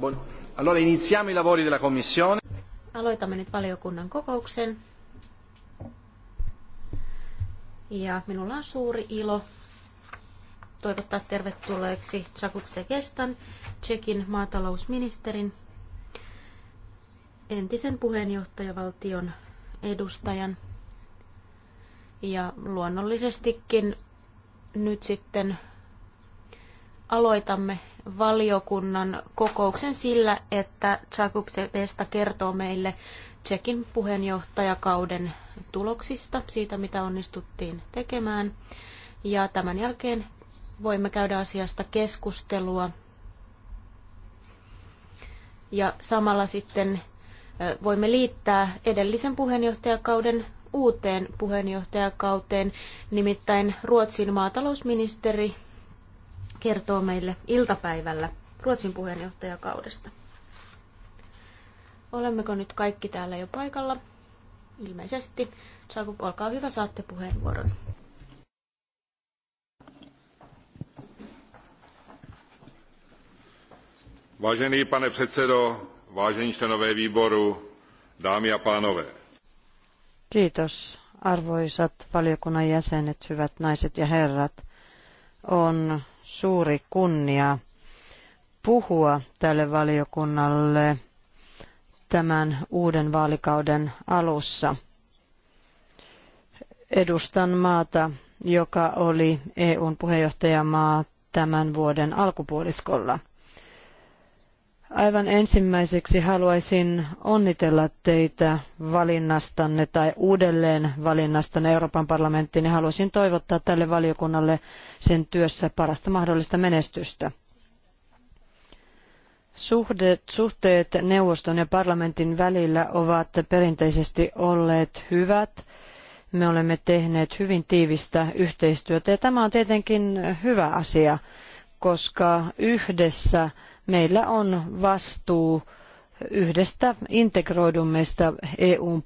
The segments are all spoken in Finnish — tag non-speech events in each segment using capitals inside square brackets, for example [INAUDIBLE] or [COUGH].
Bon. Allora iniziamo i lavori della commissione. Aloitamme nyt valiokunnan kokouksen. Ja minulla on suuri ilo toivottaa tervetulleeksi Jakub Segestan, Tsekin maatalousministerin, entisen puheenjohtajavaltion edustajan. Ja luonnollisestikin nyt sitten aloitamme valiokunnan kokouksen sillä, että Jakub Sebesta kertoo meille Tsekin puheenjohtajakauden tuloksista, siitä mitä onnistuttiin tekemään. Ja tämän jälkeen voimme käydä asiasta keskustelua. Ja samalla sitten voimme liittää edellisen puheenjohtajakauden uuteen puheenjohtajakauteen, nimittäin Ruotsin maatalousministeri kertoo meille iltapäivällä Ruotsin puheenjohtajakaudesta. Olemmeko nyt kaikki täällä jo paikalla? Ilmeisesti. Jakub, olkaa hyvä, saatte puheenvuoron. Vážený pane předsedo, vážení členové výboru, dámy a pánové. Kiitos, arvoisat valiokunnan jäsenet, hyvät naiset ja herrat. On suuri kunnia puhua tälle valiokunnalle tämän uuden vaalikauden alussa. Edustan maata, joka oli EUn puheenjohtajamaa tämän vuoden alkupuoliskolla – Aivan ensimmäiseksi haluaisin onnitella teitä valinnastanne tai uudelleen valinnastanne Euroopan parlamenttiin ja haluaisin toivottaa tälle valiokunnalle sen työssä parasta mahdollista menestystä. Suhteet, suhteet neuvoston ja parlamentin välillä ovat perinteisesti olleet hyvät. Me olemme tehneet hyvin tiivistä yhteistyötä ja tämä on tietenkin hyvä asia, koska yhdessä – meillä on vastuu yhdestä integroidummista EUn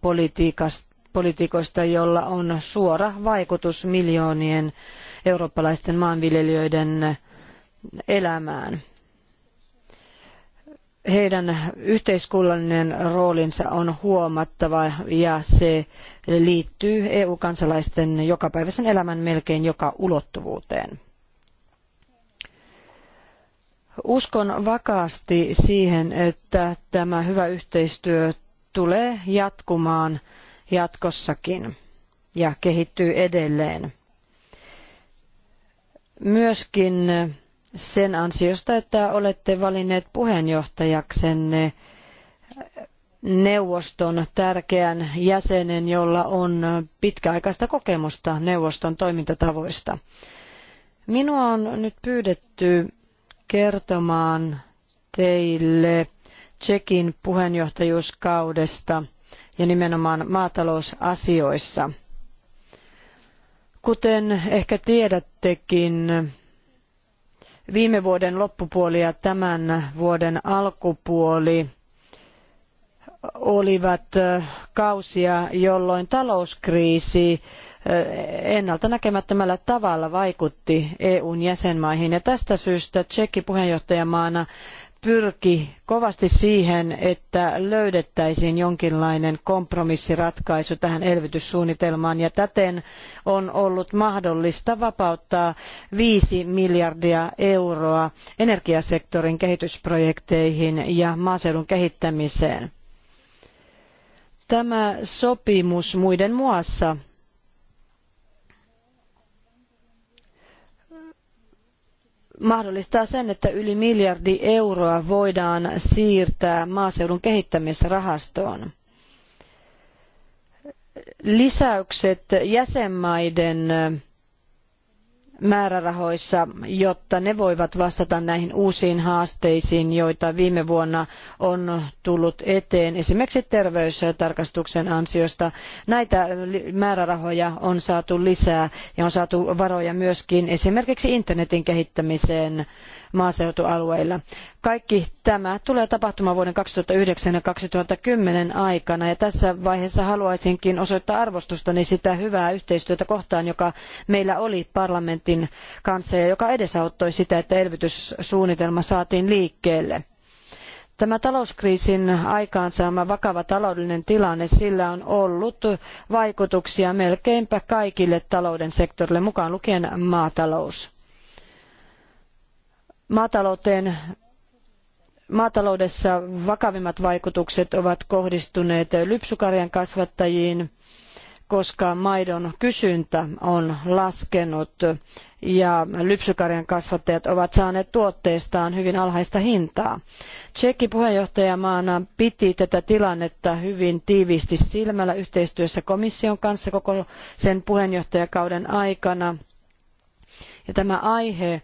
politiikoista, jolla on suora vaikutus miljoonien eurooppalaisten maanviljelijöiden elämään heidän yhteiskunnallinen roolinsa on huomattava ja se liittyy EU-kansalaisten jokapäiväisen elämän melkein joka ulottuvuuteen. Uskon vakaasti siihen, että tämä hyvä yhteistyö tulee jatkumaan jatkossakin ja kehittyy edelleen. Myöskin sen ansiosta, että olette valinneet puheenjohtajaksenne neuvoston tärkeän jäsenen, jolla on pitkäaikaista kokemusta neuvoston toimintatavoista. Minua on nyt pyydetty kertomaan teille Tsekin puheenjohtajuuskaudesta ja nimenomaan maatalousasioissa. Kuten ehkä tiedättekin, viime vuoden loppupuoli ja tämän vuoden alkupuoli olivat kausia, jolloin talouskriisi ennalta näkemättömällä tavalla vaikutti EUn jäsenmaihin. Ja tästä syystä Tsekki puheenjohtajamaana pyrki kovasti siihen, että löydettäisiin jonkinlainen kompromissiratkaisu tähän elvytyssuunnitelmaan ja täten on ollut mahdollista vapauttaa viisi miljardia euroa energiasektorin kehitysprojekteihin ja maaseudun kehittämiseen. Tämä sopimus muiden muassa mahdollistaa sen, että yli miljardi euroa voidaan siirtää maaseudun kehittämisrahastoon. Lisäykset jäsenmaiden määrärahoissa, jotta ne voivat vastata näihin uusiin haasteisiin, joita viime vuonna on tullut eteen, esimerkiksi terveystarkastuksen ansiosta. Näitä määrärahoja on saatu lisää ja on saatu varoja myöskin esimerkiksi internetin kehittämiseen maaseutualueilla. Kaikki tämä tulee tapahtumaan vuoden 2009 ja 2010 aikana ja tässä vaiheessa haluaisinkin osoittaa arvostustani sitä hyvää yhteistyötä kohtaan, joka meillä oli parlamentin kanssa ja joka edesauttoi sitä, että elvytyssuunnitelma saatiin liikkeelle. Tämä talouskriisin aikaansaama vakava taloudellinen tilanne, sillä on ollut vaikutuksia melkeinpä kaikille talouden sektorille, mukaan lukien maatalous. Maatalouteen maataloudessa vakavimmat vaikutukset ovat kohdistuneet lypsykarjan kasvattajiin, koska maidon kysyntä on laskenut ja lypsykarjan kasvattajat ovat saaneet tuotteistaan hyvin alhaista hintaa. Tsekki puheenjohtajamaana piti tätä tilannetta hyvin tiiviisti silmällä yhteistyössä komission kanssa koko sen puheenjohtajakauden aikana. Ja tämä aihe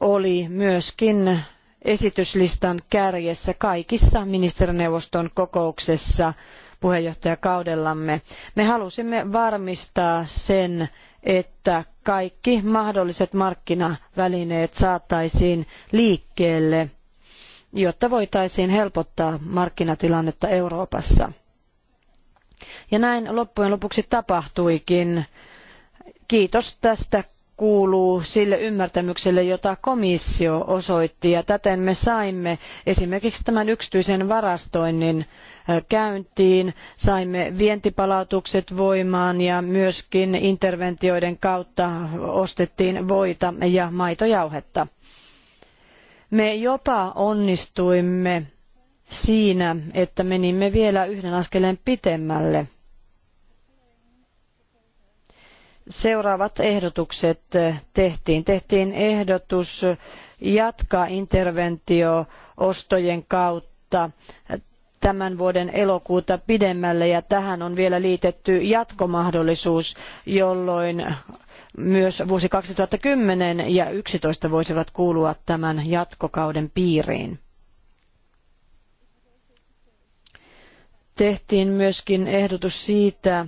oli myöskin esityslistan kärjessä kaikissa ministerineuvoston kokouksessa puheenjohtajakaudellamme. Me halusimme varmistaa sen, että kaikki mahdolliset markkinavälineet saataisiin liikkeelle, jotta voitaisiin helpottaa markkinatilannetta Euroopassa. Ja näin loppujen lopuksi tapahtuikin. Kiitos tästä kuuluu sille ymmärtämykselle, jota komissio osoitti. Ja täten me saimme esimerkiksi tämän yksityisen varastoinnin äh, käyntiin, saimme vientipalautukset voimaan ja myöskin interventioiden kautta ostettiin voita ja maitojauhetta. Me jopa onnistuimme siinä, että menimme vielä yhden askeleen pitemmälle – seuraavat ehdotukset tehtiin. Tehtiin ehdotus jatkaa ostojen kautta tämän vuoden elokuuta pidemmälle ja tähän on vielä liitetty jatkomahdollisuus, jolloin myös vuosi 2010 ja 2011 voisivat kuulua tämän jatkokauden piiriin. Tehtiin myöskin ehdotus siitä,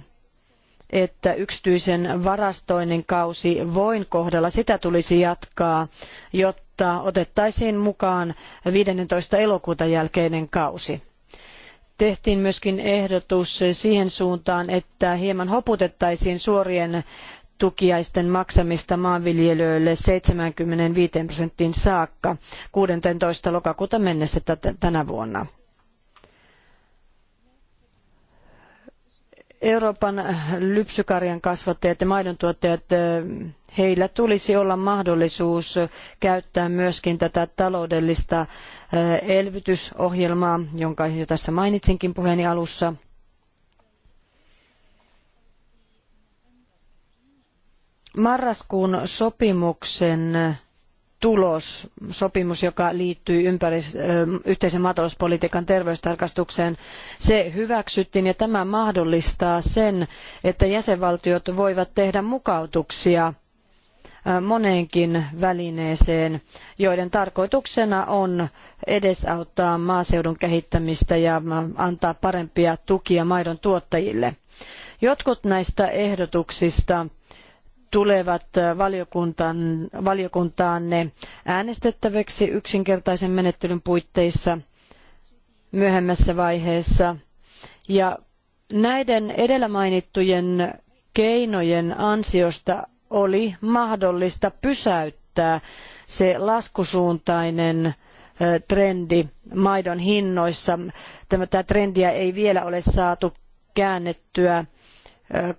että yksityisen varastoinnin kausi voin kohdalla, sitä tulisi jatkaa, jotta otettaisiin mukaan 15. elokuuta jälkeinen kausi tehtiin myöskin ehdotus siihen suuntaan, että hieman hoputettaisiin suorien tukiaisten maksamista maanviljelijöille 75 prosenttiin saakka 16. lokakuuta mennessä tänä vuonna. Euroopan lypsykarjan kasvattajat ja maidontuottajat, heillä tulisi olla mahdollisuus käyttää myöskin tätä taloudellista elvytysohjelmaa, jonka jo tässä mainitsinkin puheeni alussa. Marraskuun sopimuksen tulos, sopimus, joka liittyy yhteisen maatalouspolitiikan terveystarkastukseen, se hyväksyttiin ja tämä mahdollistaa sen, että jäsenvaltiot voivat tehdä mukautuksia moneenkin välineeseen, joiden tarkoituksena on edesauttaa maaseudun kehittämistä ja antaa parempia tukia maidon tuottajille. Jotkut näistä ehdotuksista tulevat äh, valiokuntaan, valiokuntaanne äänestettäväksi yksinkertaisen menettelyn puitteissa myöhemmässä vaiheessa. Ja näiden edellä mainittujen keinojen ansiosta oli mahdollista pysäyttää se laskusuuntainen äh, trendi maidon hinnoissa. Tämä trendiä ei vielä ole saatu käännettyä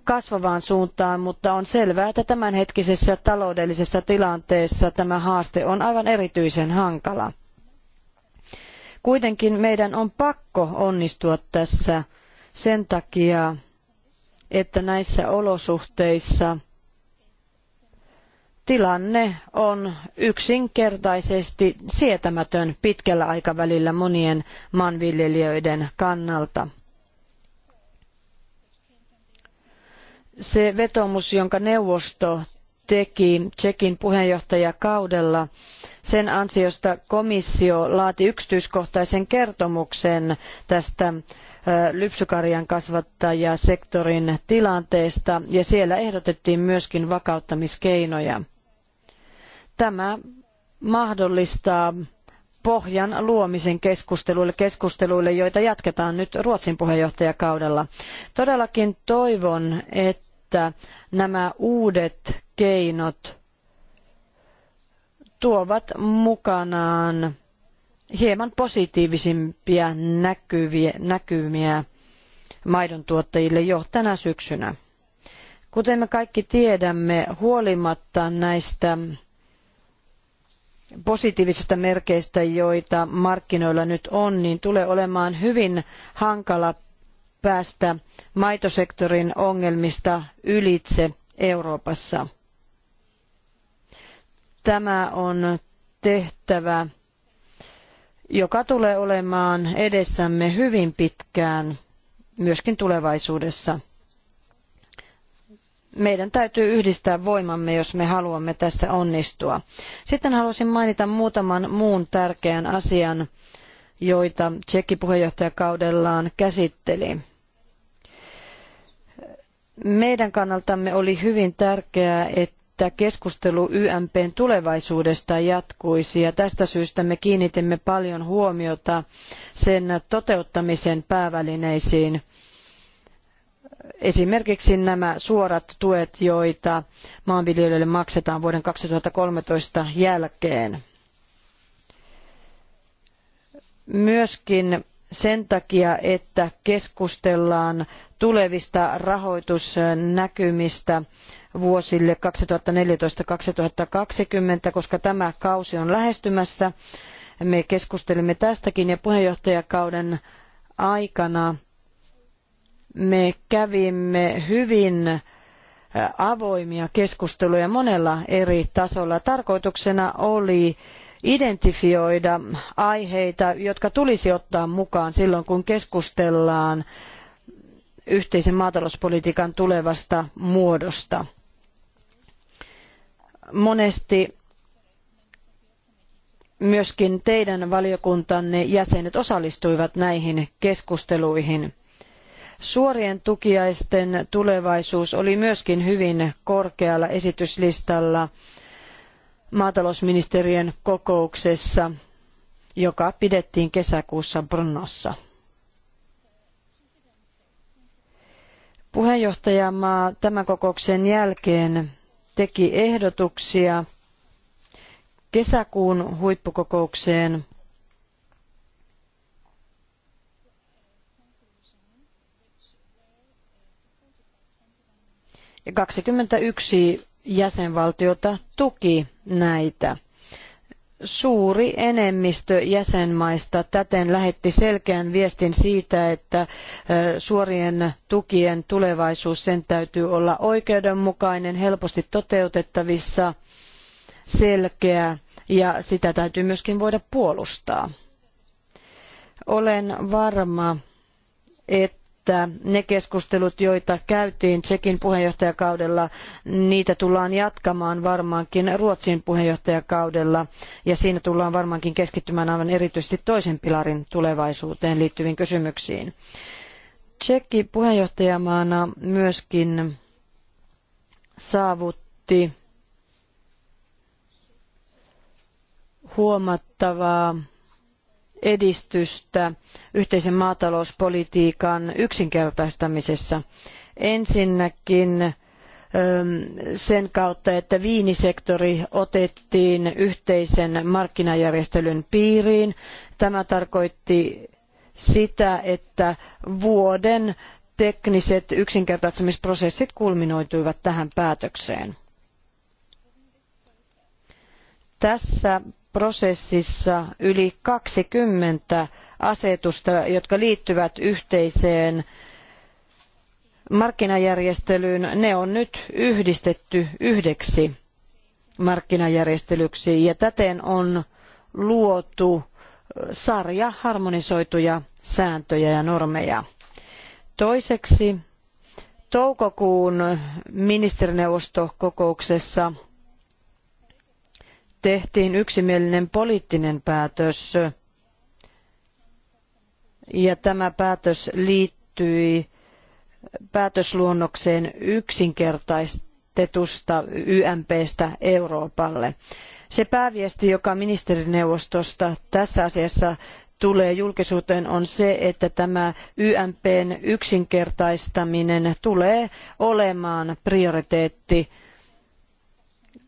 kasvavaan suuntaan, mutta on selvää, että tämänhetkisessä taloudellisessa tilanteessa tämä haaste on aivan erityisen hankala. Kuitenkin meidän on pakko onnistua tässä sen takia, että näissä olosuhteissa tilanne on yksinkertaisesti sietämätön pitkällä aikavälillä monien maanviljelijöiden kannalta. Se vetomus, jonka neuvosto teki Tsekin puheenjohtajakaudella. Sen ansiosta komissio laati yksityiskohtaisen kertomuksen tästä lypsykarjan kasvattajasektorin tilanteesta ja siellä ehdotettiin myöskin vakauttamiskeinoja. Tämä mahdollistaa pohjan luomisen keskusteluille, keskusteluille, joita jatketaan nyt Ruotsin puheenjohtajakaudella. Todellakin toivon, että että nämä uudet keinot tuovat mukanaan hieman positiivisimpia näkyviä, näkymiä maidon tuottajille jo tänä syksynä. Kuten me kaikki tiedämme, huolimatta näistä positiivisista merkeistä, joita markkinoilla nyt on, niin tulee olemaan hyvin hankala päästä maitosektorin ongelmista ylitse Euroopassa. Tämä on tehtävä, joka tulee olemaan edessämme hyvin pitkään myöskin tulevaisuudessa. Meidän täytyy yhdistää voimamme, jos me haluamme tässä onnistua. Sitten haluaisin mainita muutaman muun tärkeän asian, joita Tsekki puheenjohtajakaudellaan käsitteli. Meidän kannaltamme oli hyvin tärkeää, että keskustelu YMPn tulevaisuudesta jatkuisi ja tästä syystä me kiinnitimme paljon huomiota sen toteuttamisen päävälineisiin. Esimerkiksi nämä suorat tuet, joita maanviljelijöille maksetaan vuoden 2013 jälkeen. Myöskin sen takia, että keskustellaan tulevista rahoitusnäkymistä vuosille 2014-2020, koska tämä kausi on lähestymässä. Me keskustelimme tästäkin ja puheenjohtajakauden aikana me kävimme hyvin avoimia keskusteluja monella eri tasolla. Tarkoituksena oli identifioida aiheita, jotka tulisi ottaa mukaan silloin, kun keskustellaan yhteisen maatalouspolitiikan tulevasta muodosta. Monesti myöskin teidän valiokuntanne jäsenet osallistuivat näihin keskusteluihin. Suorien tukiaisten tulevaisuus oli myöskin hyvin korkealla esityslistalla maatalousministerien kokouksessa, joka pidettiin kesäkuussa Brnossa. Puheenjohtajamaa tämän kokouksen jälkeen teki ehdotuksia kesäkuun huippukokoukseen ja 21 jäsenvaltiota tuki näitä suuri enemmistö jäsenmaista täten lähetti selkeän viestin siitä, että suorien tukien tulevaisuus sen täytyy olla oikeudenmukainen, helposti toteutettavissa, selkeä ja sitä täytyy myöskin voida puolustaa. Olen varma, että että ne keskustelut, joita käytiin Tsekin puheenjohtajakaudella, niitä tullaan jatkamaan varmaankin Ruotsin puheenjohtajakaudella ja siinä tullaan varmaankin keskittymään aivan erityisesti toisen pilarin tulevaisuuteen liittyviin kysymyksiin. Tsekki puheenjohtajamaana myöskin saavutti huomattavaa edistystä yhteisen maatalouspolitiikan yksinkertaistamisessa. Ensinnäkin sen kautta, että viinisektori otettiin yhteisen markkinajärjestelyn piiriin. Tämä tarkoitti sitä, että vuoden tekniset yksinkertaistamisprosessit kulminoituivat tähän päätökseen. Tässä prosessissa yli 20 asetusta, jotka liittyvät yhteiseen markkinajärjestelyyn. Ne on nyt yhdistetty yhdeksi markkinajärjestelyksi ja täten on luotu sarja harmonisoituja sääntöjä ja normeja. Toiseksi toukokuun ministerineuvostokokouksessa tehtiin yksimielinen poliittinen päätös ja tämä päätös liittyi päätösluonnokseen yksinkertaistetusta YMPstä Euroopalle. Se pääviesti, joka ministerineuvostosta tässä asiassa tulee julkisuuteen on se, että tämä YMPn yksinkertaistaminen tulee olemaan prioriteetti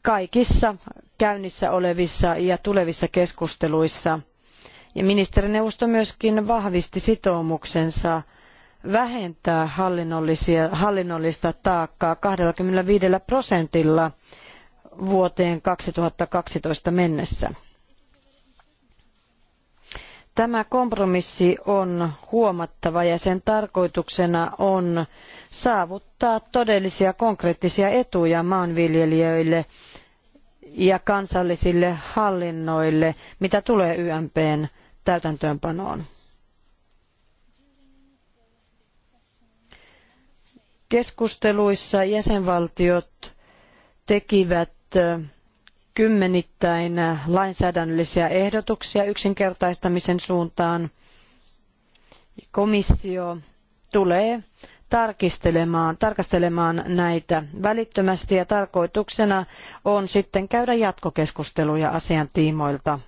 kaikissa käynnissä olevissa ja tulevissa keskusteluissa. Ja ministerineuvosto myöskin vahvisti sitoumuksensa vähentää hallinnollisia, hallinnollista taakkaa 25 prosentilla vuoteen 2012 mennessä. Tämä kompromissi on huomattava ja sen tarkoituksena on saavuttaa todellisia konkreettisia etuja maanviljelijöille – ja kansallisille hallinnoille, mitä tulee YMPn täytäntöönpanoon. Keskusteluissa jäsenvaltiot tekivät kymmenittäin lainsäädännöllisiä ehdotuksia yksinkertaistamisen suuntaan. Komissio tulee tarkistelemaan, tarkastelemaan näitä välittömästi ja tarkoituksena on sitten käydä jatkokeskusteluja asian tiimoilta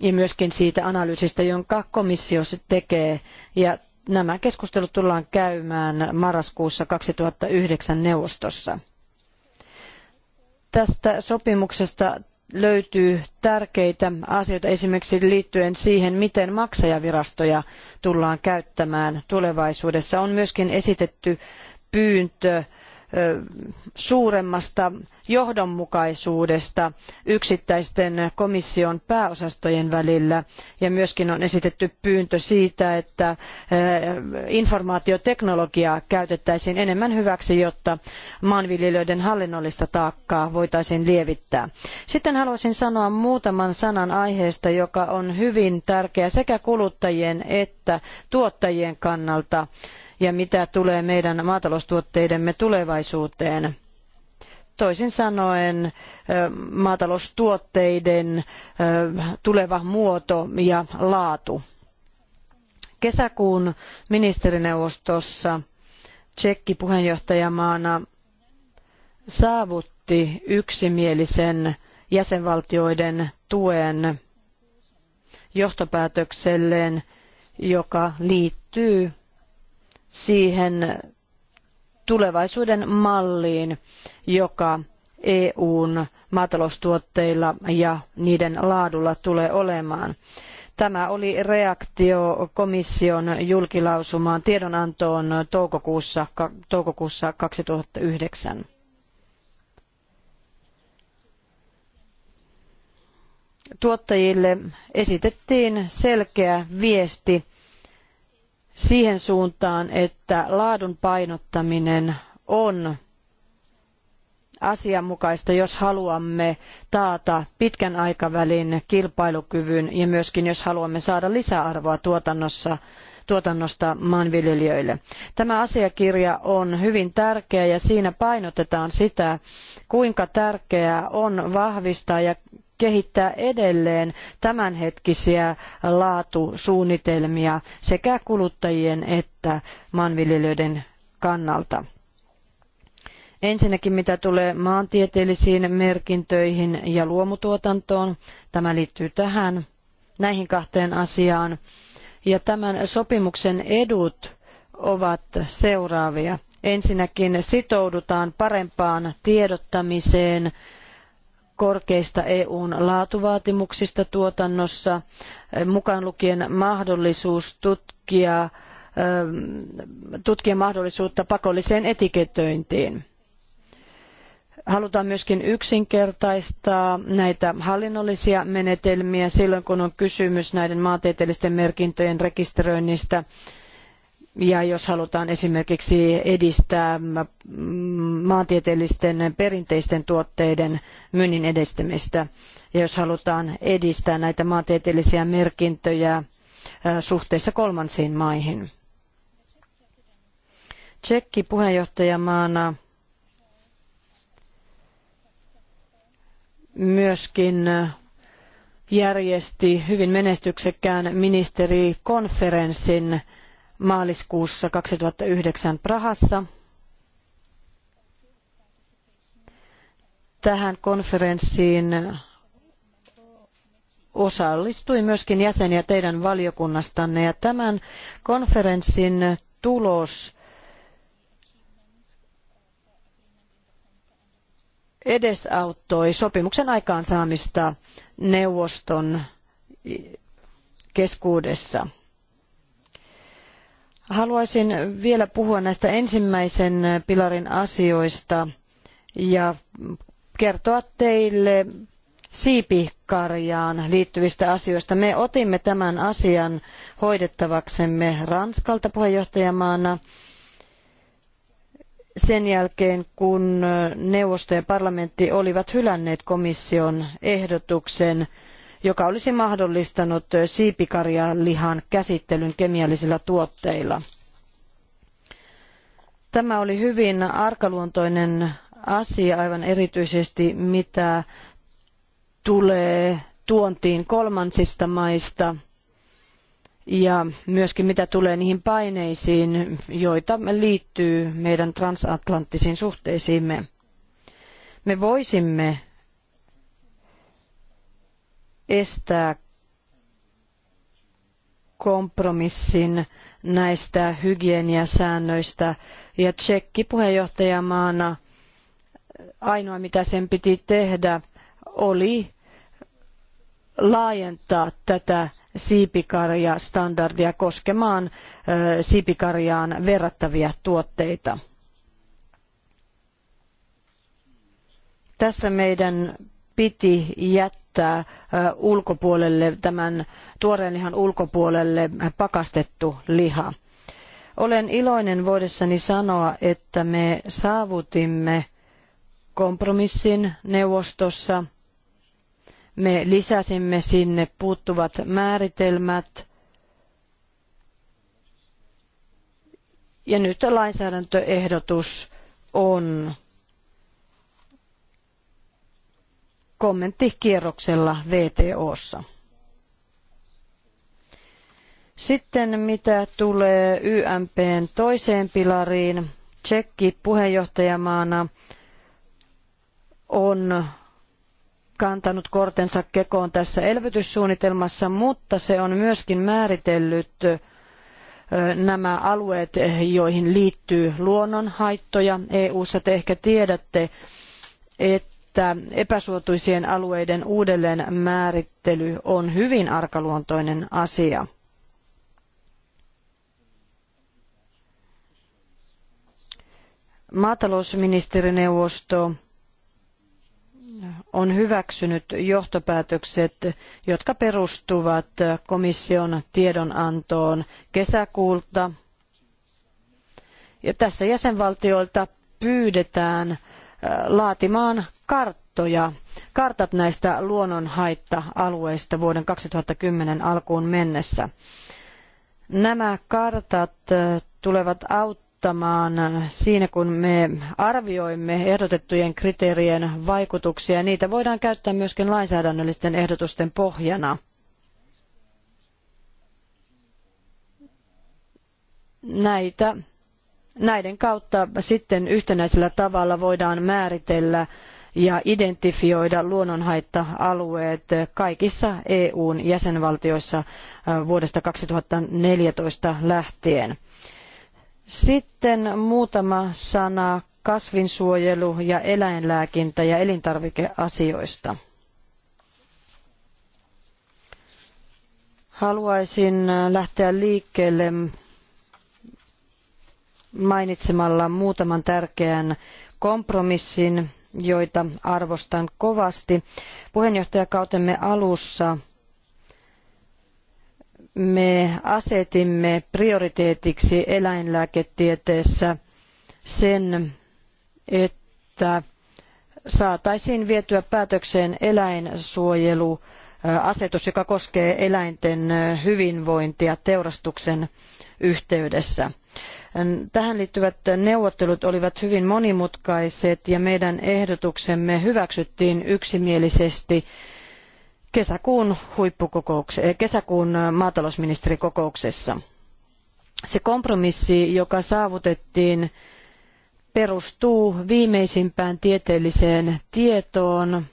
ja myöskin siitä analyysistä, jonka komissio tekee. Ja nämä keskustelut tullaan käymään marraskuussa 2009 neuvostossa. Tästä sopimuksesta löytyy tärkeitä asioita esimerkiksi liittyen siihen, miten maksajavirastoja tullaan käyttämään tulevaisuudessa. On myöskin esitetty pyyntö suuremmasta johdonmukaisuudesta yksittäisten komission pääosastojen välillä ja myöskin on esitetty pyyntö siitä, että informaatioteknologiaa käytettäisiin enemmän hyväksi, jotta maanviljelijöiden hallinnollista taakkaa voitaisiin lievittää. Sitten haluaisin sanoa muutaman sanan aiheesta, joka on hyvin tärkeä sekä kuluttajien että tuottajien kannalta ja mitä tulee meidän maataloustuotteidemme tulevaisuuteen. Toisin sanoen maataloustuotteiden tuleva muoto ja laatu. Kesäkuun ministerineuvostossa Tsekki puheenjohtajamaana saavutti yksimielisen jäsenvaltioiden tuen johtopäätökselleen, joka liittyy siihen tulevaisuuden malliin, joka EUn maataloustuotteilla ja niiden laadulla tulee olemaan. Tämä oli reaktio komission julkilausumaan tiedonantoon toukokuussa, toukokuussa 2009. Tuottajille esitettiin selkeä viesti siihen suuntaan, että laadun painottaminen on asianmukaista, jos haluamme taata pitkän aikavälin kilpailukyvyn ja myöskin jos haluamme saada lisäarvoa tuotannossa tuotannosta maanviljelijöille. Tämä asiakirja on hyvin tärkeä ja siinä painotetaan sitä, kuinka tärkeää on vahvistaa ja kehittää edelleen tämänhetkisiä laatusuunnitelmia sekä kuluttajien että maanviljelijöiden kannalta. Ensinnäkin mitä tulee maantieteellisiin merkintöihin ja luomutuotantoon, tämä liittyy tähän, näihin kahteen asiaan. Ja tämän sopimuksen edut ovat seuraavia. Ensinnäkin sitoudutaan parempaan tiedottamiseen korkeista EUn laatuvaatimuksista tuotannossa, eh, mukaan lukien mahdollisuus tutkia, eh, tutkia mahdollisuutta pakolliseen etiketöintiin. Halutaan myöskin yksinkertaistaa näitä hallinnollisia menetelmiä silloin, kun on kysymys näiden maantieteellisten merkintöjen rekisteröinnistä ja jos halutaan esimerkiksi edistää maantieteellisten perinteisten tuotteiden myynnin edistämistä, ja jos halutaan edistää näitä maantieteellisiä merkintöjä äh, suhteessa kolmansiin maihin. Tsekki puheenjohtajamaana myöskin äh, järjesti hyvin menestyksekkään ministerikonferenssin maaliskuussa 2009 Prahassa. Tähän konferenssiin osallistui myöskin jäseniä teidän valiokunnastanne ja tämän konferenssin tulos edesauttoi sopimuksen aikaansaamista neuvoston keskuudessa. Haluaisin vielä puhua näistä ensimmäisen pilarin asioista ja kertoa teille siipikarjaan liittyvistä asioista. Me otimme tämän asian hoidettavaksemme Ranskalta puheenjohtajamaana sen jälkeen, kun neuvosto ja parlamentti olivat hylänneet komission ehdotuksen joka olisi mahdollistanut siipikarjan lihan käsittelyn kemiallisilla tuotteilla. Tämä oli hyvin arkaluontoinen asia, aivan erityisesti mitä tulee tuontiin kolmansista maista ja myöskin mitä tulee niihin paineisiin, joita liittyy meidän transatlanttisiin suhteisiimme. Me voisimme estää kompromissin näistä hygieniasäännöistä. Ja Tsekki puheenjohtajamaana ainoa mitä sen piti tehdä oli laajentaa tätä siipikarjastandardia koskemaan siipikarjaan verrattavia tuotteita. Tässä meidän piti jättää jättää ulkopuolelle tämän tuoreen lihan ulkopuolelle pakastettu liha. Olen iloinen voidessani sanoa, että me saavutimme kompromissin neuvostossa. Me lisäsimme sinne puuttuvat määritelmät. Ja nyt lainsäädäntöehdotus on kommenttikierroksella VTOssa. Sitten mitä tulee YMPn toiseen pilariin, Tsekki puheenjohtajamaana on kantanut kortensa kekoon tässä elvytyssuunnitelmassa, mutta se on myöskin määritellyt nämä alueet, joihin liittyy luonnonhaittoja. EU-ssa te ehkä tiedätte, että että epäsuotuisien alueiden uudelleen määrittely on hyvin arkaluontoinen asia. Maatalousministerineuvosto on hyväksynyt johtopäätökset, jotka perustuvat komission tiedonantoon kesäkuulta. Ja tässä jäsenvaltioilta pyydetään laatimaan karttoja, kartat näistä luonnonhaitta-alueista vuoden 2010 alkuun mennessä. Nämä kartat tulevat auttamaan siinä, kun me arvioimme ehdotettujen kriteerien vaikutuksia. Niitä voidaan käyttää myöskin lainsäädännöllisten ehdotusten pohjana. Näitä, näiden kautta sitten yhtenäisellä tavalla voidaan määritellä ja identifioida luonnonhaitta-alueet kaikissa EUn jäsenvaltioissa äh, vuodesta 2014 lähtien. Sitten muutama sana kasvinsuojelu- ja eläinlääkintä- ja elintarvikeasioista. Haluaisin lähteä liikkeelle mainitsemalla muutaman tärkeän kompromissin, joita arvostan kovasti. Puheenjohtajakautemme alussa me asetimme prioriteetiksi eläinlääketieteessä sen, että saataisiin vietyä päätökseen eläinsuojeluasetus, joka koskee eläinten hyvinvointia teurastuksen yhteydessä. Tähän liittyvät neuvottelut olivat hyvin monimutkaiset ja meidän ehdotuksemme hyväksyttiin yksimielisesti kesäkuun, huippukokouksessa, eh, kesäkuun maatalousministerikokouksessa. Se kompromissi, joka saavutettiin, perustuu viimeisimpään tieteelliseen tietoon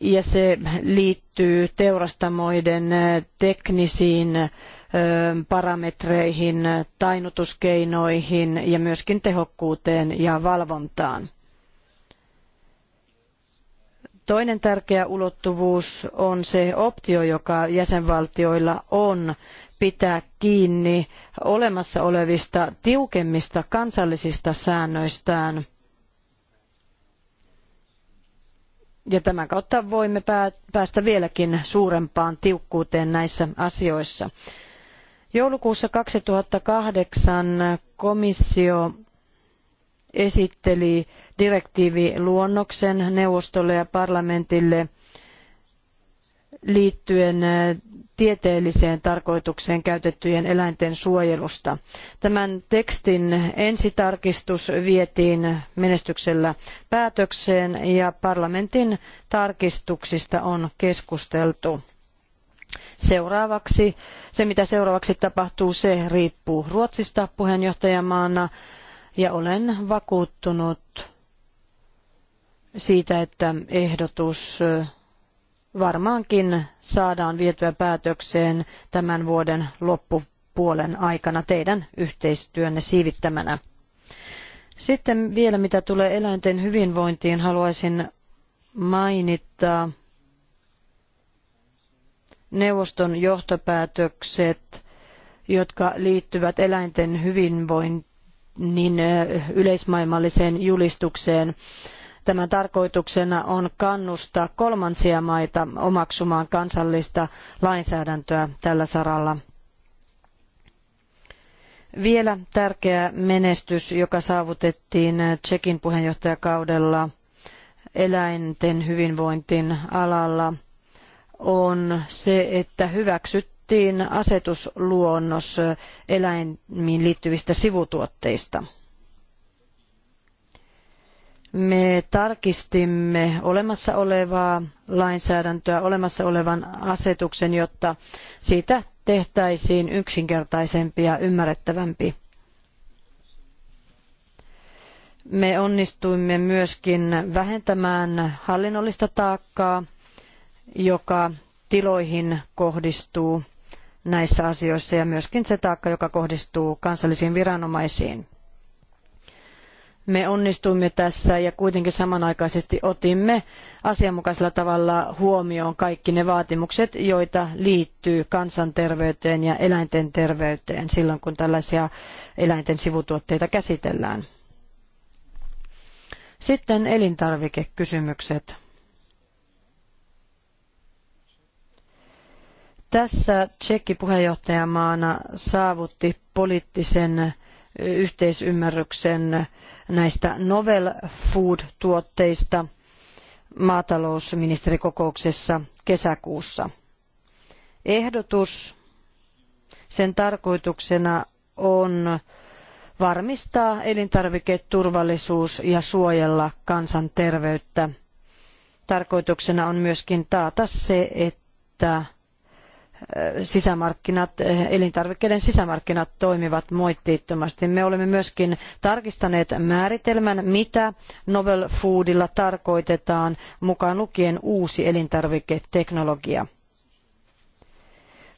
ja se liittyy teurastamoiden eh, teknisiin parametreihin, tainutuskeinoihin ja myöskin tehokkuuteen ja valvontaan. Toinen tärkeä ulottuvuus on se optio, joka jäsenvaltioilla on pitää kiinni olemassa olevista tiukemmista kansallisista säännöistään. Ja tämän kautta voimme päästä vieläkin suurempaan tiukkuuteen näissä asioissa. Joulukuussa 2008 komissio esitteli direktiiviluonnoksen neuvostolle ja parlamentille liittyen äh, tieteelliseen tarkoitukseen käytettyjen eläinten suojelusta. Tämän tekstin ensitarkistus vietiin menestyksellä päätökseen ja parlamentin tarkistuksista on keskusteltu. Seuraavaksi, se mitä seuraavaksi tapahtuu, se riippuu Ruotsista puheenjohtajamaana ja olen vakuuttunut siitä, että ehdotus varmaankin saadaan vietyä päätökseen tämän vuoden loppupuolen aikana teidän yhteistyönne siivittämänä. Sitten vielä mitä tulee eläinten hyvinvointiin, haluaisin mainita neuvoston johtopäätökset, jotka liittyvät eläinten hyvinvoinnin yleismaailmalliseen julistukseen. Tämän tarkoituksena on kannustaa kolmansia maita omaksumaan kansallista lainsäädäntöä tällä saralla. Vielä tärkeä menestys, joka saavutettiin Tsekin puheenjohtajakaudella eläinten hyvinvointin alalla – on se, että hyväksyttiin asetusluonnos eläimiin liittyvistä sivutuotteista. Me tarkistimme olemassa olevaa lainsäädäntöä, olemassa olevan asetuksen, jotta siitä tehtäisiin yksinkertaisempi ja ymmärrettävämpi. Me onnistuimme myöskin vähentämään hallinnollista taakkaa – joka tiloihin kohdistuu näissä asioissa ja myöskin se taakka, joka kohdistuu kansallisiin viranomaisiin. Me onnistuimme tässä ja kuitenkin samanaikaisesti otimme asianmukaisella tavalla huomioon kaikki ne vaatimukset, joita liittyy kansanterveyteen ja eläinten terveyteen silloin, kun tällaisia eläinten sivutuotteita käsitellään. Sitten elintarvikekysymykset. Tässä Tsekki puheenjohtajamaana saavutti poliittisen yhteisymmärryksen näistä novel food-tuotteista maatalousministerikokouksessa kesäkuussa. Ehdotus sen tarkoituksena on varmistaa elintarviketurvallisuus ja suojella kansanterveyttä. Tarkoituksena on myöskin taata se, että sisämarkkinat, elintarvikkeiden sisämarkkinat toimivat moitteettomasti. Me olemme myöskin tarkistaneet määritelmän, mitä novel foodilla tarkoitetaan, mukaan lukien uusi elintarviketeknologia.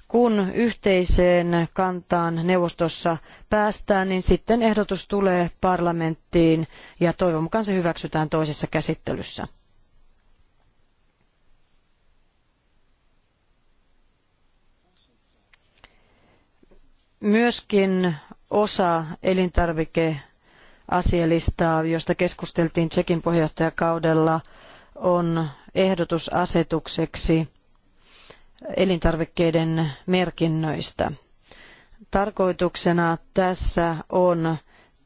Kun yhteiseen kantaan neuvostossa päästään, niin sitten ehdotus tulee parlamenttiin ja toivon mukaan se hyväksytään toisessa käsittelyssä. Myöskin osa elintarvikeasialistaa, josta keskusteltiin Tsekin puheenjohtajakaudella, on ehdotus asetukseksi elintarvikkeiden merkinnöistä. Tarkoituksena tässä on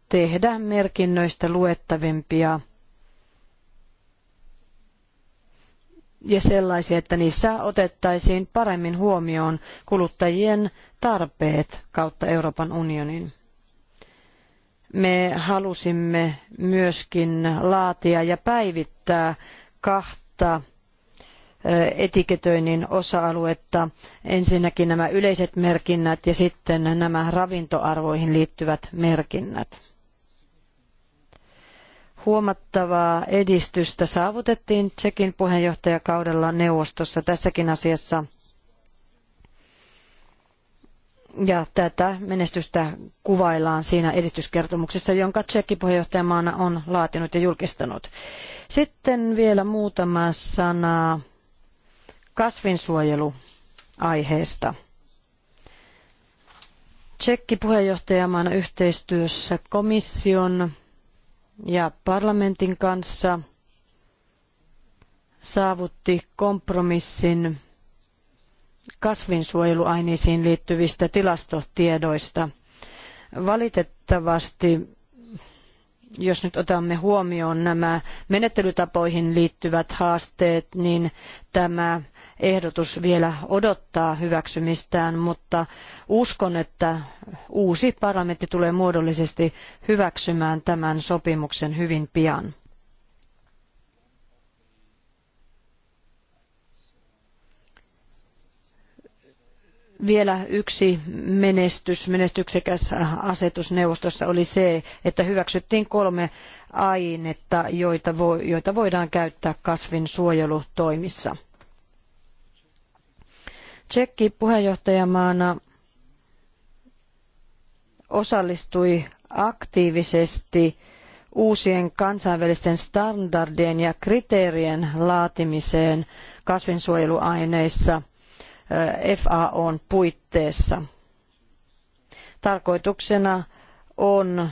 tehdä merkinnöistä luettavimpia ja sellaisia, että niissä otettaisiin paremmin huomioon kuluttajien tarpeet kautta Euroopan unionin. Me halusimme myöskin laatia ja päivittää kahta etiketöinnin osa-aluetta. Ensinnäkin nämä yleiset merkinnät ja sitten nämä ravintoarvoihin liittyvät merkinnät. Huomattavaa edistystä saavutettiin Tsekin puheenjohtajakaudella neuvostossa tässäkin asiassa ja tätä menestystä kuvaillaan siinä edistyskertomuksessa, jonka Tsekki puheenjohtajamaana on laatinut ja julkistanut. Sitten vielä muutama sana kasvinsuojeluaiheesta. Tsekki puheenjohtajamaana yhteistyössä komission ja parlamentin kanssa saavutti kompromissin kasvinsuojeluaineisiin liittyvistä tilastotiedoista. Valitettavasti, jos nyt otamme huomioon nämä menettelytapoihin liittyvät haasteet, niin tämä ehdotus vielä odottaa hyväksymistään, mutta uskon, että uusi parlamentti tulee muodollisesti hyväksymään tämän sopimuksen hyvin pian. vielä yksi menestys, menestyksekäs asetus neuvostossa oli se, että hyväksyttiin kolme ainetta, joita, vo, joita voidaan käyttää kasvin suojelutoimissa. Tsekki puheenjohtajamaana osallistui aktiivisesti uusien kansainvälisten standardien ja kriteerien laatimiseen kasvinsuojeluaineissa – FAOn puitteissa. Tarkoituksena on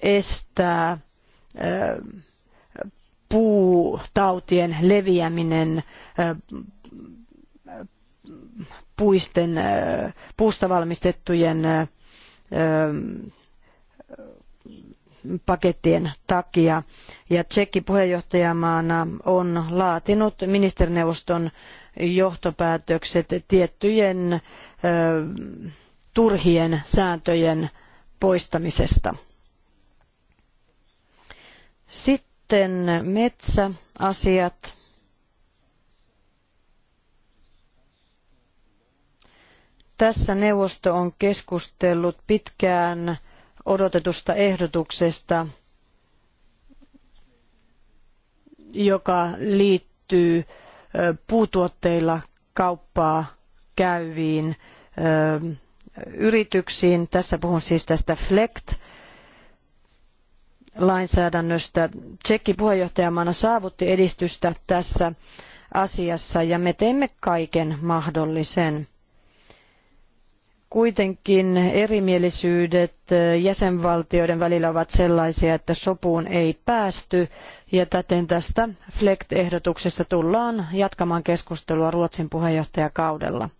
estää puutautien leviäminen puisten, puusta valmistettujen pakettien takia. Ja Tsekki puheenjohtajamaana on laatinut ministerineuvoston johtopäätökset tiettyjen turhien sääntöjen poistamisesta. Sitten metsäasiat. Tässä neuvosto on keskustellut pitkään odotetusta ehdotuksesta, joka liittyy puutuotteilla kauppaa käyviin yrityksiin. Tässä puhun siis tästä FLECT lainsäädännöstä. Tsekki puheenjohtajamaana saavutti edistystä tässä asiassa ja me teemme kaiken mahdollisen Kuitenkin erimielisyydet eh, jäsenvaltioiden välillä ovat sellaisia, että sopuun ei päästy, ja täten tästä FLECT-ehdotuksesta tullaan jatkamaan keskustelua Ruotsin puheenjohtajakaudella.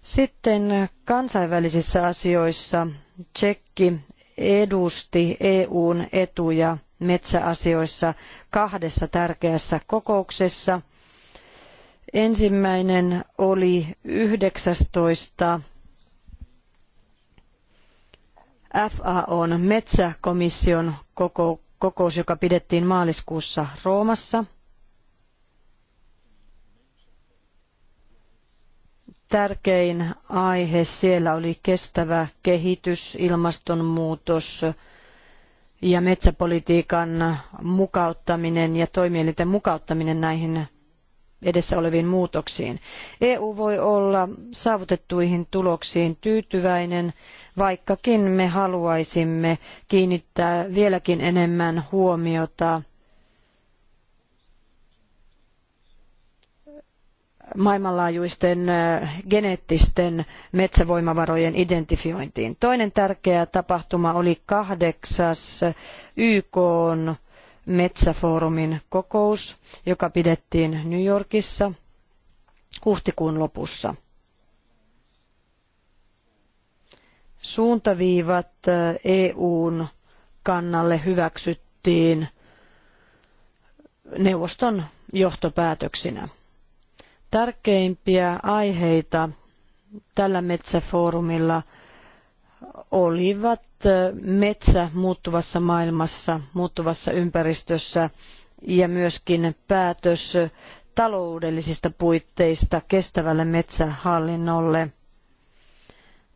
Sitten kansainvälisissä asioissa Tsekki edusti EUn etuja metsäasioissa kahdessa tärkeässä kokouksessa – Ensimmäinen oli 19. FAOn metsäkomission koko, kokous, joka pidettiin maaliskuussa Roomassa. Tärkein aihe siellä oli kestävä kehitys, ilmastonmuutos ja metsäpolitiikan mukauttaminen ja toimielinten mukauttaminen näihin edessä oleviin muutoksiin. EU voi olla saavutettuihin tuloksiin tyytyväinen, vaikkakin me haluaisimme kiinnittää vieläkin enemmän huomiota maailmanlaajuisten geneettisten metsävoimavarojen identifiointiin. Toinen tärkeä tapahtuma oli kahdeksas YK :n metsäfoorumin kokous, joka pidettiin New Yorkissa huhtikuun lopussa. Suuntaviivat EUn eh, e kannalle hyväksyttiin neuvoston johtopäätöksinä. Tärkeimpiä aiheita tällä metsäfoorumilla – olivat metsä muuttuvassa maailmassa, muuttuvassa ympäristössä ja myöskin päätös taloudellisista puitteista kestävälle metsähallinnolle.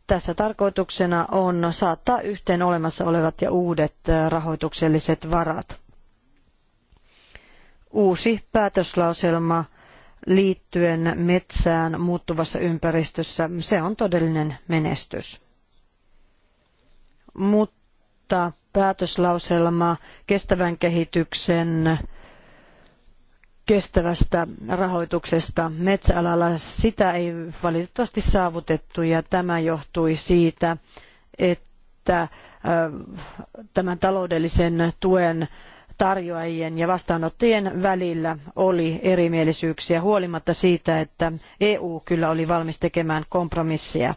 Tässä tarkoituksena on saattaa yhteen olemassa olevat ja uudet rahoitukselliset varat. Uusi päätöslauselma liittyen metsään muuttuvassa ympäristössä, se on todellinen menestys mutta päätöslauselma kestävän kehityksen kestävästä rahoituksesta metsäalalla, sitä ei valitettavasti saavutettu ja tämä johtui siitä, että tämän taloudellisen tuen tarjoajien ja vastaanottajien välillä oli erimielisyyksiä huolimatta siitä, että EU kyllä oli valmis tekemään kompromisseja.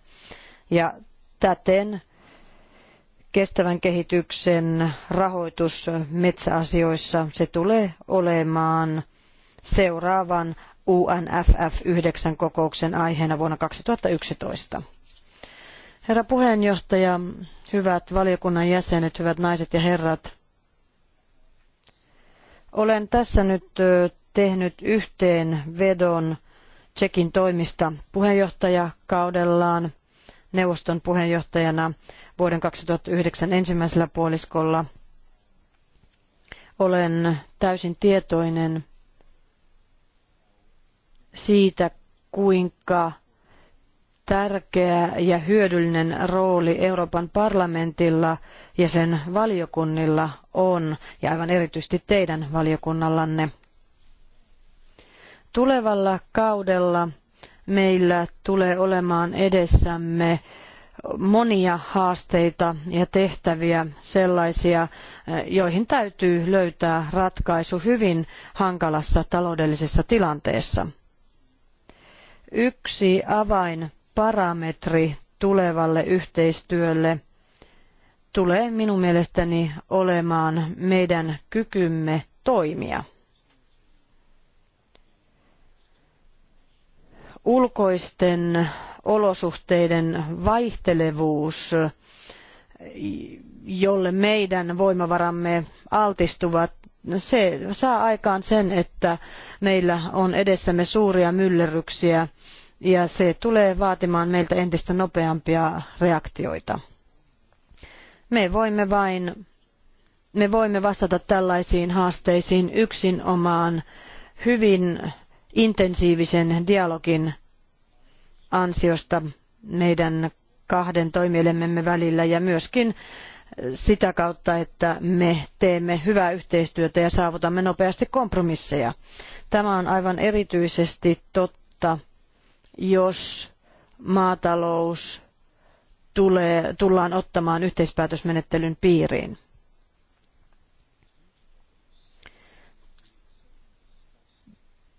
Ja täten kestävän kehityksen rahoitus metsäasioissa, se tulee olemaan seuraavan UNFF 9 kokouksen aiheena vuonna 2011. Herra puheenjohtaja, hyvät valiokunnan jäsenet, hyvät naiset ja herrat, olen tässä nyt tehnyt yhteenvedon Tsekin toimista puheenjohtajakaudellaan neuvoston puheenjohtajana vuoden 2009 ensimmäisellä puoliskolla. Olen täysin tietoinen siitä, kuinka tärkeä ja hyödyllinen rooli Euroopan parlamentilla ja sen valiokunnilla on, ja aivan erityisesti teidän valiokunnallanne. Tulevalla kaudella meillä tulee olemaan edessämme monia haasteita ja tehtäviä, sellaisia, eh, joihin täytyy löytää ratkaisu hyvin hankalassa taloudellisessa tilanteessa. Yksi avainparametri tulevalle yhteistyölle tulee minun mielestäni olemaan meidän kykymme toimia. Ulkoisten olosuhteiden vaihtelevuus, jolle meidän voimavaramme altistuvat, se saa aikaan sen, että meillä on edessämme suuria myllerryksiä ja se tulee vaatimaan meiltä entistä nopeampia reaktioita. Me voimme vain me voimme vastata tällaisiin haasteisiin yksin omaan hyvin intensiivisen dialogin ansiosta meidän kahden toimielimemme välillä ja myöskin sitä kautta, että me teemme hyvää yhteistyötä ja saavutamme nopeasti kompromisseja. Tämä on aivan erityisesti totta, jos maatalous tulee, tullaan ottamaan yhteispäätösmenettelyn piiriin.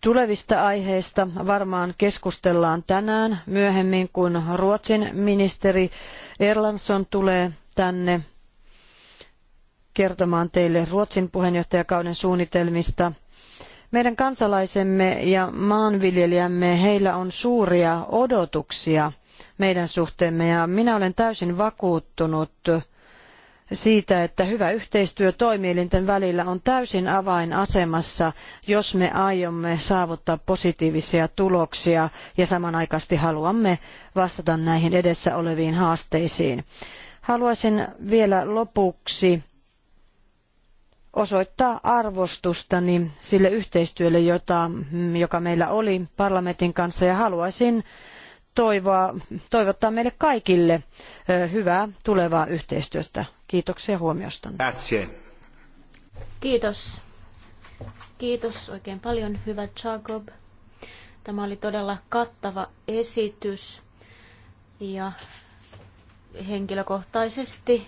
Tulevista aiheista varmaan keskustellaan tänään myöhemmin, kun Ruotsin ministeri Erlandsson tulee tänne kertomaan teille Ruotsin puheenjohtajakauden suunnitelmista. Meidän kansalaisemme ja maanviljelijämme, heillä on suuria odotuksia meidän suhteemme ja minä olen täysin vakuuttunut, siitä, että hyvä yhteistyö toimielinten välillä on täysin avainasemassa, jos me aiomme saavuttaa positiivisia tuloksia ja samanaikaisesti haluamme vastata näihin edessä oleviin haasteisiin. Haluaisin vielä lopuksi osoittaa arvostustani sille yhteistyölle, jota, joka meillä oli parlamentin kanssa ja haluaisin toivoa, toivottaa meille kaikille hyvää tulevaa yhteistyöstä Kiitoksia huomiosta. Grazie. Kiitos. Kiitos oikein paljon, hyvä Jacob. Tämä oli todella kattava esitys ja henkilökohtaisesti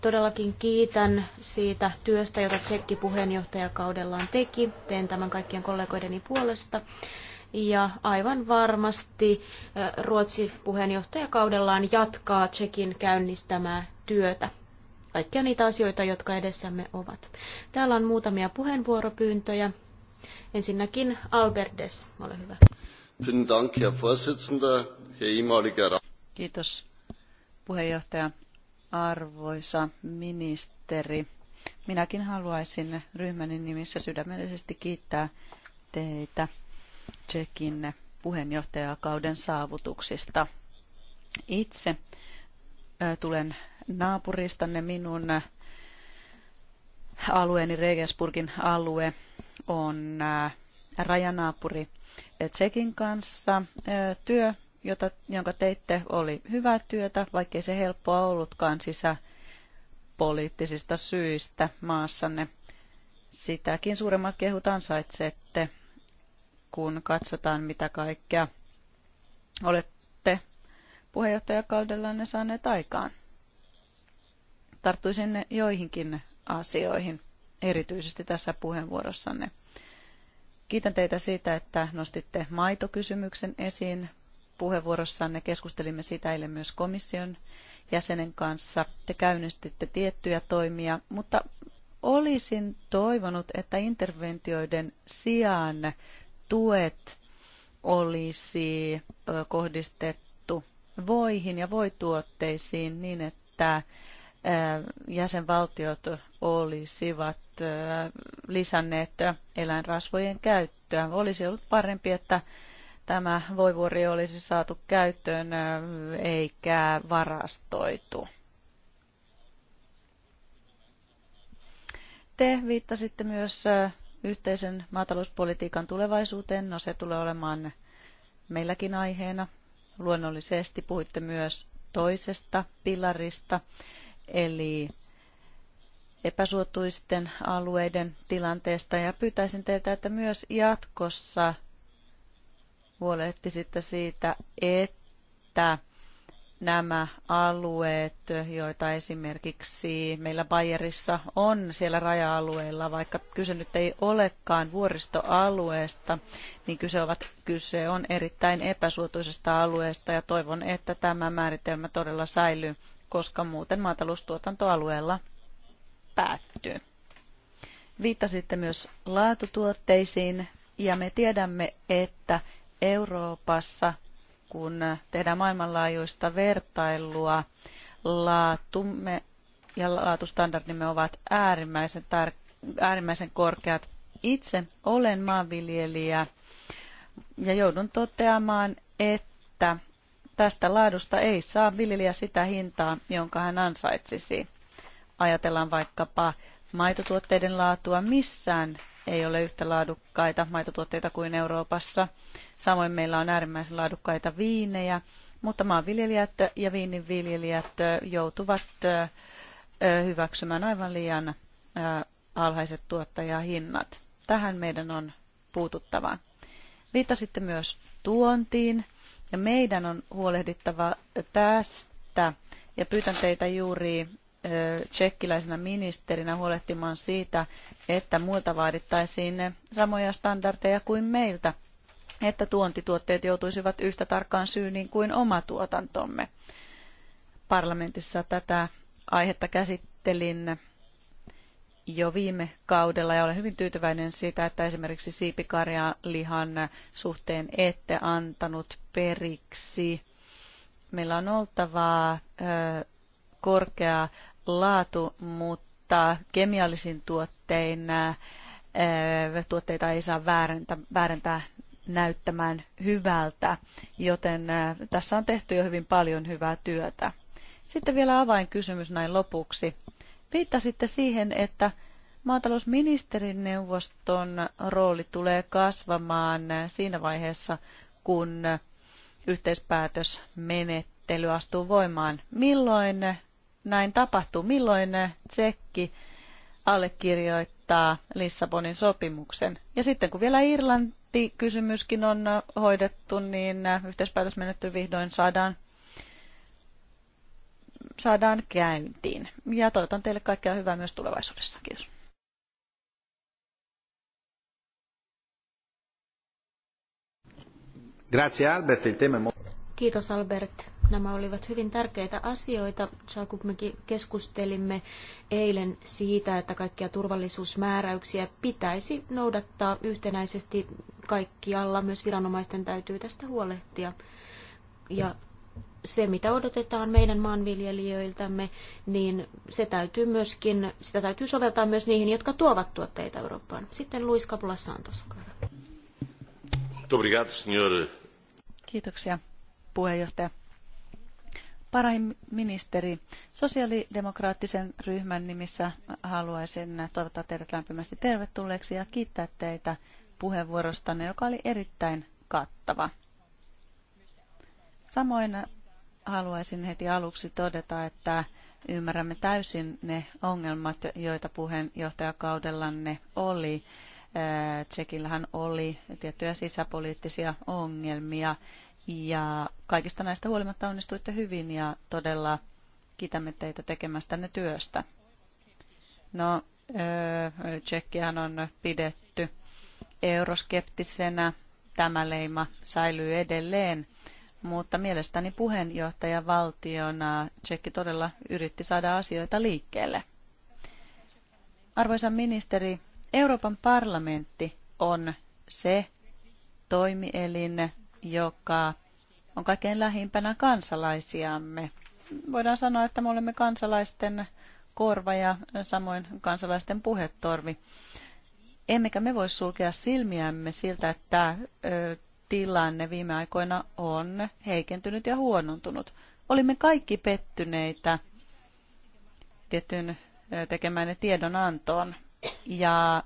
todellakin kiitän siitä työstä, jota Tsekki puheenjohtajakaudellaan teki. Teen tämän kaikkien kollegoideni puolesta. Ja aivan varmasti eh, Ruotsi puheenjohtajakaudellaan jatkaa Tsekin käynnistämää työtä kaikkia niitä asioita, jotka edessämme ovat. Täällä on muutamia puheenvuoropyyntöjä. Ensinnäkin Albertes, ole hyvä. Kiitos puheenjohtaja. Arvoisa ministeri, minäkin haluaisin ryhmäni nimissä sydämellisesti kiittää teitä Tsekin puheenjohtajakauden saavutuksista. Itse tulen naapuristanne minun alueeni, Regensburgin alue, on äh, rajanaapuri Tsekin kanssa. Äh, työ, jota, jonka teitte, oli hyvää työtä, vaikkei se helppoa ollutkaan sisäpoliittisista syistä maassanne. Sitäkin suuremmat kehut ansaitsette, kun katsotaan, mitä kaikkea olette puheenjohtajakaudellanne saaneet aikaan tarttuisin joihinkin asioihin, erityisesti tässä puheenvuorossanne. Kiitän teitä siitä, että nostitte maitokysymyksen esiin puheenvuorossanne. Keskustelimme siitä eilen myös komission jäsenen kanssa. Te käynnistitte tiettyjä toimia, mutta olisin toivonut, että interventioiden sijaan tuet olisi kohdistettu voihin ja voituotteisiin niin, että jäsenvaltiot olisivat lisänneet eläinrasvojen käyttöä. Olisi ollut parempi, että tämä voivuori olisi saatu käyttöön eikä varastoitu. Te viittasitte myös yhteisen maatalouspolitiikan tulevaisuuteen. No se tulee olemaan meilläkin aiheena. Luonnollisesti puhuitte myös toisesta pilarista eli epäsuotuisten alueiden tilanteesta ja pyytäisin teiltä, että myös jatkossa huolehtisitte siitä, että nämä alueet, joita esimerkiksi meillä Bayerissa on siellä raja-alueilla, vaikka kyse nyt ei olekaan vuoristoalueesta, niin kyse, ovat, kyse on erittäin epäsuotuisesta alueesta ja toivon, että tämä määritelmä todella säilyy koska muuten maataloustuotantoalueella päättyy. Viittasitte myös laatutuotteisiin ja me tiedämme, että Euroopassa, kun tehdään maailmanlaajuista vertailua, laatumme ja laatustandardimme ovat äärimmäisen, tar- äärimmäisen korkeat. Itse olen maanviljelijä ja joudun toteamaan, että tästä laadusta ei saa viljelijä sitä hintaa, jonka hän ansaitsisi. Ajatellaan vaikkapa maitotuotteiden laatua. Missään ei ole yhtä laadukkaita maitotuotteita kuin Euroopassa. Samoin meillä on äärimmäisen laadukkaita viinejä, mutta maanviljelijät ja viininviljelijät joutuvat hyväksymään aivan liian alhaiset tuottajahinnat. Tähän meidän on puututtava. Viittasitte myös tuontiin ja meidän on huolehdittava tästä. Ja pyytän teitä juuri tsekkiläisenä ministerinä huolehtimaan siitä, että muilta vaadittaisiin samoja standardeja kuin meiltä, että tuontituotteet joutuisivat yhtä tarkkaan syyniin kuin oma tuotantomme. Parlamentissa tätä aihetta käsittelin jo viime kaudella ja olen hyvin tyytyväinen siitä, että esimerkiksi lihan suhteen ette antanut periksi. Meillä on oltava ö, korkea laatu, mutta kemiallisin tuottein ö, tuotteita ei saa väärentää, väärentää näyttämään hyvältä, joten tässä on tehty jo hyvin paljon hyvää työtä. Sitten vielä avainkysymys näin lopuksi. Viittasitte siihen, että maatalousministerin neuvoston rooli tulee kasvamaan siinä vaiheessa, kun yhteispäätösmenettely astuu voimaan. Milloin näin tapahtuu? Milloin Tsekki allekirjoittaa Lissabonin sopimuksen? Ja sitten kun vielä Irlanti kysymyskin on hoidettu, niin yhteispäätösmenettely vihdoin saadaan saadaan käyntiin. Ja toivotan teille kaikkea hyvää myös tulevaisuudessa. Kiitos. Grazie Albert, il tema Kiitos Albert. Nämä olivat hyvin tärkeitä asioita. Jacob, mekin keskustelimme eilen siitä, että kaikkia turvallisuusmääräyksiä pitäisi noudattaa yhtenäisesti kaikkialla. Myös viranomaisten täytyy tästä huolehtia. Ja se, mitä odotetaan meidän maanviljelijöiltämme, niin se täytyy myöskin, sitä täytyy soveltaa myös niihin, jotka tuovat tuotteita Eurooppaan. Sitten Luis Capula Santos, Kiitoksia, puheenjohtaja. Parain ministeri, sosiaalidemokraattisen ryhmän nimissä haluaisin toivottaa teidät lämpimästi tervetulleeksi ja kiittää teitä puheenvuorostanne, joka oli erittäin kattava. Samoin haluaisin heti aluksi todeta, että ymmärrämme täysin ne ongelmat, joita puheenjohtajakaudellanne oli. Tsekillähän oli tiettyjä sisäpoliittisia ongelmia ja kaikista näistä huolimatta onnistuitte hyvin ja todella kiitämme teitä tekemästänne työstä. No, Tsekkihän on pidetty euroskeptisenä. Tämä leima säilyy edelleen mutta mielestäni puheenjohtajan valtiona Tsekki todella yritti saada asioita liikkeelle. Arvoisa ministeri, Euroopan parlamentti on se toimielin, joka on kaikkein lähimpänä kansalaisiamme. Voidaan sanoa, että me olemme kansalaisten korva ja samoin kansalaisten puhetorvi. Emmekä me voi sulkea silmiämme siltä, että tilanne viime aikoina on heikentynyt ja huonontunut. Olimme kaikki pettyneitä tiettyyn tekemään tiedonantoon. Ja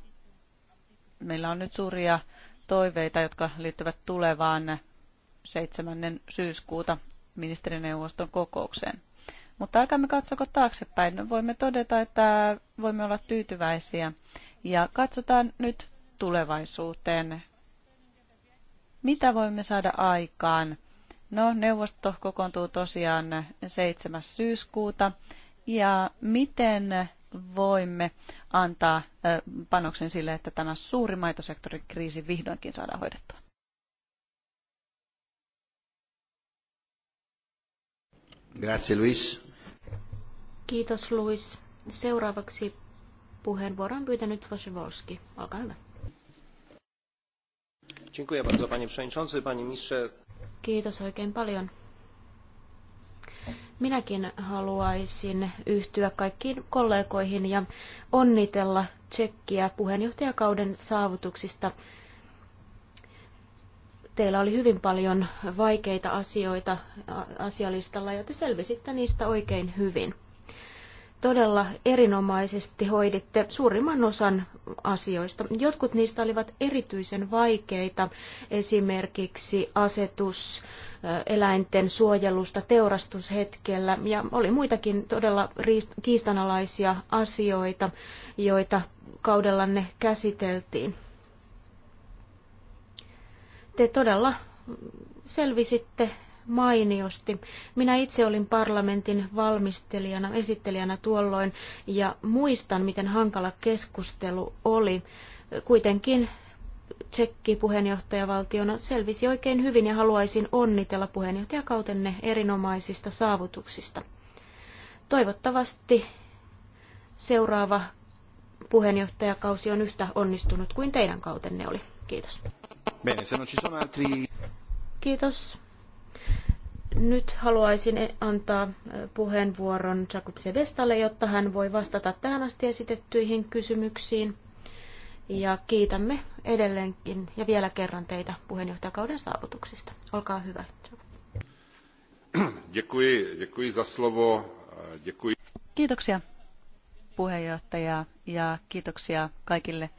meillä on nyt suuria toiveita, jotka liittyvät tulevaan 7. syyskuuta ministerineuvoston kokoukseen. Mutta älkäämme katsoko taaksepäin. Voimme todeta, että voimme olla tyytyväisiä. Ja katsotaan nyt tulevaisuuteen. Mitä voimme saada aikaan? No, neuvosto kokoontuu tosiaan 7. syyskuuta. Ja miten voimme antaa panoksen sille, että tämä suuri maitosektorin kriisi vihdoinkin saadaan hoidettua? Grazie, Luis. Kiitos, Luis. Seuraavaksi puheenvuoron pyytänyt Vosivolski. Olkaa hyvä. Kiitos oikein paljon. Minäkin haluaisin yhtyä kaikkiin kollegoihin ja onnitella Tsekkiä puheenjohtajakauden saavutuksista. Teillä oli hyvin paljon vaikeita asioita asialistalla ja te selvisitte niistä oikein hyvin todella erinomaisesti hoiditte suurimman osan asioista. Jotkut niistä olivat erityisen vaikeita, esimerkiksi asetus eläinten suojelusta teurastushetkellä ja oli muitakin todella kiistanalaisia asioita, joita kaudellanne käsiteltiin. Te todella selvisitte mainiosti. Minä itse olin parlamentin valmistelijana, esittelijänä tuolloin ja muistan, miten hankala keskustelu oli. Kuitenkin Tsekki puheenjohtajavaltiona selvisi oikein hyvin ja haluaisin onnitella puheenjohtajakautenne erinomaisista saavutuksista. Toivottavasti seuraava puheenjohtajakausi on yhtä onnistunut kuin teidän kautenne oli. Kiitos. Bene, se non ci sono altri... Kiitos. Nyt haluaisin antaa puheenvuoron Jacob Sebestalle, jotta hän voi vastata tähän asti esitettyihin kysymyksiin. Ja kiitämme edelleenkin ja vielä kerran teitä puheenjohtajakauden saavutuksista. Olkaa hyvä. [CLEARS THROAT] Děkuji, děkuji Děkuji. Kiitoksia puheenjohtaja ja kiitoksia kaikille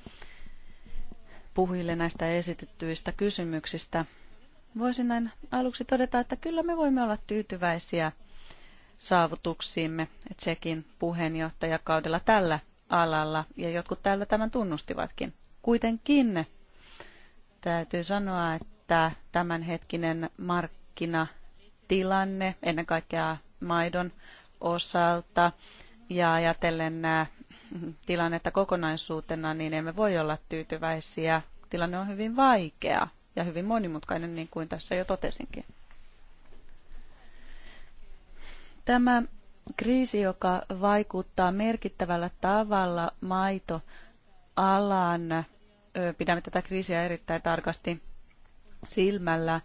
puhujille näistä esitettyistä kysymyksistä. Voisin näin aluksi todeta, että kyllä me voimme olla tyytyväisiä saavutuksiimme Tsekin puheenjohtajakaudella tällä alalla, ja jotkut täällä tämän tunnustivatkin. Kuitenkin täytyy sanoa, että tämänhetkinen markkinatilanne, ennen kaikkea maidon osalta, ja ajatellen äh, tilannetta kokonaisuutena, niin emme voi olla tyytyväisiä. Tilanne on hyvin vaikea ja hyvin monimutkainen, niin kuin tässä jo totesinkin. Tämä kriisi, joka vaikuttaa merkittävällä tavalla maitoalan, pidämme tätä kriisiä erittäin tarkasti silmällä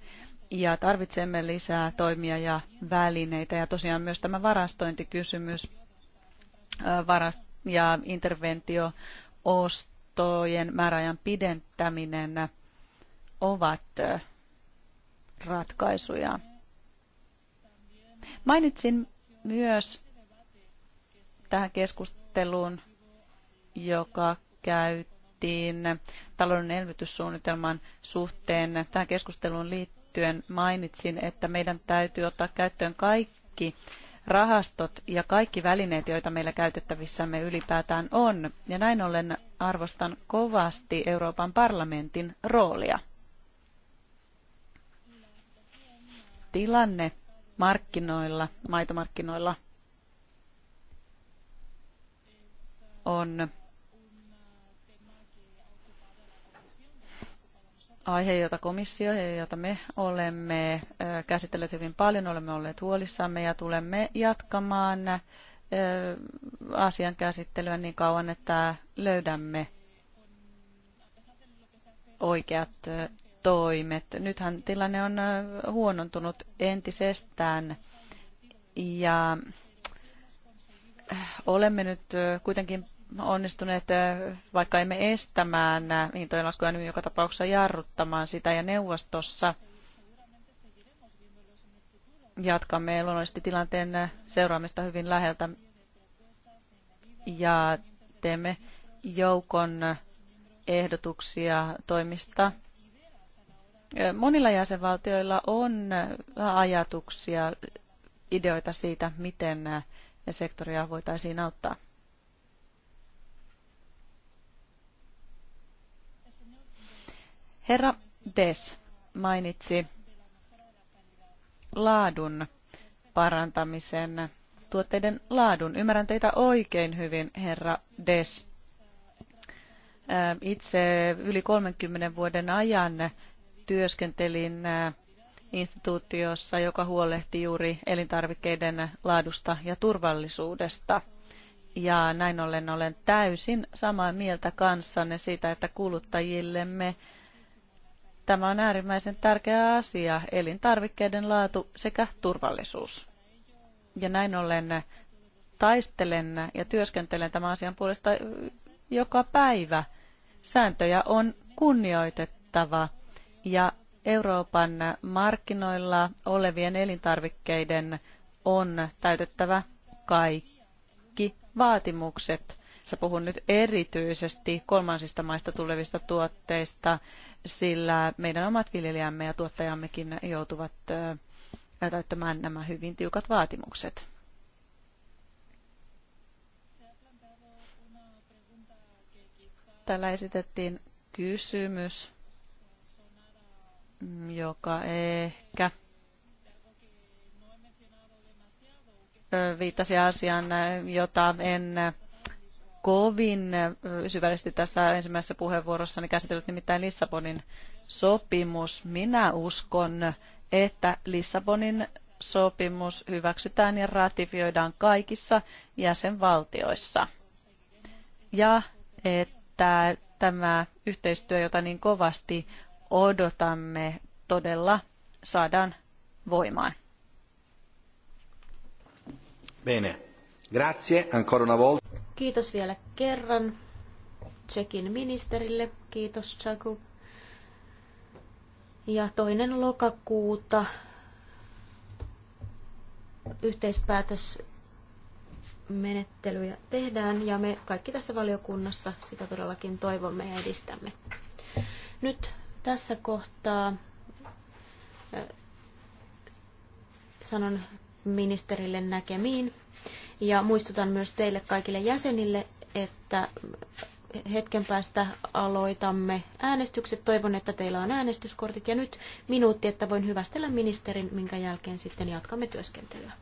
ja tarvitsemme lisää toimia ja välineitä. Ja tosiaan myös tämä varastointikysymys varast- ja interventio ostojen määräajan pidentäminen ovat ratkaisuja. Mainitsin myös tähän keskusteluun, joka käytiin talouden elvytyssuunnitelman suhteen. Tähän keskusteluun liittyen mainitsin, että meidän täytyy ottaa käyttöön kaikki rahastot ja kaikki välineet, joita meillä käytettävissämme ylipäätään on. Ja näin ollen arvostan kovasti Euroopan parlamentin roolia. tilanne markkinoilla, maitomarkkinoilla on aihe, jota komissio ja jota me olemme käsitelleet hyvin paljon, olemme olleet huolissamme ja tulemme jatkamaan asian käsittelyä niin kauan, että löydämme oikeat toimet. Nythän tilanne on huonontunut entisestään ja äh, olemme nyt kuitenkin onnistuneet, vaikka emme estämään hintojen laskuja, niin joka tapauksessa jarruttamaan sitä ja neuvostossa jatkamme luonnollisesti tilanteen seuraamista hyvin läheltä ja teemme joukon ehdotuksia toimista, Monilla jäsenvaltioilla on ajatuksia, ideoita siitä, miten sektoria voitaisiin auttaa. Herra Des mainitsi laadun parantamisen, tuotteiden laadun. Ymmärrän teitä oikein hyvin, herra Des. Itse yli 30 vuoden ajan työskentelin instituutiossa, joka huolehti juuri elintarvikkeiden laadusta ja turvallisuudesta. Ja näin ollen olen täysin samaa mieltä kanssanne siitä, että kuluttajillemme tämä on äärimmäisen tärkeä asia, elintarvikkeiden laatu sekä turvallisuus. Ja näin ollen taistelen ja työskentelen tämän asian puolesta joka päivä. Sääntöjä on kunnioitettava ja Euroopan markkinoilla olevien elintarvikkeiden on täytettävä kaikki vaatimukset. Sä puhun nyt erityisesti kolmansista maista tulevista tuotteista, sillä meidän omat viljelijämme ja tuottajammekin joutuvat täyttämään nämä hyvin tiukat vaatimukset. Täällä esitettiin kysymys, joka ehkä viittasi asiaan, jota en kovin syvällisesti tässä ensimmäisessä puheenvuorossani käsitellyt, nimittäin Lissabonin sopimus. Minä uskon, että Lissabonin sopimus hyväksytään ja ratifioidaan kaikissa jäsenvaltioissa. Ja että tämä yhteistyö, jota niin kovasti odotamme todella saadaan voimaan. Bene. Grazie ancora una volta. Kiitos vielä kerran Tsekin ministerille. Kiitos Jakub. Ja toinen lokakuuta yhteispäätös menettelyjä tehdään ja me kaikki tässä valiokunnassa sitä todellakin toivomme ja edistämme. Nyt tässä kohtaa sanon ministerille näkemiin ja muistutan myös teille kaikille jäsenille, että hetken päästä aloitamme äänestykset. Toivon, että teillä on äänestyskortit ja nyt minuutti, että voin hyvästellä ministerin, minkä jälkeen sitten jatkamme työskentelyä.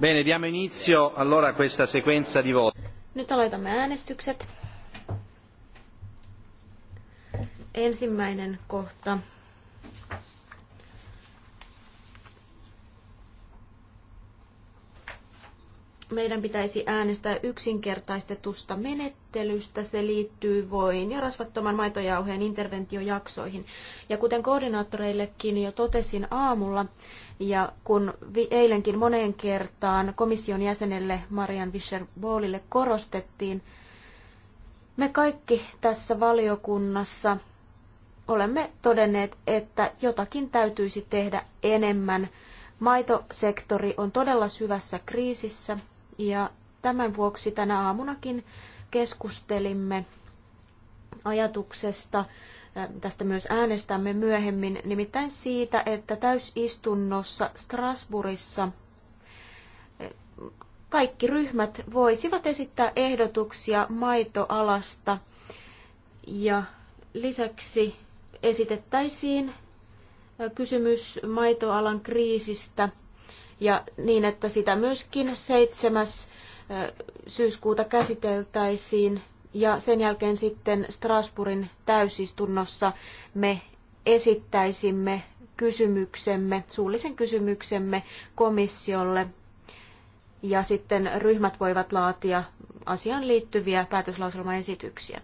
Bene, diamo inizio allora questa sequenza di voti. Nyt aloitamme äänestykset. Ensimmäinen kohta meidän pitäisi äänestää yksinkertaistetusta menettelystä. Se liittyy voin ja rasvattoman maitojauheen interventiojaksoihin. Ja kuten koordinaattoreillekin jo totesin aamulla, ja kun eilenkin moneen kertaan komission jäsenelle Marian Vischer-Boolille korostettiin, me kaikki tässä valiokunnassa olemme todenneet, että jotakin täytyisi tehdä enemmän Maitosektori on todella syvässä kriisissä ja tämän vuoksi tänä aamunakin keskustelimme ajatuksesta, tästä myös äänestämme myöhemmin, nimittäin siitä, että täysistunnossa Strasbourgissa kaikki ryhmät voisivat esittää ehdotuksia maitoalasta ja lisäksi esitettäisiin kysymys maitoalan kriisistä – ja niin, että sitä myöskin 7. syyskuuta käsiteltäisiin ja sen jälkeen sitten Strasbourgin täysistunnossa me esittäisimme kysymyksemme, suullisen kysymyksemme komissiolle ja sitten ryhmät voivat laatia asiaan liittyviä päätöslauselmaesityksiä.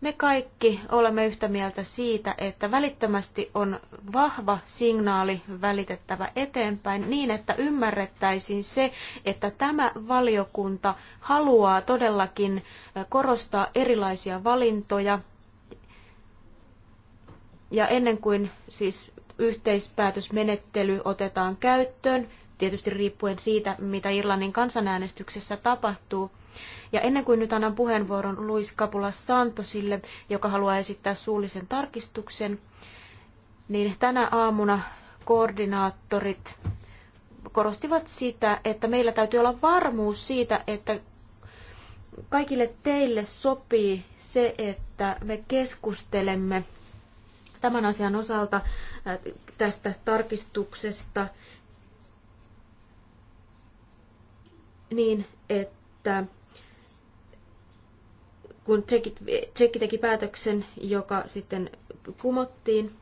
Me kaikki olemme yhtä mieltä siitä, että välittömästi on vahva signaali välitettävä eteenpäin niin, että ymmärrettäisiin se, että tämä valiokunta haluaa todellakin korostaa erilaisia valintoja. Ja ennen kuin siis yhteispäätösmenettely otetaan käyttöön, tietysti riippuen siitä, mitä Irlannin kansanäänestyksessä tapahtuu, ja ennen kuin nyt annan puheenvuoron Luis Kapula Santosille, joka haluaa esittää suullisen tarkistuksen, niin tänä aamuna koordinaattorit korostivat sitä, että meillä täytyy olla varmuus siitä, että kaikille teille sopii se, että me keskustelemme tämän asian osalta äh, tästä tarkistuksesta niin, että kun Tsekki, Tsekki teki päätöksen, joka sitten kumottiin,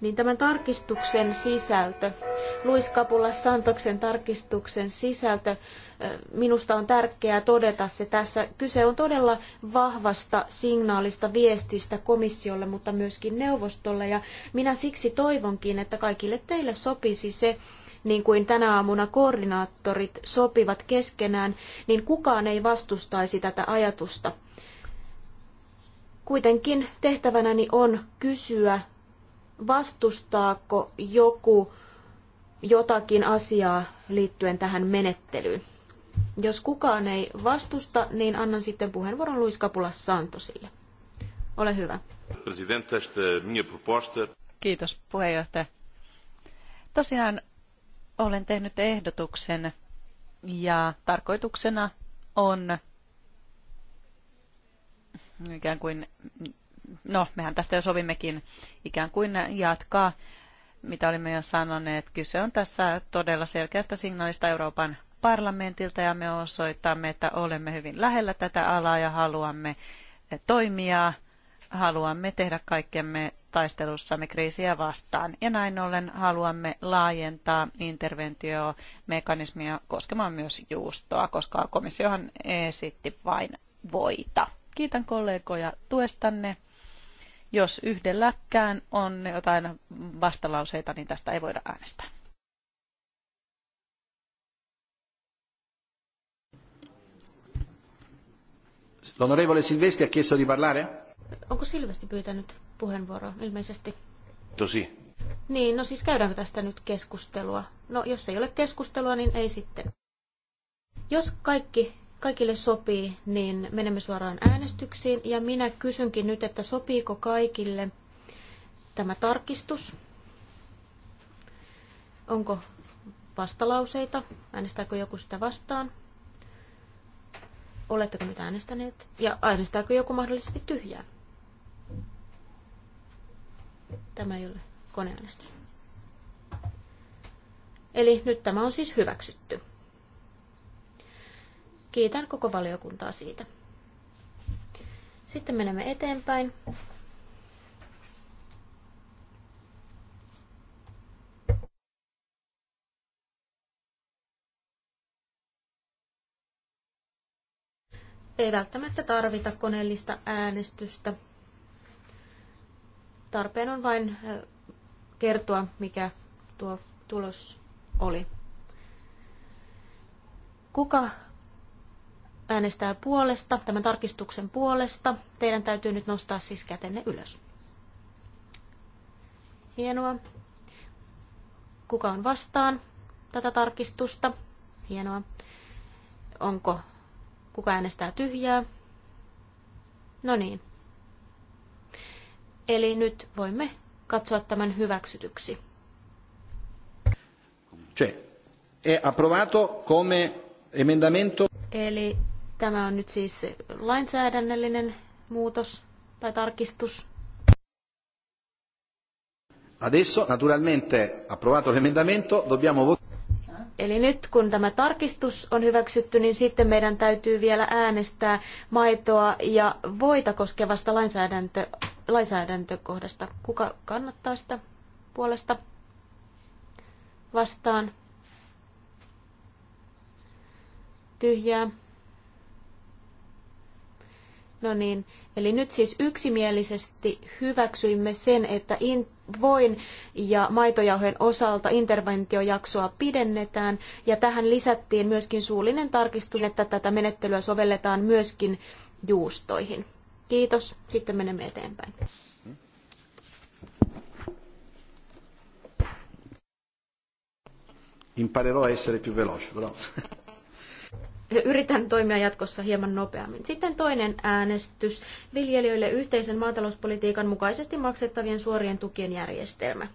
niin tämän tarkistuksen sisältö, Luis Kapula Santoksen tarkistuksen sisältö, minusta on tärkeää todeta se tässä. Kyse on todella vahvasta signaalista viestistä komissiolle, mutta myöskin neuvostolle, ja minä siksi toivonkin, että kaikille teille sopisi se, niin kuin tänä aamuna koordinaattorit sopivat keskenään, niin kukaan ei vastustaisi tätä ajatusta. Kuitenkin tehtävänäni on kysyä, vastustaako joku jotakin asiaa liittyen tähän menettelyyn. Jos kukaan ei vastusta, niin annan sitten puheenvuoron Luis Kapula Santosille. Ole hyvä. Kiitos puheenjohtaja. Tosiaan olen tehnyt ehdotuksen ja tarkoituksena on ikään kuin, no mehän tästä jo sovimmekin, ikään kuin jatkaa, mitä olimme jo sanoneet. Kyse on tässä todella selkeästä signaalista Euroopan parlamentilta ja me osoitamme, että olemme hyvin lähellä tätä alaa ja haluamme toimia, haluamme tehdä kaikkemme taistelussamme kriisiä vastaan. Ja näin ollen haluamme laajentaa interventiomekanismia koskemaan myös juustoa, koska komissiohan esitti vain voita. Kiitän kollegoja tuestanne. Jos yhdelläkään on jotain vastalauseita, niin tästä ei voida äänestää. L'onorevole Silvestri ha chiesto di parlare? Onko Silvestri pyytänyt puheenvuoro ilmeisesti. Tosi. Niin, no siis käydäänkö tästä nyt keskustelua? No jos ei ole keskustelua, niin ei sitten. Jos kaikki, kaikille sopii, niin menemme suoraan äänestyksiin. Ja minä kysynkin nyt, että sopiiko kaikille tämä tarkistus? Onko vastalauseita? Äänestääkö joku sitä vastaan? Oletteko nyt äänestäneet? Ja äänestääkö joku mahdollisesti tyhjää? Tämä ei ole koneäänestys. Eli nyt tämä on siis hyväksytty. Kiitän koko valiokuntaa siitä. Sitten menemme eteenpäin. Ei välttämättä tarvita koneellista äänestystä. Tarpeen on vain kertoa, mikä tuo tulos oli. Kuka äänestää puolesta, tämän tarkistuksen puolesta? Teidän täytyy nyt nostaa siis kätenne ylös. Hienoa. Kuka on vastaan tätä tarkistusta? Hienoa. Onko kuka äänestää tyhjää? No niin, Eli nyt voimme katsoa tämän hyväksytyksi. Cioè, è approvato come emendamento. Eli tämä on nyt siis lainsäädännöllinen muutos tai tarkistus. Adesso, naturalmente, approvato l'emendamento, dobbiamo votare. Eli nyt kun tämä tarkistus on hyväksytty, niin sitten meidän täytyy vielä äänestää maitoa ja voita koskevasta lainsäädäntö lainsäädäntökohdasta. Kuka kannattaa sitä puolesta vastaan? Tyhjää. No niin, eli nyt siis yksimielisesti hyväksyimme sen, että in, voin ja maitojauheen osalta interventiojaksoa pidennetään ja tähän lisättiin myöskin suullinen tarkistus, että tätä menettelyä sovelletaan myöskin juustoihin. Kiitos. Sitten menemme eteenpäin. Imparerò essere più veloce, però. [LAUGHS] Yritän toimia jatkossa hieman nopeammin. Sitten toinen äänestys. Viljelijöille yhteisen maatalouspolitiikan mukaisesti maksettavien suorien tukien järjestelmä.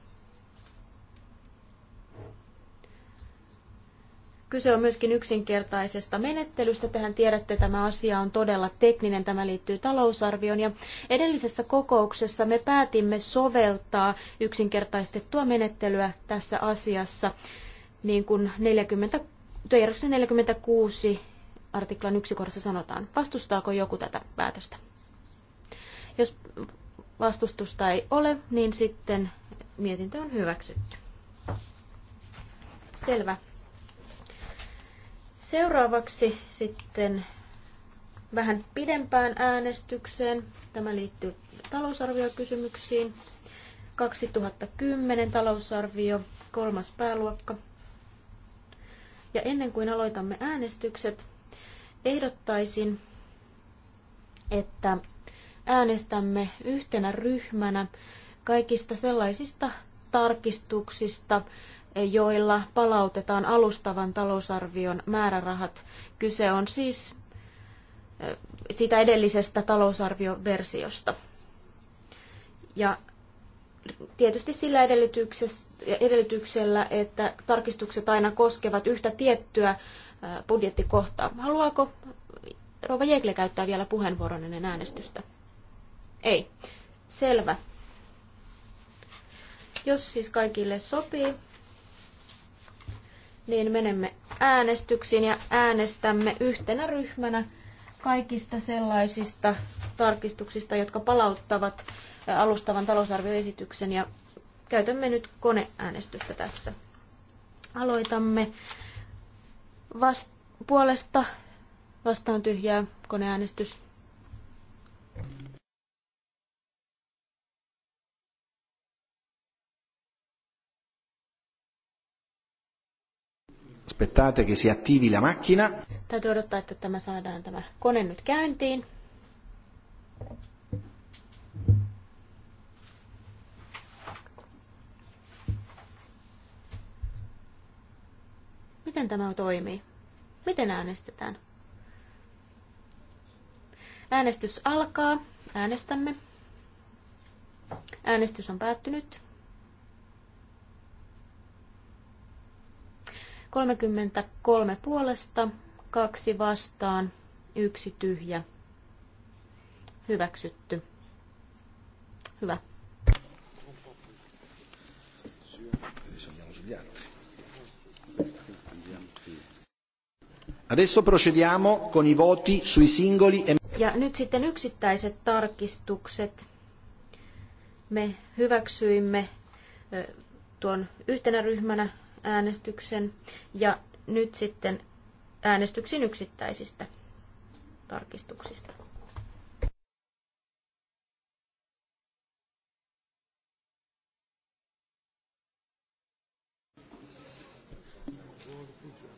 Kyse on myöskin yksinkertaisesta menettelystä. Tähän tiedätte, että tämä asia on todella tekninen. Tämä liittyy talousarvioon. Ja edellisessä kokouksessa me päätimme soveltaa yksinkertaistettua menettelyä tässä asiassa, niin kuin 40, 46 artiklan yksi kohdassa sanotaan. Vastustaako joku tätä päätöstä? Jos vastustusta ei ole, niin sitten mietintö on hyväksytty. Selvä. Seuraavaksi sitten vähän pidempään äänestykseen. Tämä liittyy talousarviokysymyksiin. 2010 talousarvio, kolmas pääluokka. Ja ennen kuin aloitamme äänestykset, ehdottaisin, että äänestämme yhtenä ryhmänä kaikista sellaisista tarkistuksista, joilla palautetaan alustavan talousarvion määrärahat. Kyse on siis eh, sitä edellisestä talousarvioversiosta. Ja tietysti sillä edellytyksellä, että tarkistukset aina koskevat yhtä tiettyä eh, budjettikohtaa. Haluaako Rova Jekle käyttää vielä puheenvuoron ennen äänestystä? Ei. Selvä. Jos siis kaikille sopii, niin menemme äänestyksiin ja äänestämme yhtenä ryhmänä kaikista sellaisista tarkistuksista, jotka palauttavat alustavan talousarvioesityksen ja käytämme nyt koneäänestystä tässä. Aloitamme vast- puolesta vastaan tyhjää koneäänestys Aspettate che si attivi la macchina. Täytyy odottaa, että tämä saadaan tämä kone nyt käyntiin. Miten tämä toimii? Miten äänestetään? Äänestys alkaa. Äänestämme. Äänestys on päättynyt. 33 puolesta, kaksi vastaan, yksi tyhjä. Hyväksytty. Hyvä. Adesso procediamo con i voti sui singoli e... Ja nyt sitten yksittäiset tarkistukset. Me hyväksyimme tuon yhtenä ryhmänä äänestyksen ja nyt sitten äänestyksen yksittäisistä tarkistuksista.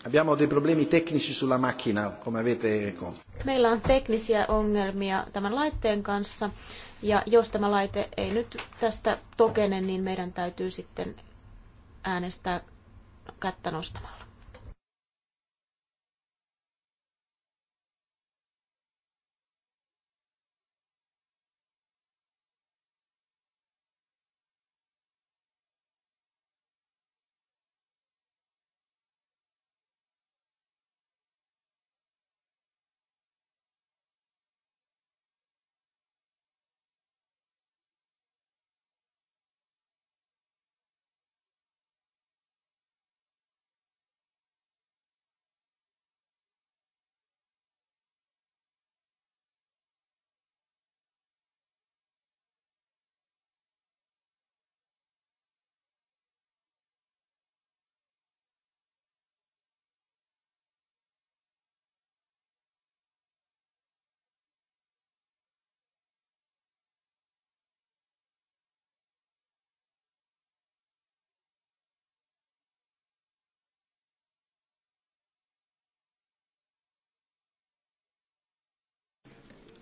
Abbiamo dei problemi tecnici sulla macchina, come avete Meillä on teknisiä ongelmia tämän laitteen kanssa, ja jos tämä laite ei nyt tästä tokene, niin meidän täytyy sitten äänestää kättä nostamalla.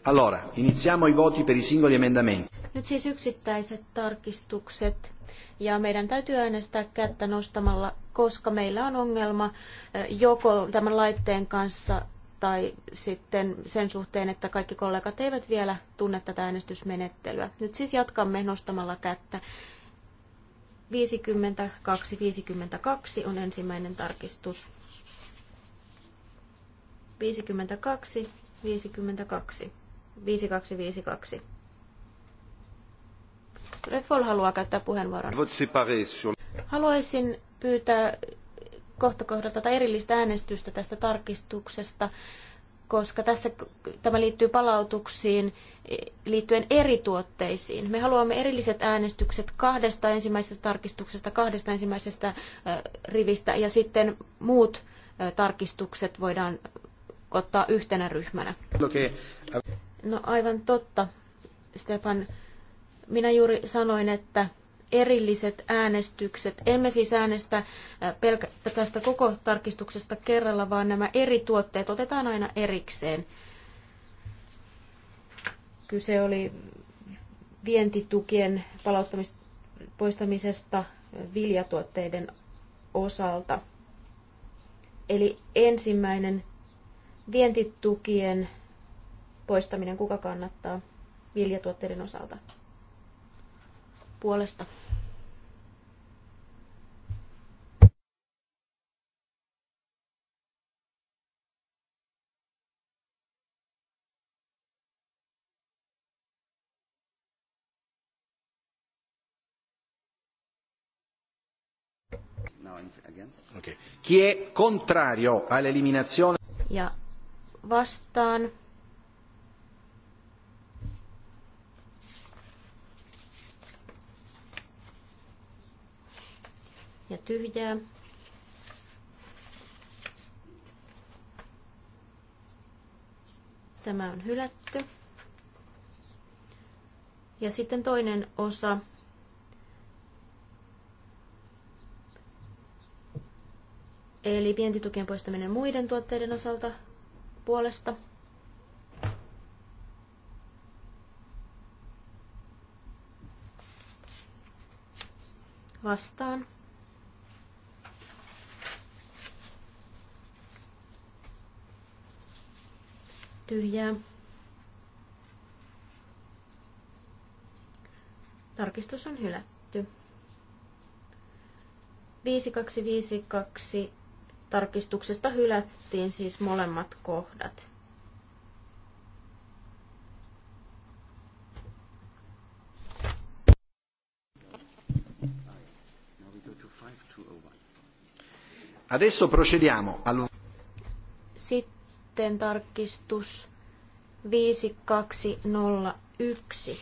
Allora, iniziamo i voti per i singoli emendamenti. Nyt siis yksittäiset tarkistukset. Ja meidän täytyy äänestää kättä nostamalla, koska meillä on ongelma eh, joko tämän laitteen kanssa tai sitten sen suhteen, että kaikki kollegat eivät vielä tunne tätä äänestysmenettelyä. Nyt siis jatkamme nostamalla kättä. 52-52 on ensimmäinen tarkistus. 52-52. 5252. Foll haluaa käyttää puheenvuoron. Haluaisin pyytää kohtakohdalta tai erillistä äänestystä tästä tarkistuksesta, koska tässä tämä liittyy palautuksiin e, liittyen eri tuotteisiin. Me haluamme erilliset äänestykset kahdesta ensimmäisestä tarkistuksesta, kahdesta ensimmäisestä rivistä ja sitten muut tarkistukset voidaan ottaa yhtenä ryhmänä. Okay. No aivan totta, Stefan. Minä juuri sanoin, että erilliset äänestykset. Emme siis äänestä äh, pelkä, tästä koko tarkistuksesta kerralla, vaan nämä eri tuotteet otetaan aina erikseen. Kyse oli vientitukien palauttamisesta poistamisesta viljatuotteiden osalta. Eli ensimmäinen vientitukien poistaminen, kuka kannattaa viljatuotteiden osalta puolesta. No, Chi è contrario all'eliminazione? Ja vastaan ja tyhjää. Tämä on hylätty. Ja sitten toinen osa. Eli pientitukien poistaminen muiden tuotteiden osalta puolesta. Vastaan. tyhjää. Tarkistus on hylätty. 5252 tarkistuksesta hylättiin siis molemmat kohdat. Adesso procediamo al... Sitten sitten tarkistus 5201.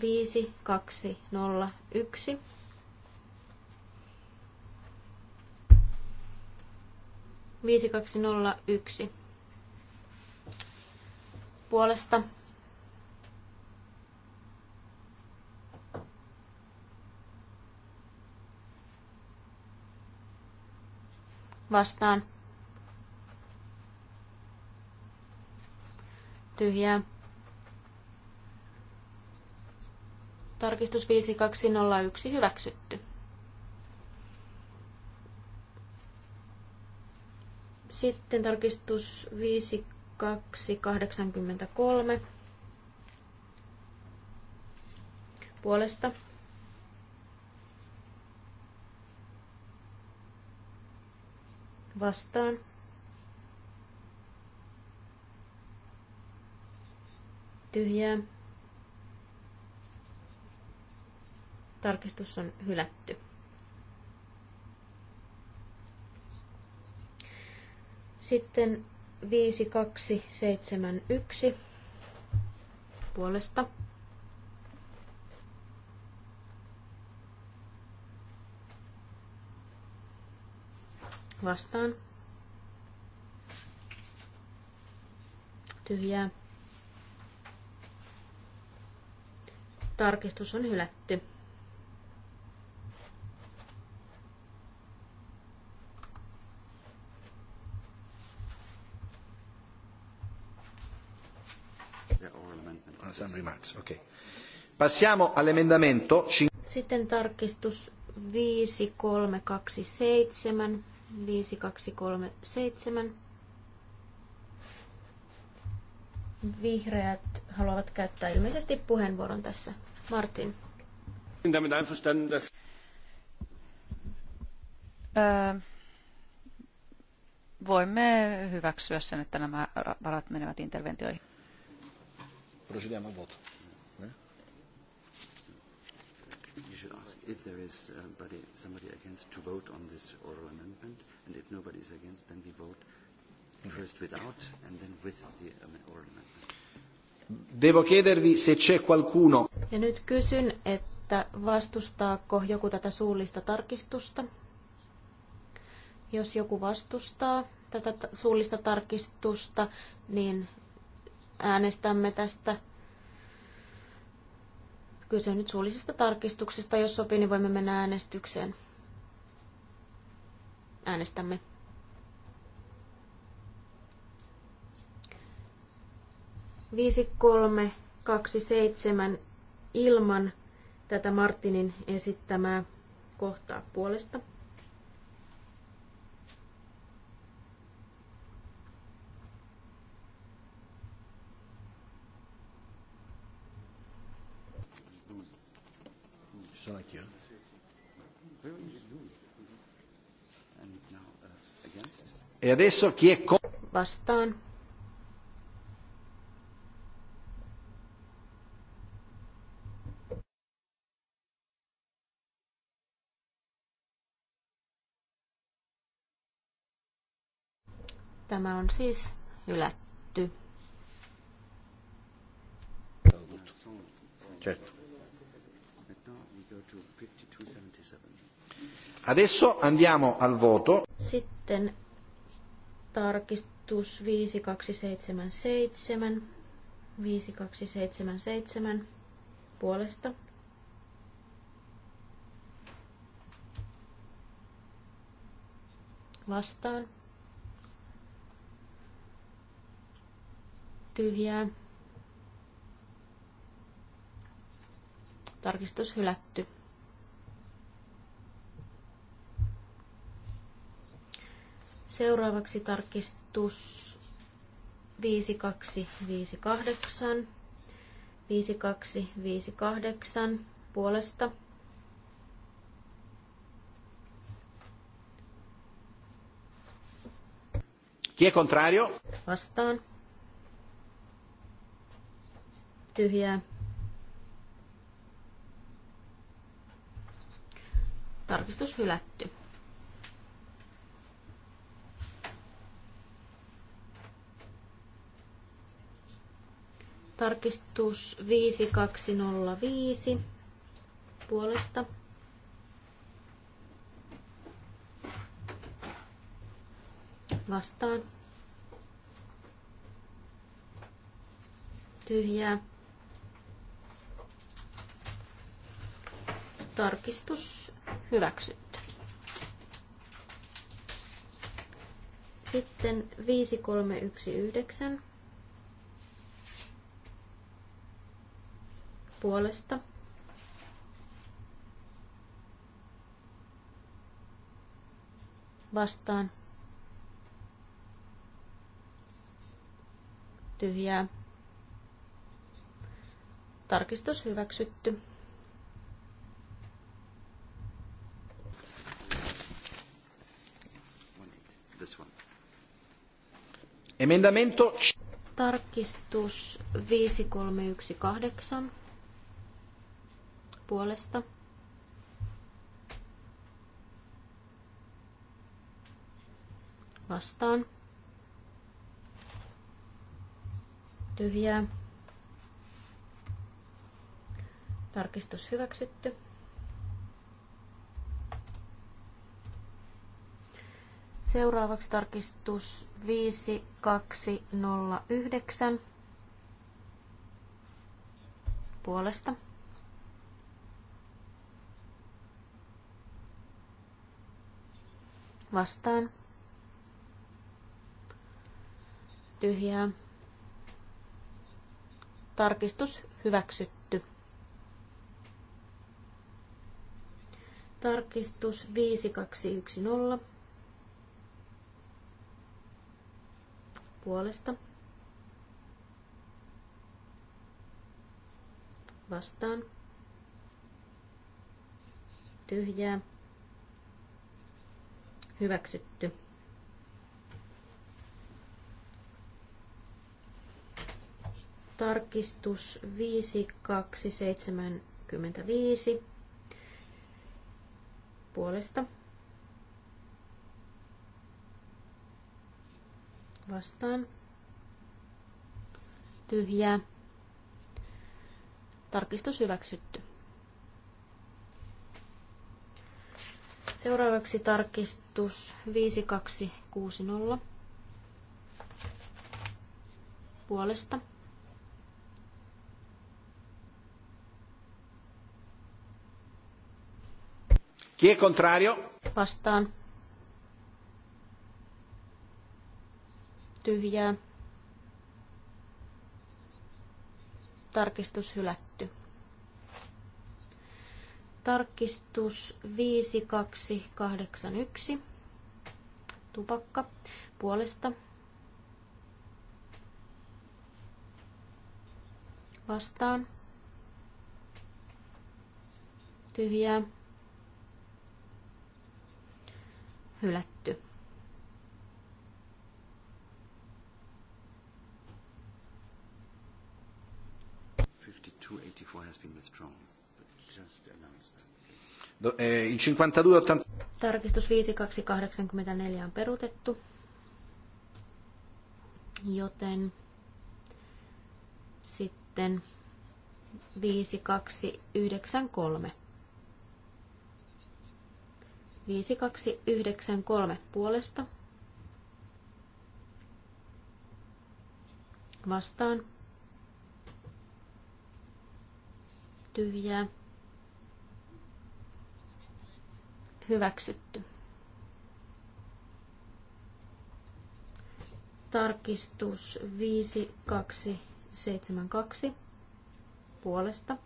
5201. Viisi kaksi nolla yksi. Puolesta vastaan tyhjää. Tarkistus 5201 hyväksytty. Sitten tarkistus 5283 puolesta. Vastaan. tyhjää. Tarkistus on hylätty. Sitten 5271 puolesta. Vastaan. Tyhjää. Tarkistus on hylätty. Passiamo all'emendamento. Sitten tarkistus 5327. 5237. Vihreät haluavat käyttää ilmeisesti puheenvuoron tässä. Martin. voimme hyväksyä sen, että nämä varat menevät interventioihin. if there is uh, somebody against to vote on this oral amendment, and if nobody is against, then we vote Um, Devo chiedervi se c'è qualcuno. Ja nyt kysyn, että vastustaako joku tätä suullista tarkistusta? Jos joku vastustaa tätä suullista tarkistusta, niin äänestämme tästä Kyse nyt suullisesta tarkistuksesta. Jos sopii, niin voimme mennä äänestykseen. Äänestämme. 5327 ilman tätä Martinin esittämää kohtaa puolesta. E Vastaan. Tämä on siis hylätty. Adesso andiamo al voto. Sitten tarkistus 5277. 5277 puolesta. Vastaan. tyhjää. Tarkistus hylätty. Seuraavaksi tarkistus 5258. 5258 puolesta. Chi è contrario? Vastaan tyhjää. Tarkistus hylätty. Tarkistus 5205 puolesta. Vastaan. Tyhjää. Tarkistus hyväksytty. Sitten 5319 puolesta. Vastaan. Tyhjää. Tarkistus hyväksytty. Emendamento... Tarkistus 5318 puolesta. Vastaan. Tyhjää. Tarkistus hyväksytty. Seuraavaksi tarkistus 5209 puolesta. Vastaan. Tyhjää. Tarkistus hyväksytty. Tarkistus 5210 puolesta. Vastaan. Tyhjää. Hyväksytty. Tarkistus 5275 puolesta vastaan. Tyhjää. Tarkistus hyväksytty. Seuraavaksi tarkistus 5260 puolesta. Chi è contrario? Vastaan. tyhjää. Tarkistus hylätty. Tarkistus 5281. Tupakka puolesta. Vastaan. Tyhjää. Hylätty. 54 has been withdrawn, but just 52 no, eh, Tarkistus 5284 on peruutettu, joten sitten 5293. 5293 puolesta vastaan tyhjää, hyväksytty. Tarkistus 5272 puolesta.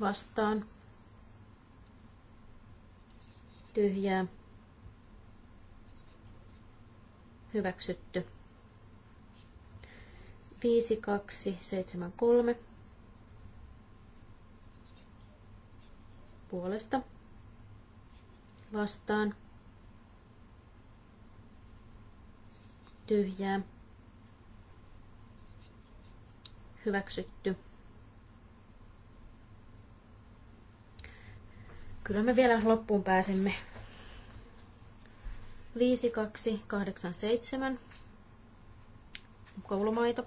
Vastaan. Tyhjää. Hyväksytty. 5273 puolesta vastaan tyhjää hyväksytty. Kyllä me vielä loppuun pääsemme. 5287 koulumaito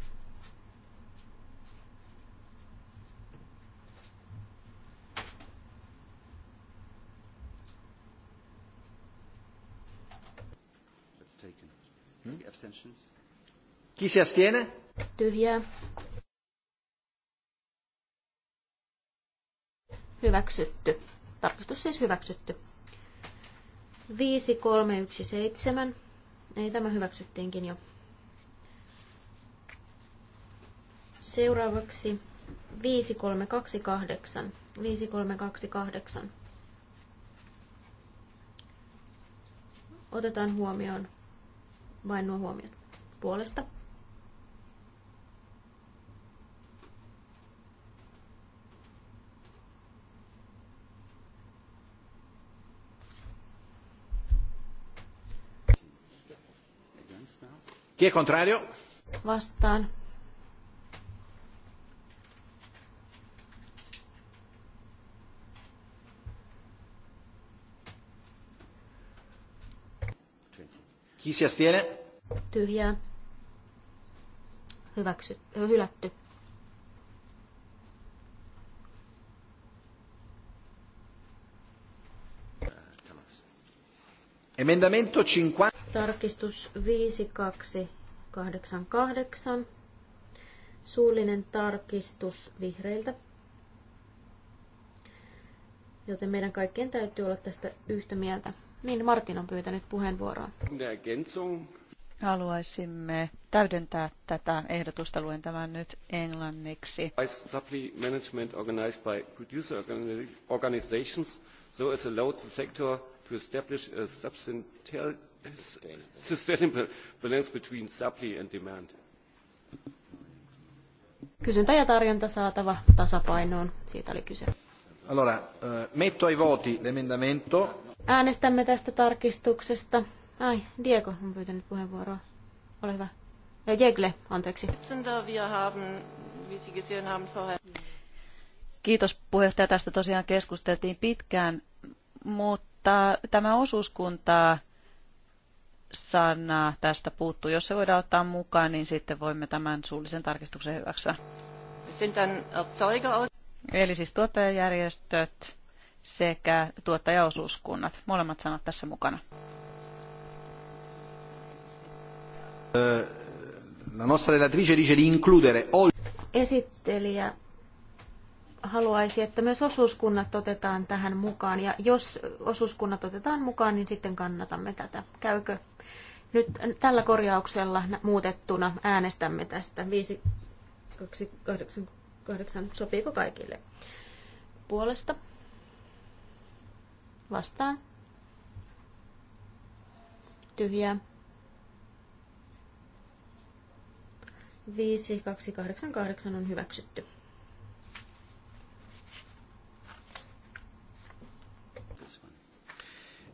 Chi si astiene? Tyhjää. Hyväksytty. Tarkistus siis hyväksytty. 5317. Ei, tämä hyväksyttiinkin jo. Seuraavaksi 5328. 5328. Otetaan huomioon vain nuo huomiot puolesta Chi è contrario? Vastaan. Chi si astiene? Tyhjää. Hyväksy, hylätty. Emendamento 50. Tarkistus 5288. Suullinen tarkistus vihreiltä. Joten meidän kaikkien täytyy olla tästä yhtä mieltä. Niin, Martin on pyytänyt puheenvuoroa. Haluaisimme täydentää tätä ehdotusta. Luen tämän nyt englanniksi. Supply management organized by producer organizations so as allowed the sector to establish a sustainable balance between supply and demand. Kysyntä ja tarjonta saatava tasapainoon, siitä oli kyse. Allora, eh, metto ai voti l'emendamento. Äänestämme tästä tarkistuksesta. Ai, Diego on pyytänyt puheenvuoroa. Ole hyvä. Ja eh, Jegle, anteeksi. Kiitos puheenjohtaja. Tästä tosiaan keskusteltiin pitkään, mutta mutta tämä osuuskunta sana tästä puuttuu. Jos se voidaan ottaa mukaan, niin sitten voimme tämän suullisen tarkistuksen hyväksyä. Eli siis tuottajajärjestöt sekä tuottajaosuuskunnat. Molemmat sanat tässä mukana. Eh, la nostra relatrice dice di includere Esittelijä haluaisi, että myös osuuskunnat otetaan tähän mukaan. Ja jos osuuskunnat otetaan mukaan, niin sitten kannatamme tätä. Käykö nyt tällä korjauksella muutettuna äänestämme tästä 8. Sopiiko kaikille? Puolesta. Vastaan. Tyhjää. 5288 on hyväksytty.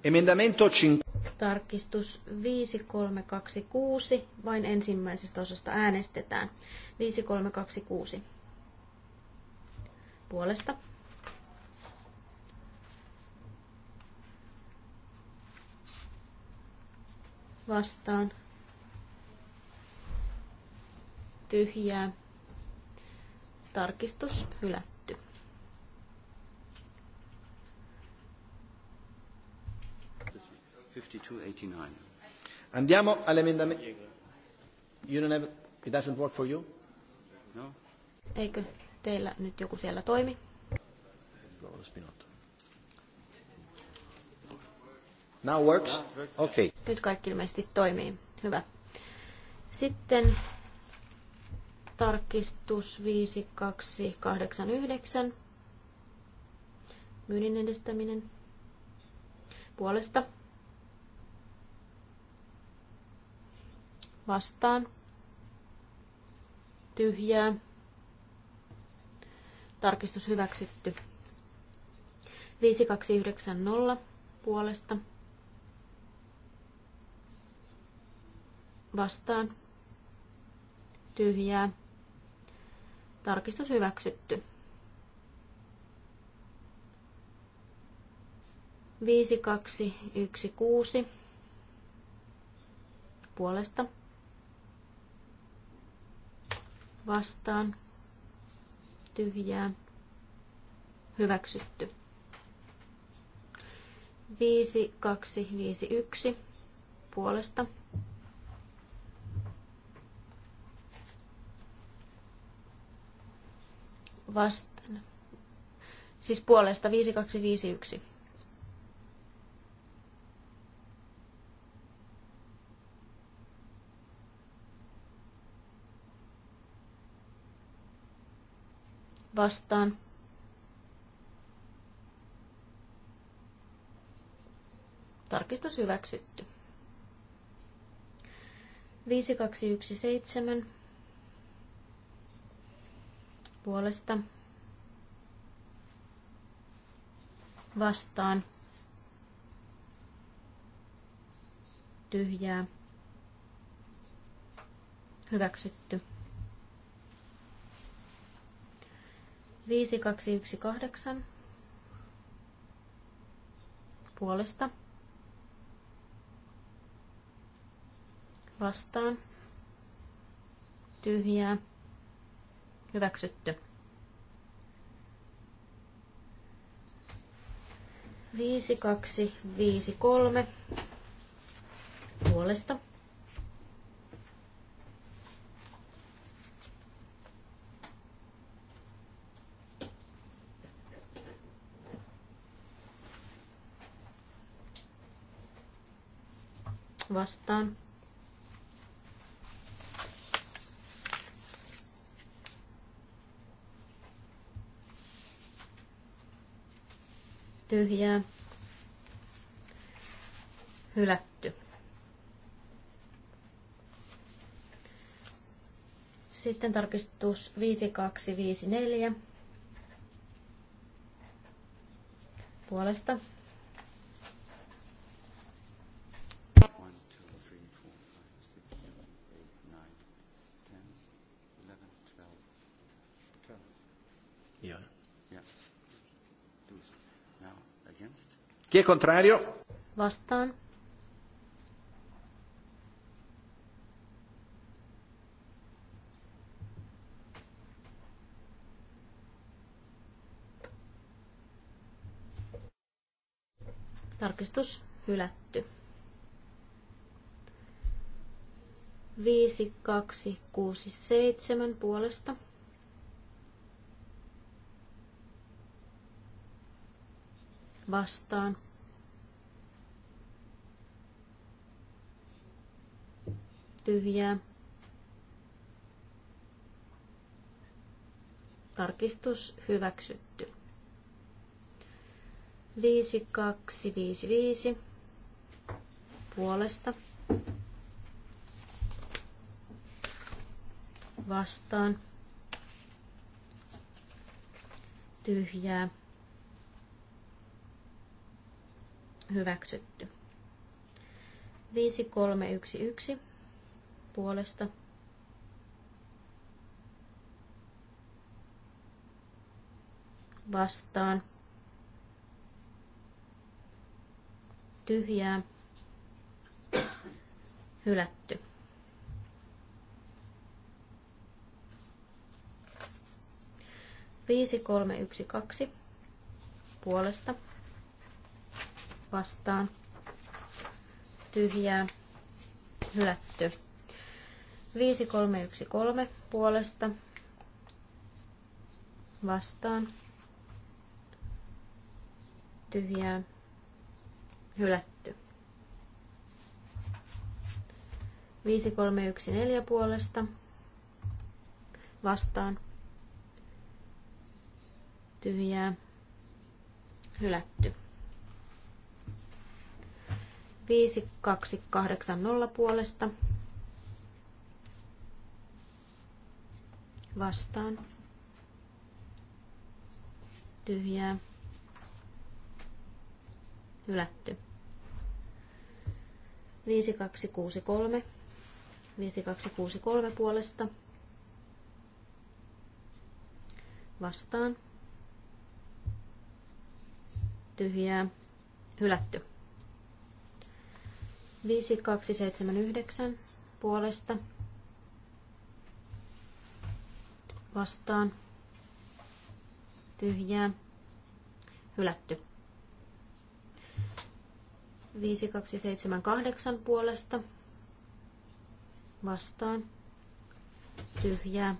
Emendamento 5. Tarkistus 5326. Vain ensimmäisestä osasta äänestetään. 5326. Puolesta. Vastaan. Tyhjää. Tarkistus hylätty. 5289. Andiamo all'emendamento... You don't have... It doesn't work for you? No. Eikö teillä nyt joku siellä toimi? Now works? Okay. Nyt kaikki ilmeisesti toimii. Hyvä. Sitten tarkistus 5289. Myynnin edistäminen puolesta vastaan, tyhjää, tarkistus hyväksytty. 5290 puolesta vastaan, tyhjää, tarkistus hyväksytty. 5216 puolesta vastaan tyhjää hyväksytty. 1 puolesta vastaan. Siis puolesta 5251 vastaan. Tarkistus hyväksytty. 5217 puolesta vastaan tyhjää hyväksytty. 5218 puolesta vastaan tyhjää hyväksytty. 5253 puolesta vastaan. Tyhjää. Hylätty. Sitten tarkistus 5254 puolesta Chi è contrario? Vastaan. Tarkistus hylätty. 5, 2, 6, 7 puolesta. Vastaan. tyhjää. Tarkistus hyväksytty. 5255 puolesta vastaan tyhjää hyväksytty. 5311 puolesta. Vastaan. Tyhjää. Hylätty. Viisi kolme yksi kaksi puolesta vastaan tyhjää hylätty. 5313 puolesta vastaan tyhjää hylätty. 5314 puolesta vastaan tyhjää hylätty. 5280 puolesta vastaan tyhjää hylätty. 5263 5263 puolesta vastaan tyhjää hylätty. 5279 puolesta vastaan tyhjää hylätty. 5278 puolesta vastaan tyhjää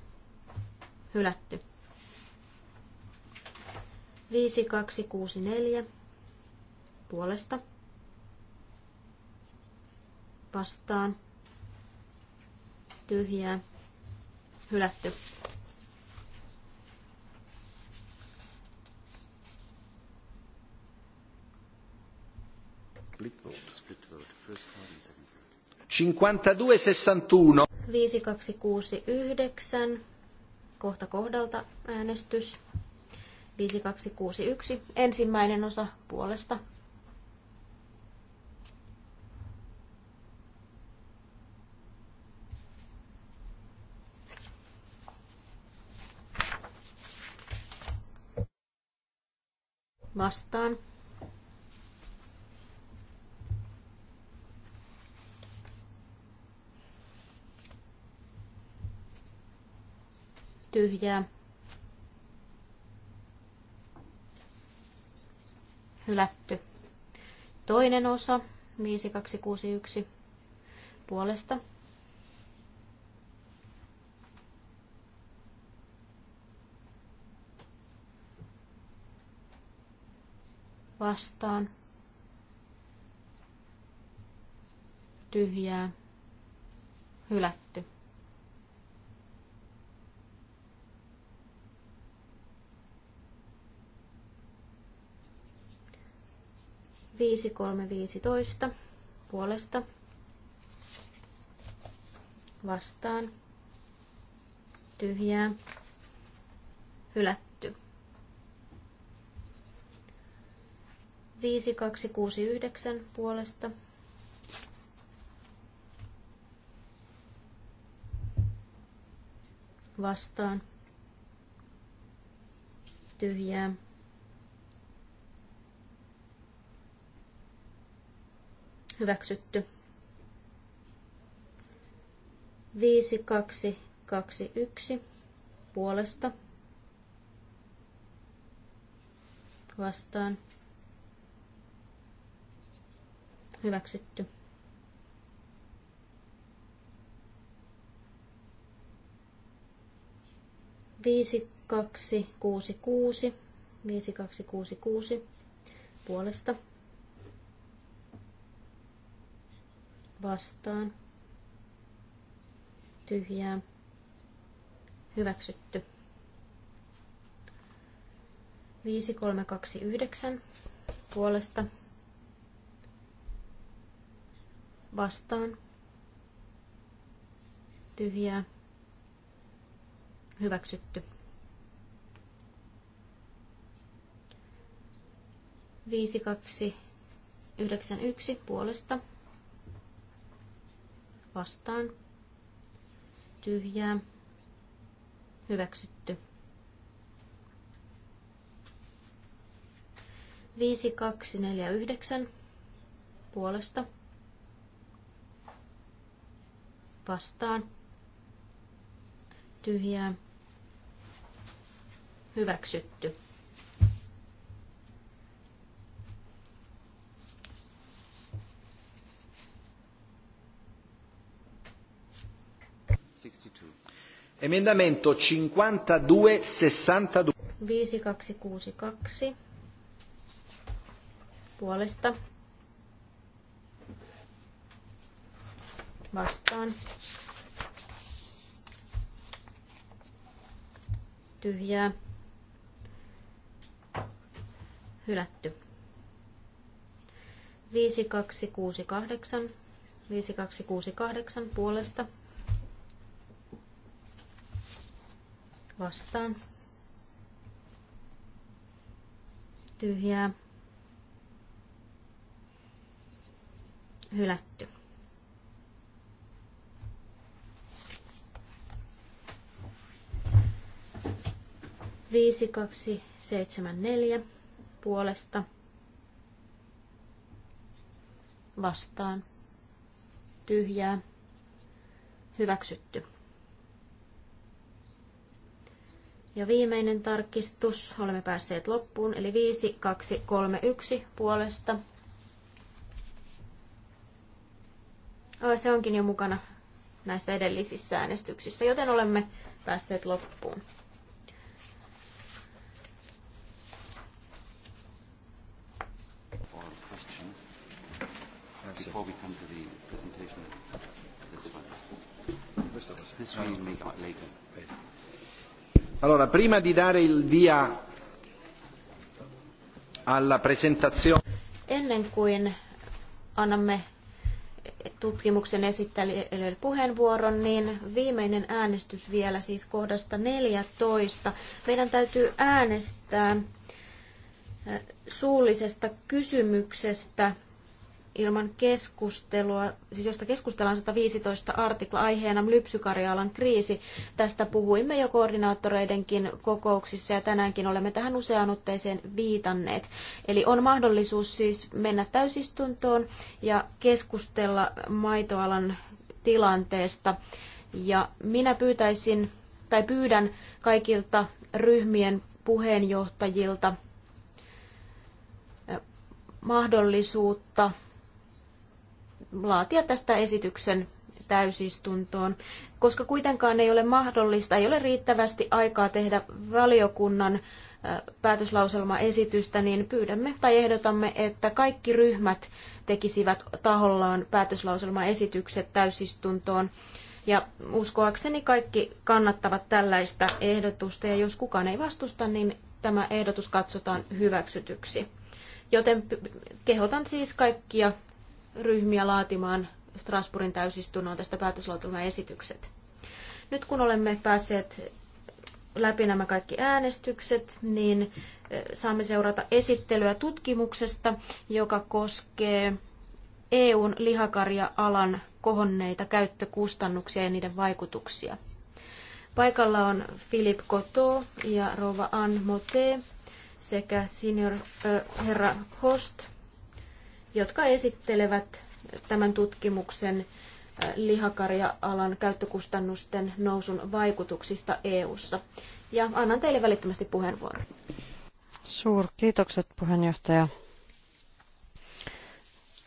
hylätty. 5264 puolesta vastaan tyhjää hylätty. 5269. Kohta kohdalta äänestys. 5261. Ensimmäinen osa puolesta. Vastaan. tyhjää. Hylätty. Toinen osa 5261 puolesta. Vastaan. Tyhjää. Hylätty. 5315 puolesta vastaan tyhjää hylätty. 5269 puolesta vastaan tyhjää hyväksytty. 5221 puolesta vastaan hyväksytty. Viisi, kaksi, kuusi, kuusi. Viisi, kaksi, kuusi, kuusi. Puolesta vastaan tyhjää hyväksytty. 5329 puolesta vastaan tyhjää hyväksytty. 5291 puolesta vastaan tyhjää hyväksytty. 5249 puolesta vastaan tyhjää hyväksytty. Emendamento 5262. 5262. Puolesta. Vastaan. Tyhjää. Hylätty. 5268. 5268 puolesta vastaan. Tyhjää. Hylätty. Viisi, kaksi, seitsemän, neljä puolesta vastaan. Tyhjää. Hyväksytty. Ja viimeinen tarkistus, olemme päässeet loppuun, eli 5, 2, 3, 1 puolesta. Oh, se onkin jo mukana näissä edellisissä äänestyksissä, joten olemme päässeet loppuun. Uh, before we come to the presentation. This one. This one we'll make later. Allora, prima di dare il via alla presentazione... Ennen kuin annamme tutkimuksen esittelijöille puheenvuoron, niin viimeinen äänestys vielä siis kohdasta 14. Meidän täytyy äänestää suullisesta kysymyksestä ilman keskustelua, siis josta keskustellaan 115 artikla aiheena Lypsykarjaalan kriisi. Tästä puhuimme jo koordinaattoreidenkin kokouksissa ja tänäänkin olemme tähän useaan otteeseen viitanneet. Eli on mahdollisuus siis mennä täysistuntoon ja keskustella maitoalan tilanteesta. Ja minä pyytäisin tai pyydän kaikilta ryhmien puheenjohtajilta eh, mahdollisuutta laatia tästä esityksen täysistuntoon, koska kuitenkaan ei ole mahdollista, ei ole riittävästi aikaa tehdä valiokunnan päätöslauselmaesitystä, niin pyydämme tai ehdotamme, että kaikki ryhmät tekisivät tahollaan päätöslauselmaesitykset täysistuntoon. Ja uskoakseni kaikki kannattavat tällaista ehdotusta, ja jos kukaan ei vastusta, niin tämä ehdotus katsotaan hyväksytyksi. Joten kehotan siis kaikkia ryhmiä laatimaan Strasbourgin täysistunnon tästä päätöslautelman esitykset. Nyt kun olemme päässeet läpi nämä kaikki äänestykset, niin eh, saamme seurata esittelyä tutkimuksesta, joka koskee EUn lihakarja-alan kohonneita käyttökustannuksia ja niiden vaikutuksia. Paikalla on Philippe Coteau ja Rova Anne Mote sekä senior äh, herra Host jotka esittelevät tämän tutkimuksen lihakarja-alan käyttökustannusten nousun vaikutuksista EU:ssa. Ja annan teille välittömästi puheenvuoron. Suurkiitokset puheenjohtaja.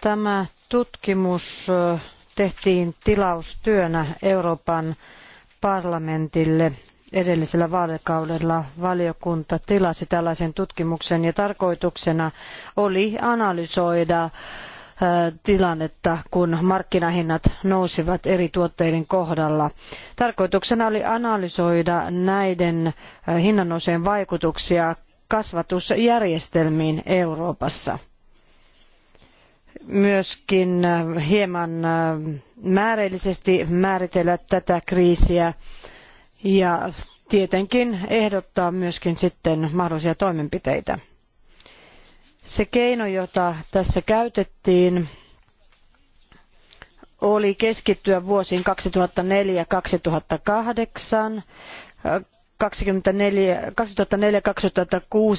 Tämä tutkimus tehtiin tilaustyönä Euroopan parlamentille edellisellä vaalikaudella valiokunta tilasi tällaisen tutkimuksen ja tarkoituksena oli analysoida äh, tilannetta, kun markkinahinnat nousivat eri tuotteiden kohdalla. Tarkoituksena oli analysoida näiden äh, hinnannousujen vaikutuksia kasvatusjärjestelmiin Euroopassa. Myöskin äh, hieman määrällisesti määritellä tätä kriisiä ja tietenkin ehdottaa myöskin sitten mahdollisia toimenpiteitä. Se keino, jota tässä käytettiin, oli keskittyä vuosiin 2004-2008. 2004-2006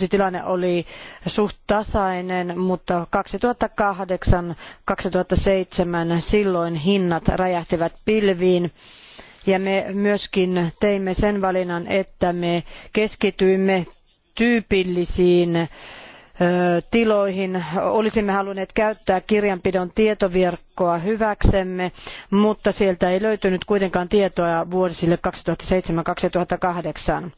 tilanne oli suht tasainen, mutta 2008-2007 silloin hinnat räjähtivät pilviin ja me myöskin teimme sen valinnan, että me keskityimme tyypillisiin tiloihin. Olisimme halunneet käyttää kirjanpidon tietoverkkoa hyväksemme, mutta sieltä ei löytynyt kuitenkaan tietoa vuosille 2007-2008.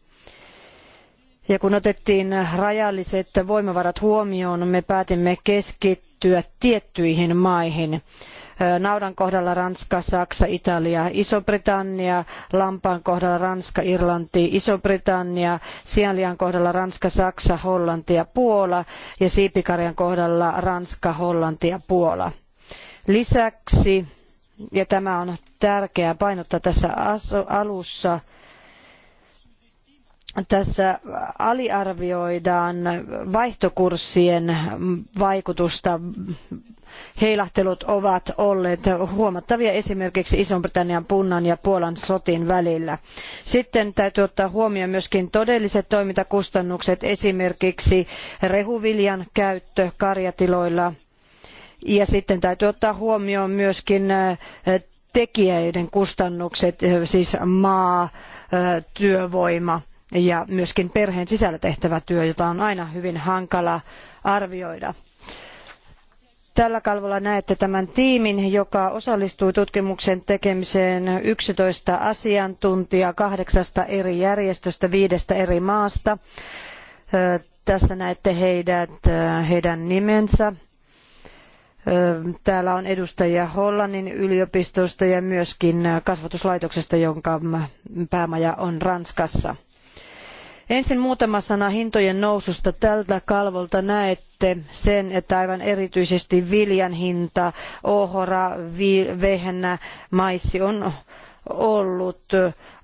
Ja kun otettiin rajalliset voimavarat huomioon, me päätimme keskittyä tiettyihin maihin naudan kohdalla Ranska, Saksa, Italia, Iso-Britannia, lampaan kohdalla Ranska, Irlanti, Iso-Britannia, sianlihan kohdalla Ranska, Saksa, Hollanti ja Puola ja siipikarjan kohdalla Ranska, Hollanti ja Puola. Lisäksi, ja tämä on tärkeää painottaa tässä alussa, tässä aliarvioidaan vaihtokurssien vaikutusta heilahtelut ovat olleet huomattavia esimerkiksi Ison-Britannian punnan ja Puolan sotin välillä. Sitten täytyy ottaa huomioon myöskin todelliset toimintakustannukset, esimerkiksi rehuviljan käyttö karjatiloilla. Ja sitten täytyy ottaa huomioon myöskin äh, tekijöiden kustannukset, äh, siis maa, äh, työvoima ja myöskin perheen sisällä tehtävä työ, jota on aina hyvin hankala arvioida. Tällä kalvolla näette tämän tiimin, joka osallistui tutkimuksen tekemiseen 11 asiantuntijaa kahdeksasta eri järjestöstä, viidestä eri maasta. Tässä näette heidät, heidän nimensä. Täällä on edustajia Hollannin yliopistosta ja myöskin kasvatuslaitoksesta, jonka päämaja on Ranskassa. Ensin muutama sana hintojen noususta. Tältä kalvolta näette sen, että aivan erityisesti viljan hinta, ohra, vehnä, maissi on ollut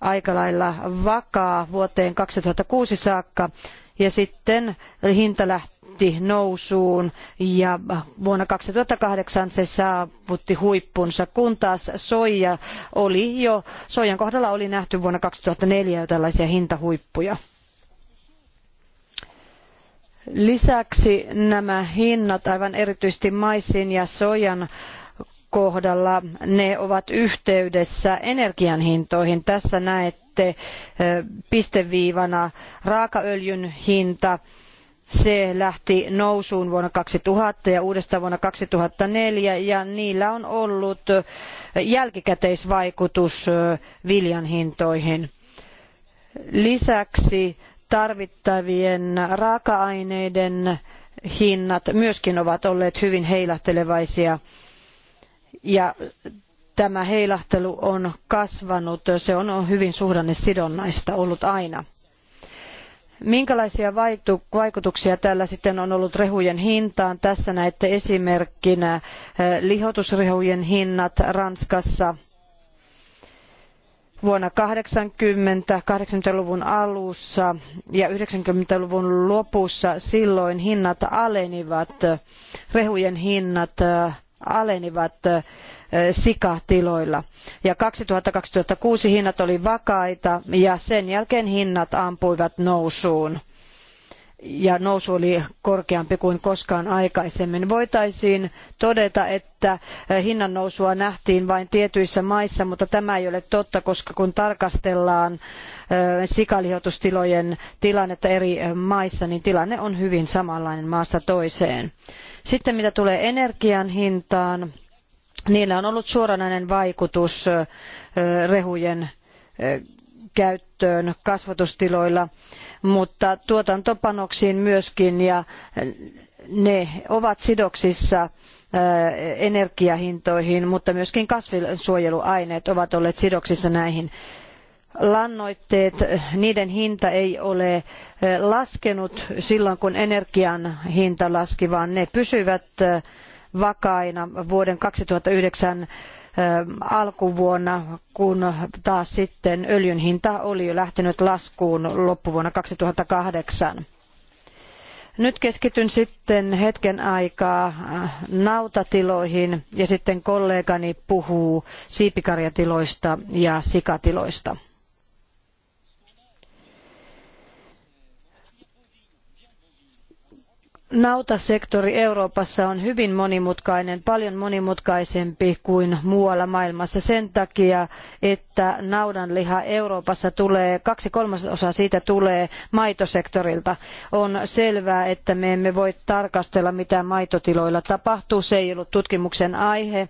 aika lailla vakaa vuoteen 2006 saakka ja sitten hinta lähti nousuun ja vuonna 2008 se saavutti huippunsa, kun taas soija oli jo, soijan kohdalla oli nähty vuonna 2004 jo tällaisia hintahuippuja. Lisäksi nämä hinnat, aivan erityisesti maisin ja sojan kohdalla, ne ovat yhteydessä energian hintoihin. Tässä näette pisteviivana raakaöljyn hinta. Se lähti nousuun vuonna 2000 ja uudestaan vuonna 2004 ja niillä on ollut jälkikäteisvaikutus viljan hintoihin. Lisäksi tarvittavien raaka-aineiden hinnat myöskin ovat olleet hyvin heilahtelevaisia ja tämä heilahtelu on kasvanut. Se on hyvin suhdannesidonnaista ollut aina. Minkälaisia vaikutuksia tällä sitten on ollut rehujen hintaan? Tässä näette esimerkkinä eh, lihotusrehujen hinnat Ranskassa – vuonna 80, 80-luvun alussa ja yhdeksänkymmentä luvun lopussa silloin hinnat alenivat, rehujen hinnat äh, alenivat äh, sikatiloilla. Ja 2006 hinnat oli vakaita ja sen jälkeen hinnat ampuivat nousuun ja nousu oli korkeampi kuin koskaan aikaisemmin. Voitaisiin todeta, että eh, hinnan nousua nähtiin vain tietyissä maissa, mutta tämä ei ole totta, koska kun tarkastellaan eh, sikalihotustilojen tilannetta eri eh, maissa, niin tilanne on hyvin samanlainen maasta toiseen. Sitten mitä tulee energian hintaan, niillä on ollut suoranainen vaikutus rehujen käyttöön kasvatustiloilla, mutta tuotantopanoksiin myöskin ja ne ovat sidoksissa äh, energiahintoihin, mutta myöskin kasvinsuojeluaineet ovat olleet sidoksissa näihin lannoitteet, niiden hinta ei ole äh, laskenut silloin, kun energian hinta laski, vaan ne pysyvät äh, vakaina vuoden 2009 alkuvuonna, kun taas sitten öljyn hinta oli jo lähtenyt laskuun loppuvuonna 2008. Nyt keskityn sitten hetken aikaa äh, nautatiloihin ja sitten kollegani puhuu siipikarjatiloista ja sikatiloista. Nautasektori Euroopassa on hyvin monimutkainen, paljon monimutkaisempi kuin muualla maailmassa sen takia, että naudanliha Euroopassa tulee, kaksi kolmasosaa siitä tulee maitosektorilta. On selvää, että me emme voi tarkastella, mitä maitotiloilla tapahtuu. Se ei ollut tutkimuksen aihe.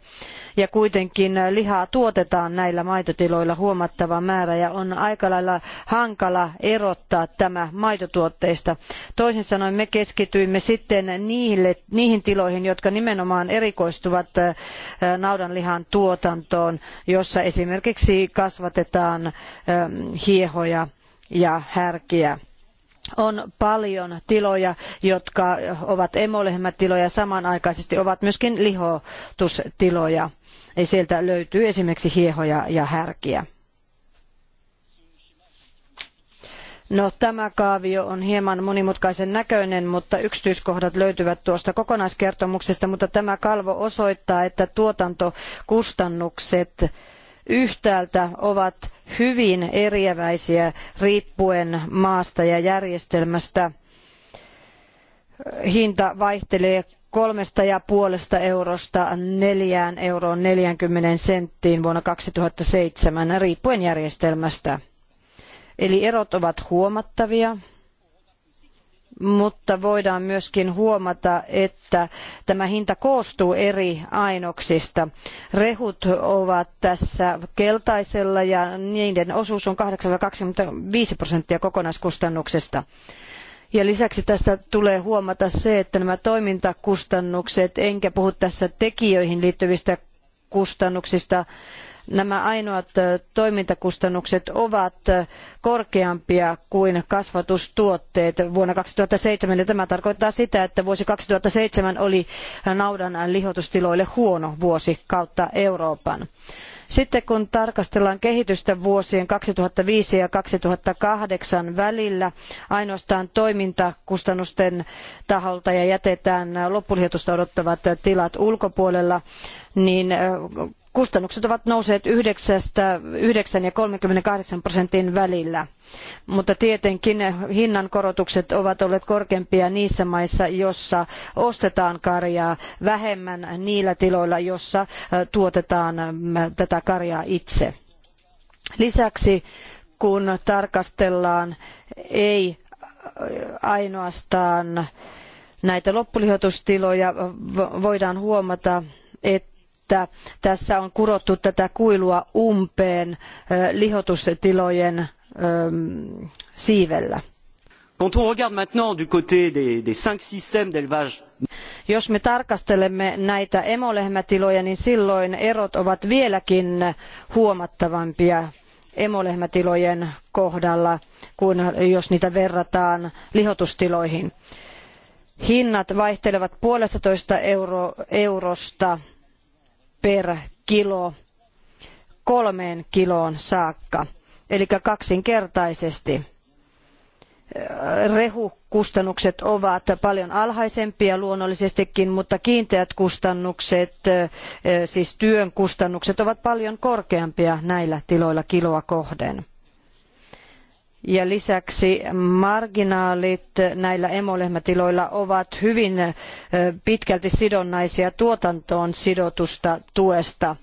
Ja kuitenkin lihaa tuotetaan näillä maitotiloilla huomattava määrä ja on aika lailla hankala erottaa tämä maitotuotteista. Toisin sanoen me keskityimme sitten niille, niihin tiloihin, jotka nimenomaan erikoistuvat äh, naudanlihan tuotantoon, jossa esimerkiksi kasvatetaan äh, hiehoja ja härkiä on paljon tiloja, jotka ovat emolehmätiloja, samanaikaisesti ovat myöskin lihotustiloja. Sieltä löytyy esimerkiksi hiehoja ja härkiä. No tämä kaavio on hieman monimutkaisen näköinen, mutta yksityiskohdat löytyvät tuosta kokonaiskertomuksesta, mutta tämä kalvo osoittaa, että tuotantokustannukset yhtäältä ovat hyvin eriäväisiä riippuen maasta ja järjestelmästä. Hinta vaihtelee kolmesta ja puolesta eurosta neljään euroon neljänkymmenen senttiin vuonna 2007 riippuen järjestelmästä. Eli erot ovat huomattavia, mutta voidaan myöskin huomata, että tämä hinta koostuu eri ainoksista. Rehut ovat tässä keltaisella ja niiden osuus on 825 prosenttia kokonaiskustannuksesta. Ja lisäksi tästä tulee huomata se, että nämä toimintakustannukset, enkä puhu tässä tekijöihin liittyvistä kustannuksista, nämä ainoat toimintakustannukset ovat korkeampia kuin kasvatustuotteet vuonna 2007. Ja tämä tarkoittaa sitä, että vuosi seitsemän oli naudan lihotustiloille huono vuosi kautta Euroopan. Sitten kun tarkastellaan kehitystä vuosien 2005 ja 2008 välillä ainoastaan toimintakustannusten taholta ja jätetään loppulihoitusta odottavat tilat ulkopuolella, niin Kustannukset ovat nousseet 9, yhdeksän ja 38 prosentin välillä, mutta tietenkin hinnankorotukset ovat olleet korkeampia niissä maissa, joissa ostetaan karjaa vähemmän niillä tiloilla, jossa tuotetaan tätä karjaa itse. Lisäksi kun tarkastellaan ei ainoastaan näitä loppulihoitustiloja, voidaan huomata, että että tässä on kurottu tätä kuilua umpeen lihotustilojen siivellä. Jos me tarkastelemme näitä emolehmätiloja, niin silloin erot ovat vieläkin huomattavampia emolehmätilojen kohdalla, kun jos niitä verrataan lihotustiloihin. Hinnat vaihtelevat puolestatoista euro, eurosta per kilo kolmeen kiloon saakka, eli kaksinkertaisesti. Rehukustannukset ovat paljon alhaisempia luonnollisestikin, mutta kiinteät kustannukset, eh, siis työn kustannukset, ovat paljon korkeampia näillä tiloilla kiloa kohden. Ja lisäksi marginaalit näillä emolehmätiloilla ovat hyvin pitkälti sidonnaisia tuotantoon sidotusta tuesta.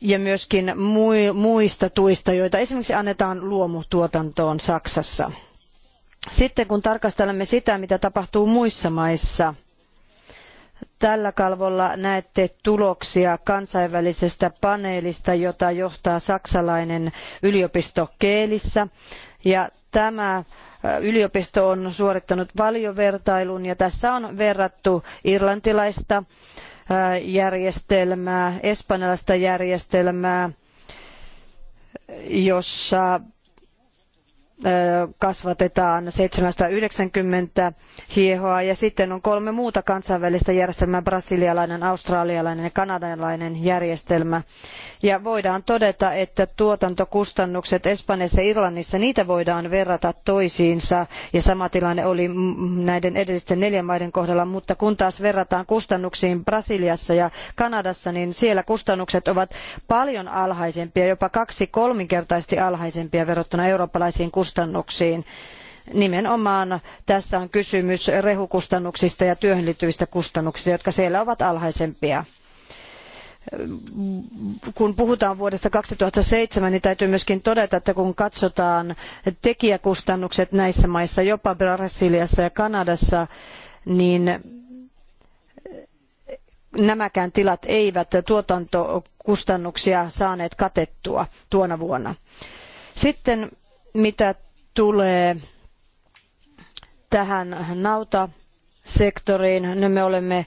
ja myöskin muista tuista, joita esimerkiksi annetaan luomutuotantoon Saksassa. Sitten kun tarkastelemme sitä, mitä tapahtuu muissa maissa – Tällä kalvolla näette tuloksia kansainvälisestä paneelista, jota johtaa saksalainen yliopisto Keelissä. Ja tämä äh, yliopisto on suorittanut valiovertailun ja tässä on verrattu irlantilaista äh, järjestelmää, espanjalaista järjestelmää, jossa kasvatetaan 790 hiehoa ja sitten on kolme muuta kansainvälistä järjestelmää, brasilialainen, australialainen ja kanadalainen järjestelmä. Ja voidaan todeta, että tuotantokustannukset Espanjassa ja Irlannissa, niitä voidaan verrata toisiinsa ja sama tilanne oli näiden edellisten neljän maiden kohdalla, mutta kun taas verrataan kustannuksiin Brasiliassa ja Kanadassa, niin siellä kustannukset ovat paljon alhaisempia, jopa kaksi kolminkertaisesti alhaisempia verrattuna eurooppalaisiin kustannuksiin kustannuksiin. Nimenomaan tässä on kysymys rehukustannuksista ja työhön liittyvistä kustannuksista, jotka siellä ovat alhaisempia kun puhutaan vuodesta 2007, niin täytyy myöskin todeta, että kun katsotaan tekijäkustannukset näissä maissa, jopa Brasiliassa ja Kanadassa, niin nämäkään tilat eivät tuotantokustannuksia saaneet katettua tuona vuonna. Sitten mitä tulee tähän nauta sektoriin. Nyt niin me olemme eh,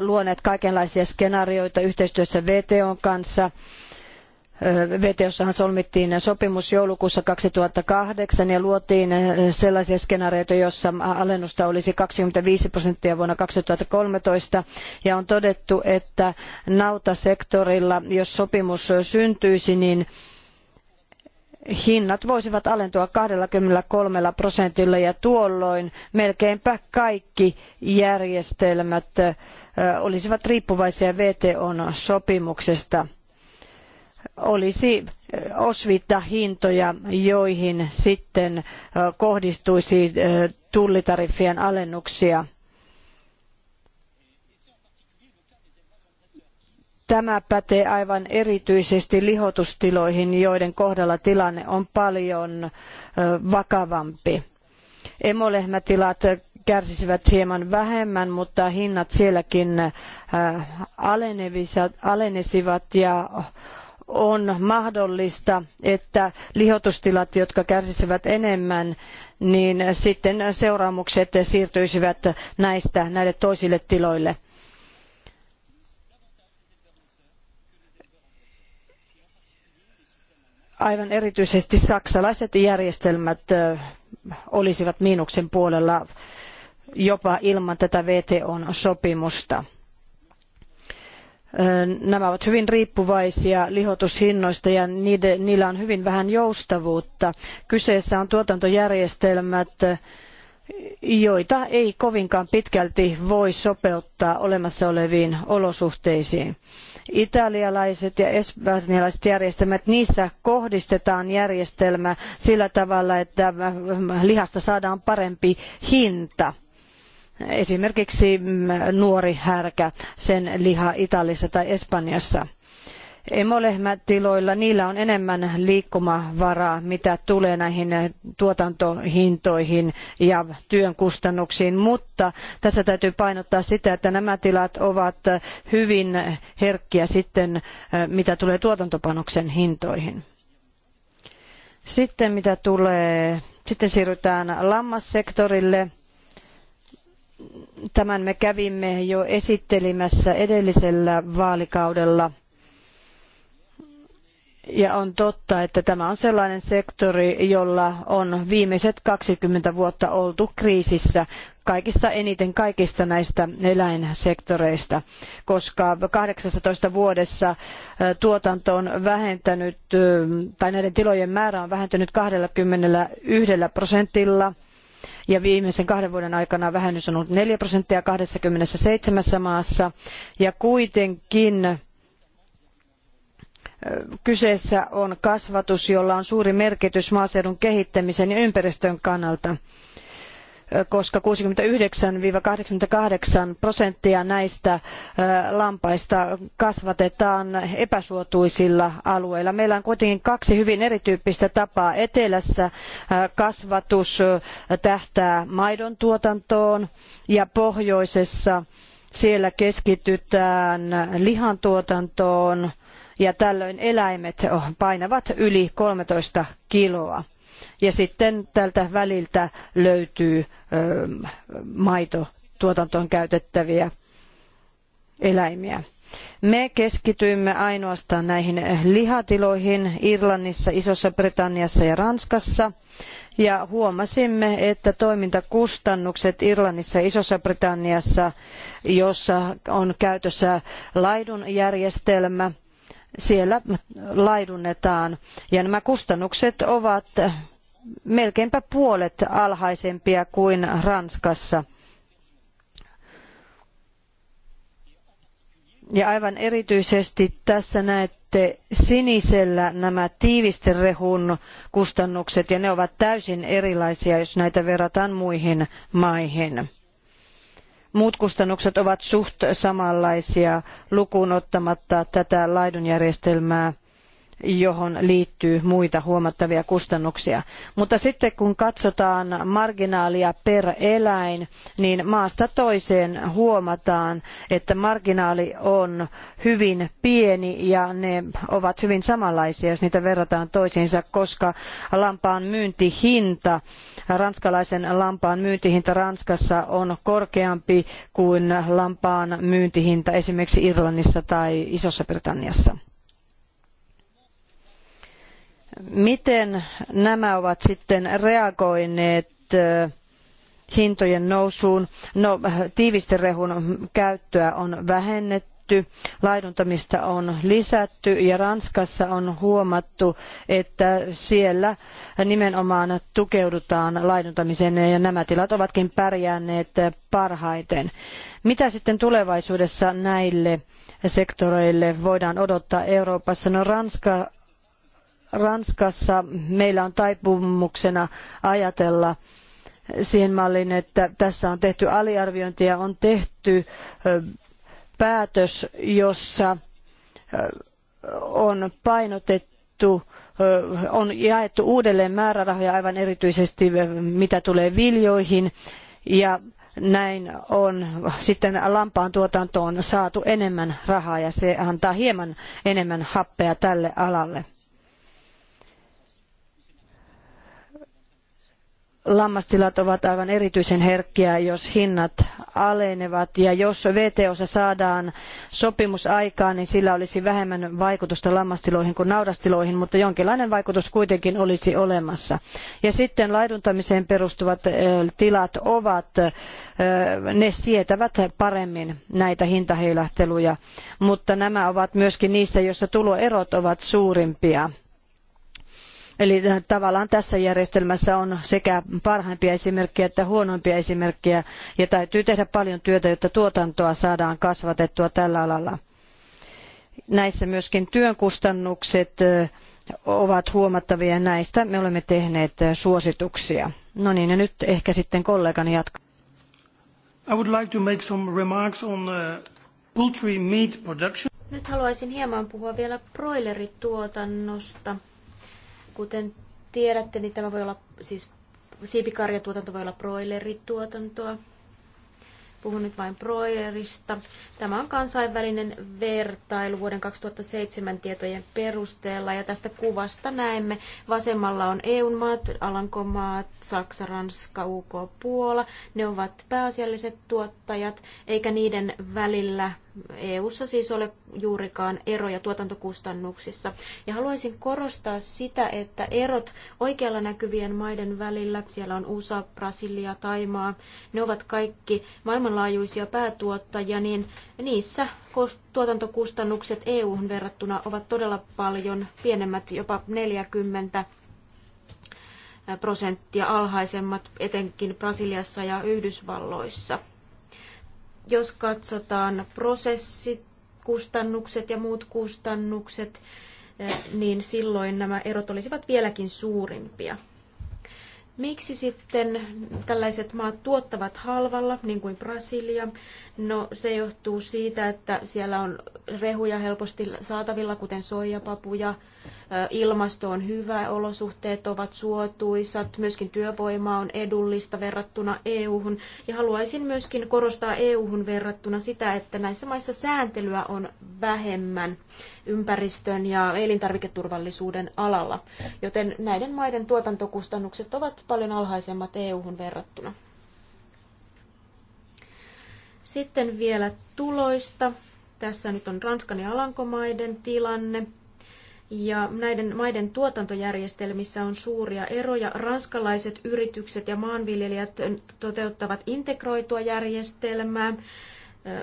luoneet kaikenlaisia skenaarioita yhteistyössä VTOn kanssa. Eh, VTOssahan solmittiin sopimus joulukuussa 2008 ja luotiin eh, sellaisia skenaarioita, joissa alennusta olisi 25 prosenttia vuonna 2013. Ja on todettu, että nautasektorilla, jos sopimus syntyisi, niin hinnat voisivat alentua 23 prosentilla ja tuolloin melkeinpä kaikki järjestelmät olisivat riippuvaisia VTOn sopimuksesta. Olisi osviittahintoja, joihin sitten kohdistuisi tullitariffien alennuksia – Tämä pätee aivan erityisesti lihotustiloihin, joiden kohdalla tilanne on paljon vakavampi. Emolehmätilat kärsisivät hieman vähemmän, mutta hinnat sielläkin alenesivat ja on mahdollista, että lihotustilat, jotka kärsisivät enemmän, niin sitten seuraamukset siirtyisivät näistä näille toisille tiloille. aivan erityisesti saksalaiset järjestelmät olisivat miinuksen puolella jopa ilman tätä VTOn sopimusta. Nämä ovat hyvin riippuvaisia lihotushinnoista ja niillä on hyvin vähän joustavuutta. Kyseessä on tuotantojärjestelmät, joita ei kovinkaan pitkälti voi sopeuttaa olemassa oleviin olosuhteisiin italialaiset ja espanjalaiset järjestelmät, niissä kohdistetaan järjestelmä sillä tavalla, että äh, lihasta saadaan parempi hinta. Esimerkiksi mm, nuori härkä, sen liha Italiassa tai Espanjassa emolehmätiloilla, niillä on enemmän liikkumavaraa, mitä tulee näihin tuotantohintoihin ja työn kustannuksiin, mutta tässä täytyy painottaa sitä, että nämä tilat ovat hyvin herkkiä sitten, mitä tulee tuotantopanoksen hintoihin. Sitten mitä tulee, sitten siirrytään lammassektorille. Tämän me kävimme jo esittelemässä edellisellä vaalikaudella – ja on totta, että tämä on sellainen sektori, jolla on viimeiset 20 vuotta oltu kriisissä kaikista eniten kaikista näistä eläinsektoreista, koska 18 vuodessa tuotanto on vähentänyt, tai näiden tilojen määrä on vähentynyt 21 prosentilla, ja viimeisen kahden vuoden aikana vähennys on ollut 4 prosenttia 27 maassa, ja kuitenkin Kyseessä on kasvatus, jolla on suuri merkitys maaseudun kehittämisen ja ympäristön kannalta koska 69-88 prosenttia näistä lampaista kasvatetaan epäsuotuisilla alueilla. Meillä on kuitenkin kaksi hyvin erityyppistä tapaa. Etelässä kasvatus tähtää maidon tuotantoon ja pohjoisessa siellä keskitytään lihantuotantoon tuotantoon ja tällöin eläimet painavat yli 13 kiloa. Ja sitten tältä väliltä löytyy maitotuotantoon käytettäviä eläimiä. Me keskityimme ainoastaan näihin lihatiloihin Irlannissa, Isossa Britanniassa ja Ranskassa ja huomasimme, että toimintakustannukset Irlannissa ja Isossa Britanniassa, jossa on käytössä laidunjärjestelmä, siellä laidunnetaan. Ja nämä kustannukset ovat melkeinpä puolet alhaisempia kuin Ranskassa. Ja aivan erityisesti tässä näette sinisellä nämä tiivisterehun kustannukset, ja ne ovat täysin erilaisia, jos näitä verrataan muihin maihin. Muut kustannukset ovat suht samanlaisia lukuun ottamatta tätä laidunjärjestelmää – johon liittyy muita huomattavia kustannuksia. Mutta sitten kun katsotaan marginaalia per eläin, niin maasta toiseen huomataan, että marginaali on hyvin pieni ja ne ovat hyvin samanlaisia, jos niitä verrataan toisiinsa, koska lampaan myyntihinta, ranskalaisen lampaan myyntihinta Ranskassa on korkeampi kuin lampaan myyntihinta esimerkiksi Irlannissa tai Isossa Britanniassa. Miten nämä ovat sitten reagoineet äh, hintojen nousuun? No, äh, tiivisterehun käyttöä on vähennetty, laiduntamista on lisätty ja Ranskassa on huomattu, että siellä nimenomaan tukeudutaan laiduntamiseen ja nämä tilat ovatkin pärjänneet parhaiten. Mitä sitten tulevaisuudessa näille sektoreille voidaan odottaa Euroopassa? No Ranska Ranskassa meillä on taipumuksena ajatella siihen malliin, että tässä on tehty aliarviointia, on tehty päätös, jossa on painotettu on jaettu uudelleen määrärahoja aivan erityisesti mitä tulee viljoihin ja näin on sitten lampaan tuotantoon saatu enemmän rahaa ja se antaa hieman enemmän happea tälle alalle. lammastilat ovat aivan erityisen herkkiä, jos hinnat alenevat. Ja jos VTOssa saadaan sopimus aikaan, niin sillä olisi vähemmän vaikutusta lammastiloihin kuin naudastiloihin, mutta jonkinlainen vaikutus kuitenkin olisi olemassa. Ja sitten laiduntamiseen perustuvat tilat ovat, ne sietävät paremmin näitä hintaheilahteluja, mutta nämä ovat myöskin niissä, joissa tuloerot ovat suurimpia Eli eh, tavallaan tässä järjestelmässä on sekä parhaimpia esimerkkejä että huonoimpia esimerkkejä ja täytyy tehdä paljon työtä, jotta tuotantoa saadaan kasvatettua tällä alalla. Näissä myöskin työn kustannukset eh, ovat huomattavia näistä. Me olemme tehneet eh, suosituksia. No niin, ja nyt ehkä sitten kollegani jatkaa. I would like to make some remarks on poultry meat production. Nyt haluaisin hieman puhua vielä broilerituotannosta. Kuten tiedätte, niin tämä voi olla siis siipikarjatuotanto voi olla broilerituotantoa. Puhun nyt vain broilerista. Tämä on kansainvälinen vertailu vuoden 2007 tietojen perusteella ja tästä kuvasta näemme vasemmalla on eu maat, Alankomaat, Saksa, Ranska, UK, Puola. Ne ovat pääasialliset tuottajat eikä niiden välillä EU-ssa siis ole juurikaan eroja tuotantokustannuksissa. Ja haluaisin korostaa sitä, että erot oikealla näkyvien maiden välillä, siellä on USA, Brasilia, Taimaa, ne ovat kaikki maailmanlaajuisia päätuottajia, niin niissä tuotantokustannukset EU:hun verrattuna ovat todella paljon pienemmät, jopa 40 prosenttia alhaisemmat, etenkin Brasiliassa ja Yhdysvalloissa. Jos katsotaan prosessikustannukset ja muut kustannukset, eh, niin silloin nämä erot olisivat vieläkin suurimpia. Miksi sitten tällaiset maat tuottavat halvalla, niin kuin Brasilia? No se johtuu siitä, että siellä on rehuja helposti saatavilla, kuten soijapapuja, ilmasto on hyvä, olosuhteet ovat suotuisat, myöskin työvoima on edullista verrattuna EU-hun. Ja haluaisin myöskin korostaa EU-hun verrattuna sitä, että näissä maissa sääntelyä on vähemmän ympäristön ja elintarviketurvallisuuden alalla, joten näiden maiden tuotantokustannukset ovat paljon alhaisemmat EU-hun verrattuna. Sitten vielä tuloista. Tässä nyt on Ranskan ja Alankomaiden tilanne. Ja näiden maiden tuotantojärjestelmissä on suuria eroja. Ranskalaiset yritykset ja maanviljelijät toteuttavat integroitua järjestelmää,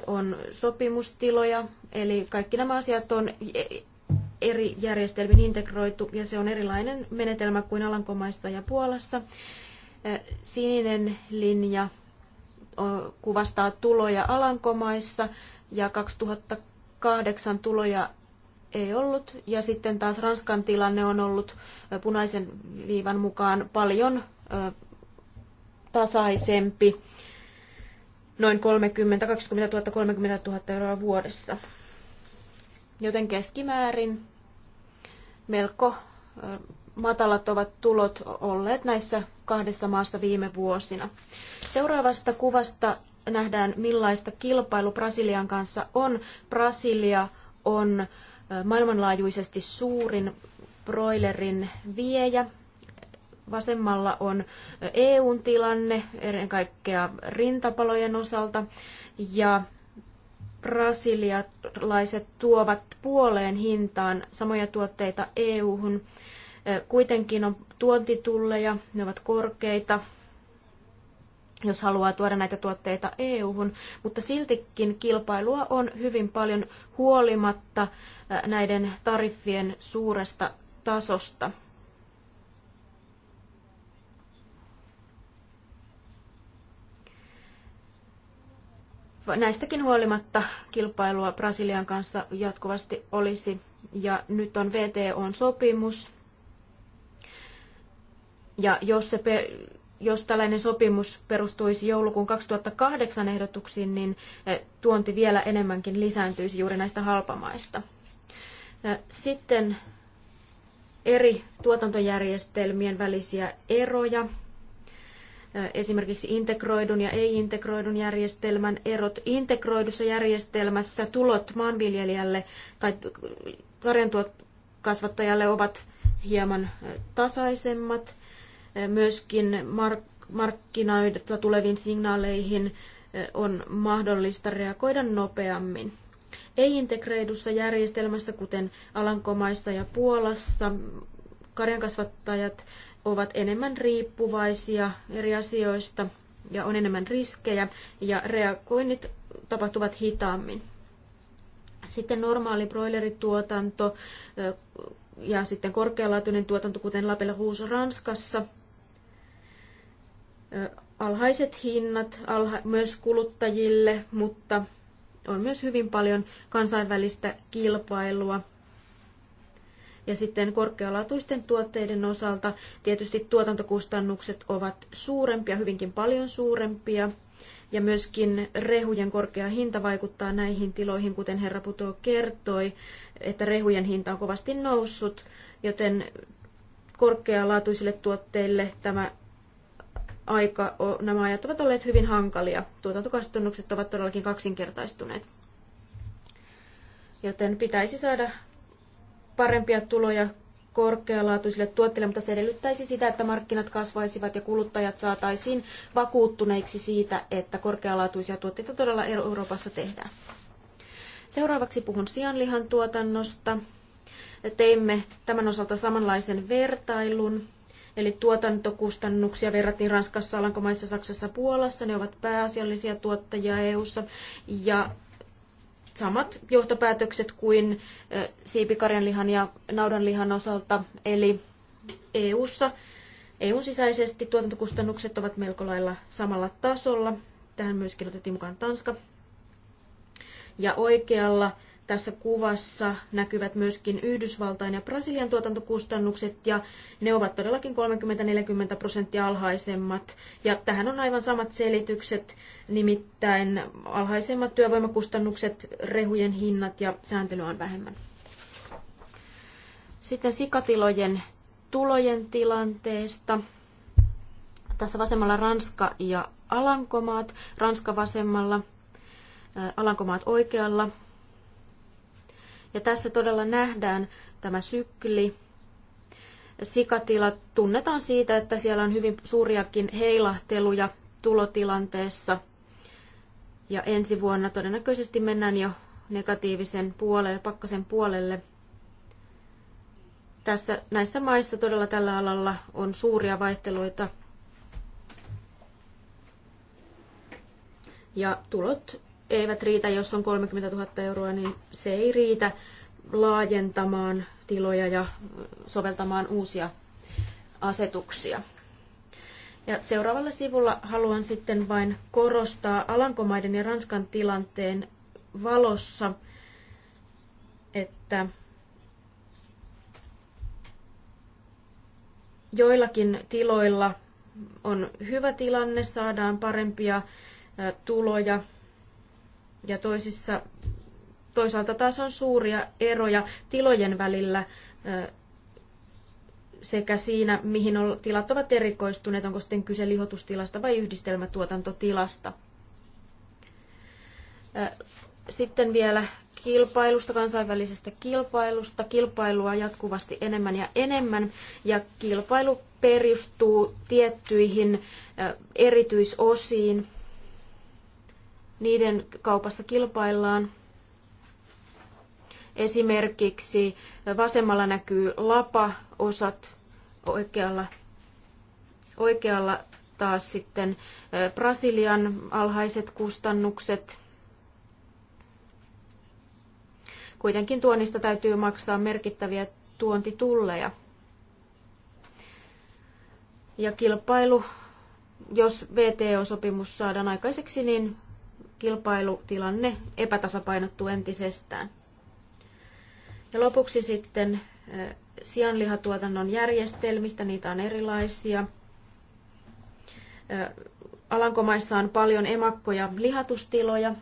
on sopimustiloja, eli kaikki nämä asiat on e- e- eri järjestelmin integroitu ja se on erilainen menetelmä kuin Alankomaissa ja Puolassa. Sininen linja kuvastaa tuloja Alankomaissa ja 2008 tuloja ei ollut. Ja sitten taas Ranskan tilanne on ollut punaisen viivan mukaan paljon tasaisempi, noin 30, 20 000, 30 000 euroa vuodessa. Joten keskimäärin melko matalat ovat tulot olleet näissä kahdessa maassa viime vuosina. Seuraavasta kuvasta nähdään, millaista kilpailu Brasilian kanssa on. Brasilia on maailmanlaajuisesti suurin broilerin viejä. Vasemmalla on EUn tilanne ennen kaikkea rintapalojen osalta ja brasilialaiset tuovat puoleen hintaan samoja tuotteita EU:hun, Kuitenkin on tuontitulleja, ne ovat korkeita jos haluaa tuoda näitä tuotteita EU-hun, mutta siltikin kilpailua on hyvin paljon huolimatta äh, näiden tariffien suuresta tasosta. Näistäkin huolimatta kilpailua Brasilian kanssa jatkuvasti olisi. Ja nyt on VTO-sopimus. Ja jos se jos tällainen sopimus perustuisi joulukuun 2008 ehdotuksiin, niin eh, tuonti vielä enemmänkin lisääntyisi juuri näistä halpamaista. Eh, sitten eri tuotantojärjestelmien välisiä eroja. Eh, esimerkiksi integroidun ja ei-integroidun järjestelmän erot. Integroidussa järjestelmässä tulot maanviljelijälle tai karjantuot kasvattajalle ovat hieman tasaisemmat myöskin mark- markkinoilta tuleviin signaaleihin on mahdollista reagoida nopeammin. Ei-integreidussa järjestelmässä, kuten Alankomaissa ja Puolassa, karjankasvattajat ovat enemmän riippuvaisia eri asioista ja on enemmän riskejä ja reagoinnit tapahtuvat hitaammin. Sitten normaali broilerituotanto ja sitten korkealaatuinen tuotanto, kuten Lapelle Ranskassa – alhaiset hinnat alha, myös kuluttajille, mutta on myös hyvin paljon kansainvälistä kilpailua. Ja sitten korkealaatuisten tuotteiden osalta tietysti tuotantokustannukset ovat suurempia, hyvinkin paljon suurempia. Ja myöskin rehujen korkea hinta vaikuttaa näihin tiloihin, kuten herra Puto kertoi, että rehujen hinta on kovasti noussut, joten korkealaatuisille tuotteille tämä aika, nämä ajat ovat olleet hyvin hankalia. Tuotantokustannukset ovat todellakin kaksinkertaistuneet. Joten pitäisi saada parempia tuloja korkealaatuisille tuotteille, mutta se edellyttäisi sitä, että markkinat kasvaisivat ja kuluttajat saataisiin vakuuttuneiksi siitä, että korkealaatuisia tuotteita todella Euroopassa tehdään. Seuraavaksi puhun sianlihan tuotannosta. Teimme tämän osalta samanlaisen vertailun Eli tuotantokustannuksia verrattiin Ranskassa, Alankomaissa, Saksassa, Puolassa. Ne ovat pääasiallisia tuottajia EU:ssa ja samat johtopäätökset kuin siipikarjanlihan ja naudanlihan osalta. Eli EU:ssa EUn sisäisesti tuotantokustannukset ovat melko lailla samalla tasolla. Tähän myöskin otettiin mukaan Tanska. Ja oikealla tässä kuvassa näkyvät myöskin Yhdysvaltain ja Brasilian tuotantokustannukset ja ne ovat todellakin 30-40 prosenttia alhaisemmat. Ja tähän on aivan samat selitykset, nimittäin alhaisemmat työvoimakustannukset, rehujen hinnat ja sääntely on vähemmän. Sitten sikatilojen tulojen tilanteesta. Tässä vasemmalla Ranska ja Alankomaat, Ranska vasemmalla, Alankomaat oikealla. Ja tässä todella nähdään tämä sykli. Sikatilat tunnetaan siitä, että siellä on hyvin suuriakin heilahteluja tulotilanteessa. Ja ensi vuonna todennäköisesti mennään jo negatiivisen puolelle, pakkasen puolelle. Tässä, näissä maissa todella tällä alalla on suuria vaihteluita. Ja tulot eivät riitä, jos on 30 000 euroa, niin se ei riitä laajentamaan tiloja ja soveltamaan uusia asetuksia. Ja seuraavalla sivulla haluan sitten vain korostaa Alankomaiden ja Ranskan tilanteen valossa, että joillakin tiloilla on hyvä tilanne, saadaan parempia tuloja ja toisissa, toisaalta taas on suuria eroja tilojen välillä sekä siinä, mihin tilat ovat erikoistuneet, onko sitten kyse lihotustilasta vai yhdistelmätuotantotilasta. Sitten vielä kilpailusta, kansainvälisestä kilpailusta. Kilpailua jatkuvasti enemmän ja enemmän, ja kilpailu perustuu tiettyihin erityisosiin, niiden kaupassa kilpaillaan. Esimerkiksi vasemmalla näkyy lapa-osat, oikealla, oikealla taas sitten Brasilian alhaiset kustannukset. Kuitenkin tuonnista täytyy maksaa merkittäviä tuontitulleja. Ja kilpailu, jos VTO-sopimus saadaan aikaiseksi, niin kilpailutilanne epätasapainottuu entisestään. Ja lopuksi sitten eh, sianlihatuotannon järjestelmistä, niitä on erilaisia. Eh, Alankomaissa on paljon emakkoja lihatustiloja.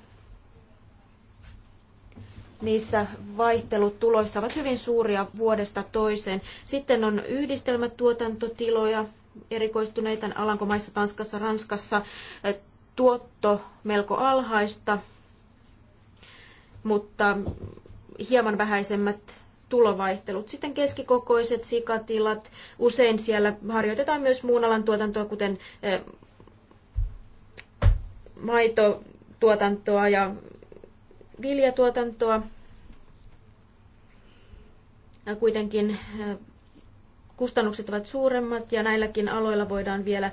Niissä vaihtelut tuloissa ovat hyvin suuria vuodesta toiseen. Sitten on yhdistelmätuotantotiloja, erikoistuneita Alankomaissa, Tanskassa, Ranskassa. Eh, tuotto melko alhaista, mutta hieman vähäisemmät tulovaihtelut. Sitten keskikokoiset sikatilat, usein siellä harjoitetaan myös muun alan tuotantoa, kuten maitotuotantoa ja viljatuotantoa. Ja kuitenkin kustannukset ovat suuremmat ja näilläkin aloilla voidaan vielä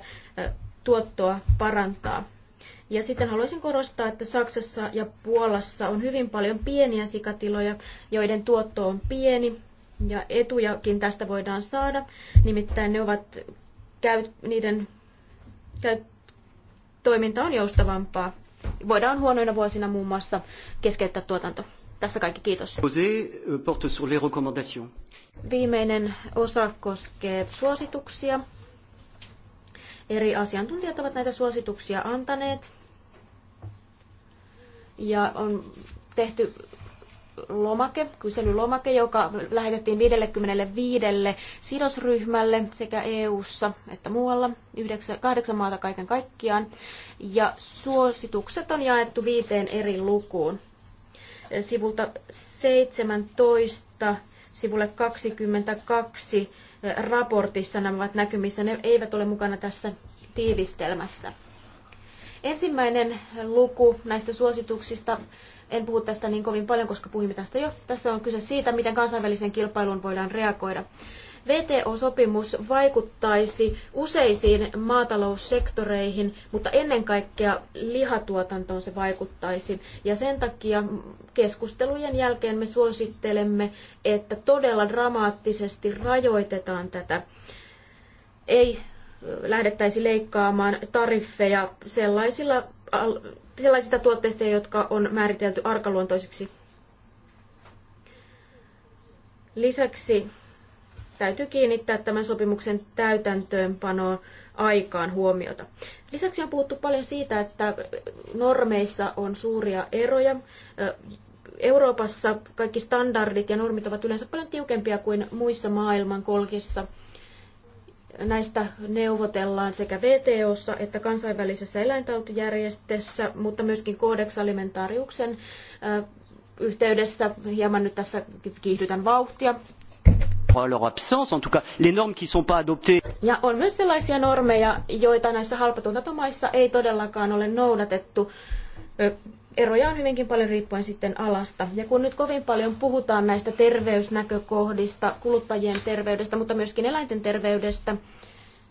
tuottoa parantaa. Ja sitten haluaisin korostaa, että Saksassa ja Puolassa on hyvin paljon pieniä sikatiloja, joiden tuotto on pieni ja etujakin tästä voidaan saada. Nimittäin ne ovat, käy, niiden käy, toiminta on joustavampaa. Voidaan huonoina vuosina muun muassa keskeyttää tuotanto. Tässä kaikki, kiitos. Euh, Viimeinen osa koskee suosituksia. Eri asiantuntijat ovat näitä suosituksia antaneet ja on tehty lomake, kyselylomake, joka lähetettiin 55 sidosryhmälle sekä EU-ssa että muualla, yhdeksän, kahdeksan maata kaiken kaikkiaan. Ja suositukset on jaettu viiteen eri lukuun. Sivulta 17 sivulle 22 raportissa nämä ovat näkymissä. Ne eivät ole mukana tässä tiivistelmässä. Ensimmäinen luku näistä suosituksista. En puhu tästä niin kovin paljon, koska puhuimme tästä jo. Tässä on kyse siitä, miten kansainvälisen kilpailuun voidaan reagoida. VTO-sopimus vaikuttaisi useisiin maataloussektoreihin, mutta ennen kaikkea lihatuotantoon se vaikuttaisi. Ja sen takia keskustelujen jälkeen me suosittelemme, että todella dramaattisesti rajoitetaan tätä. Ei lähdettäisi leikkaamaan tariffeja sellaisilla, sellaisista tuotteista, jotka on määritelty arkaluontoisiksi. Lisäksi täytyy kiinnittää tämän sopimuksen täytäntöönpanoon aikaan huomiota. Lisäksi on puhuttu paljon siitä, että normeissa on suuria eroja. Euroopassa kaikki standardit ja normit ovat yleensä paljon tiukempia kuin muissa kolkissa. Näistä neuvotellaan sekä VTOssa että kansainvälisessä eläintautijärjestössä, mutta myöskin Codex Alimentariuksen yhteydessä. Hieman nyt tässä kiihdytän vauhtia leur absence, en tout cas les normes qui sont pas adoptées. Ja on myös sellaisia normeja, joita näissä halpatuotantomaissa ei todellakaan ole noudatettu. Eroja on hyvinkin paljon riippuen sitten alasta. Ja kun nyt kovin paljon puhutaan näistä terveysnäkökohdista, kuluttajien terveydestä, mutta myöskin eläinten terveydestä,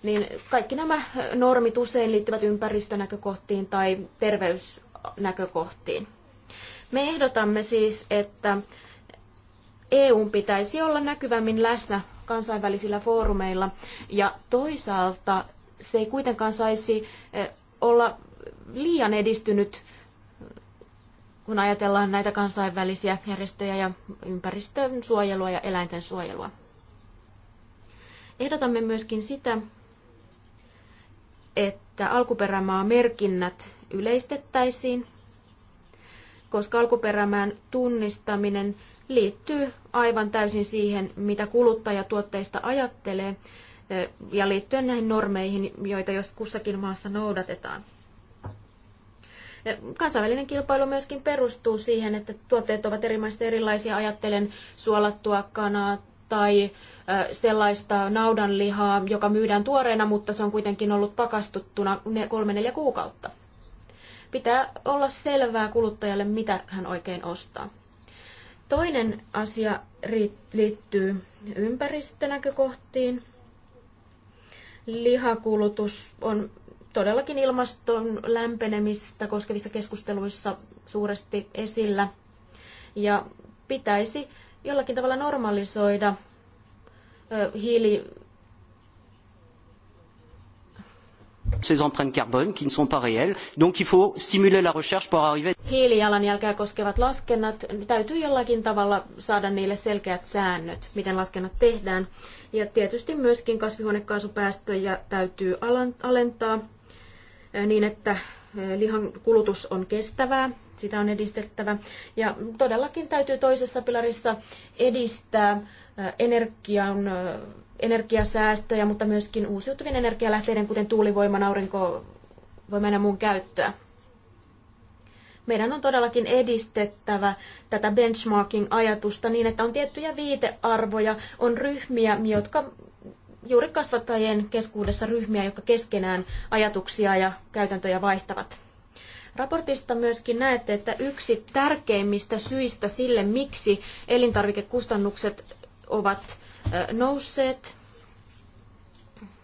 niin kaikki nämä normit usein liittyvät ympäristönäkökohtiin tai terveysnäkökohtiin. Me ehdotamme siis, että EUn pitäisi olla näkyvämmin läsnä kansainvälisillä foorumeilla ja toisaalta se ei kuitenkaan saisi eh, olla liian edistynyt, kun ajatellaan näitä kansainvälisiä järjestöjä ja ympäristön suojelua ja eläinten suojelua. Ehdotamme myöskin sitä, että alkuperämaa merkinnät yleistettäisiin, koska alkuperämään tunnistaminen liittyy aivan täysin siihen, mitä kuluttaja tuotteista ajattelee ja liittyen näihin normeihin, joita jos kussakin maassa noudatetaan. Kansainvälinen kilpailu myöskin perustuu siihen, että tuotteet ovat eri maissa erilaisia. Ajattelen suolattua kanaa tai sellaista naudanlihaa, joka myydään tuoreena, mutta se on kuitenkin ollut pakastuttuna kolme neljä kuukautta. Pitää olla selvää kuluttajalle, mitä hän oikein ostaa. Toinen asia liittyy ympäristönäkökohtiin. Lihakulutus on todellakin ilmaston lämpenemistä koskevissa keskusteluissa suuresti esillä. Ja pitäisi jollakin tavalla normalisoida hiili ces empreintes carbone qui ne sont pas réelles. Donc il faut stimuler la recherche pour arriver. Hiilijalanjälkeä koskevat laskennat, täytyy jollakin tavalla saada niille selkeät säännöt, miten laskennat tehdään. Ja tietysti myöskin kasvihuonekaasupäästöjä täytyy alentaa niin, että lihan kulutus on kestävää, sitä on edistettävä. Ja todellakin täytyy toisessa pilarissa edistää energian, energiasäästöjä, mutta myöskin uusiutuvien energialähteiden, kuten tuulivoiman, aurinkovoiman ja muun käyttöä. Meidän on todellakin edistettävä tätä benchmarking-ajatusta niin, että on tiettyjä viitearvoja, on ryhmiä, jotka juuri kasvattajien keskuudessa ryhmiä, jotka keskenään ajatuksia ja käytäntöjä vaihtavat. Raportista myöskin näette, että yksi tärkeimmistä syistä sille, miksi elintarvikekustannukset ovat nousseet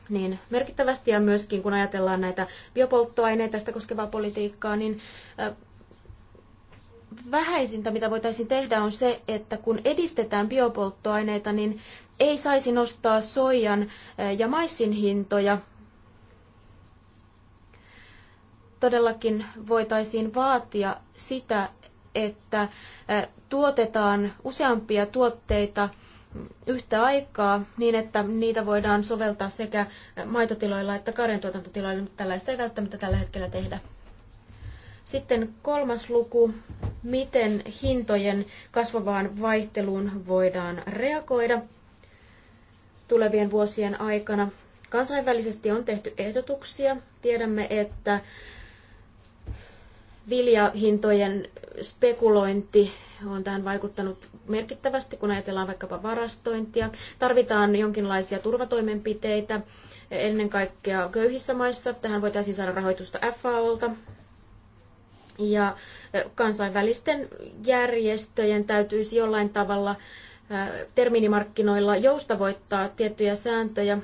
niin merkittävästi ja myöskin kun ajatellaan näitä biopolttoaineita sitä koskevaa politiikkaa, niin vähäisintä, mitä voitaisiin tehdä, on se, että kun edistetään biopolttoaineita, niin ei saisi nostaa soijan ja maissin hintoja. Todellakin voitaisiin vaatia sitä, että tuotetaan useampia tuotteita – yhtä aikaa niin, että niitä voidaan soveltaa sekä maitotiloilla että karjantuotantotiloilla, mutta tällaista ei välttämättä tällä hetkellä tehdä. Sitten kolmas luku, miten hintojen kasvavaan vaihteluun voidaan reagoida tulevien vuosien aikana. Kansainvälisesti on tehty ehdotuksia. Tiedämme, että viljahintojen spekulointi on tähän vaikuttanut merkittävästi, kun ajatellaan vaikkapa varastointia. Tarvitaan jonkinlaisia turvatoimenpiteitä ennen kaikkea köyhissä maissa. Tähän voitaisiin saada rahoitusta FAOlta. Ja kansainvälisten järjestöjen täytyisi jollain tavalla terminimarkkinoilla joustavoittaa tiettyjä sääntöjä,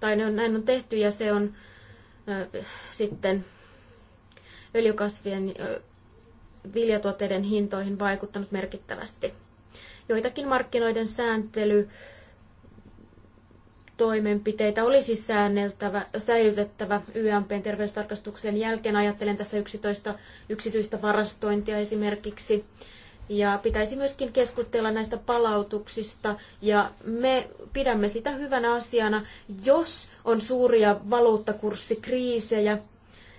tai ne on, näin on tehty, ja se on sitten öljykasvien viljatuotteiden hintoihin vaikuttanut merkittävästi. Joitakin markkinoiden sääntely toimenpiteitä olisi säänneltävä, säilytettävä YMPn terveystarkastuksen jälkeen. Ajattelen tässä 11 yksityistä varastointia esimerkiksi. Ja pitäisi myöskin keskustella näistä palautuksista. Ja me pidämme sitä hyvänä asiana, jos on suuria valuuttakurssikriisejä.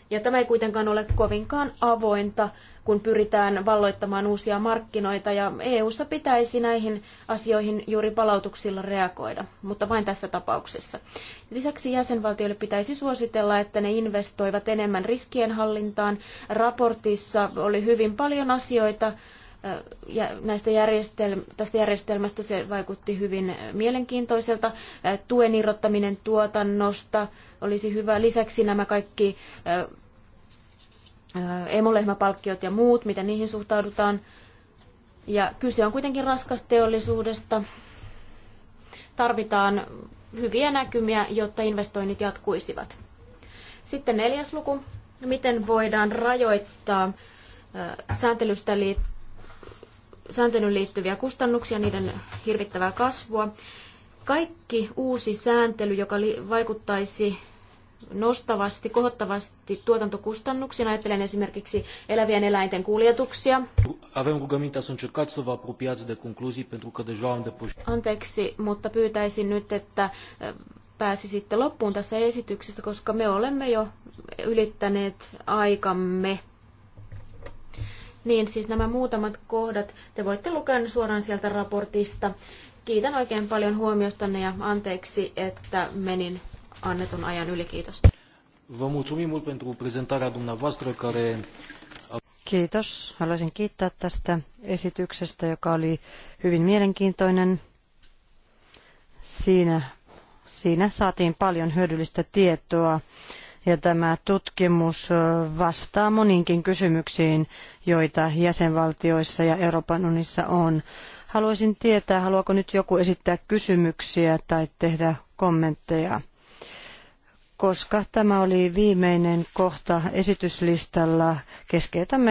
Ja tämä ei kuitenkaan ole kovinkaan avointa kun pyritään valloittamaan uusia markkinoita ja EU:ssa pitäisi näihin asioihin juuri palautuksilla reagoida, mutta vain tässä tapauksessa. Lisäksi jäsenvaltioille pitäisi suositella, että ne investoivat enemmän riskienhallintaan. Raportissa oli hyvin paljon asioita, äh, ja näistä järjestelm- tästä järjestelmästä se vaikutti hyvin mielenkiintoiselta. Äh, tuen irrottaminen tuotannosta olisi hyvä. Lisäksi nämä kaikki äh, Äh, emolehmäpalkkiot ja muut, miten niihin suhtaudutaan. Ja kyse on kuitenkin raskasta teollisuudesta. Tarvitaan hyviä näkymiä, jotta investoinnit jatkuisivat. Sitten neljäs luku. Miten voidaan rajoittaa äh, sääntelystä liit sääntelyyn liittyviä kustannuksia, niiden hirvittävää kasvua. Kaikki uusi sääntely, joka li- vaikuttaisi nostavasti, kohottavasti tuotantokustannuksiin. Ajattelen esimerkiksi elävien eläinten kuljetuksia. Avem să să vă de concluzii, pentru că deja am Anteeksi, mutta pyytäisin nyt, että eh, pääsisitte loppuun tässä esityksessä, koska me olemme jo ylittäneet aikamme. Niin, siis nämä muutamat kohdat, te voitte lukea ne suoraan sieltä raportista. Kiitän oikein paljon huomiostanne ja anteeksi, että menin annetun ajan yli. Kiitos. Vă mulțumim mult pentru prezentarea dumneavoastră care... Kiitos. Haluaisin kiittää tästä esityksestä, joka oli hyvin mielenkiintoinen. Siinä, siinä saatiin paljon hyödyllistä tietoa ja tämä tutkimus vastaa moninkin kysymyksiin, joita jäsenvaltioissa ja Euroopan unionissa on. Haluaisin tietää, haluaako nyt joku esittää kysymyksiä tai tehdä kommentteja koska tämä oli viimeinen kohta esityslistalla, keskeytämme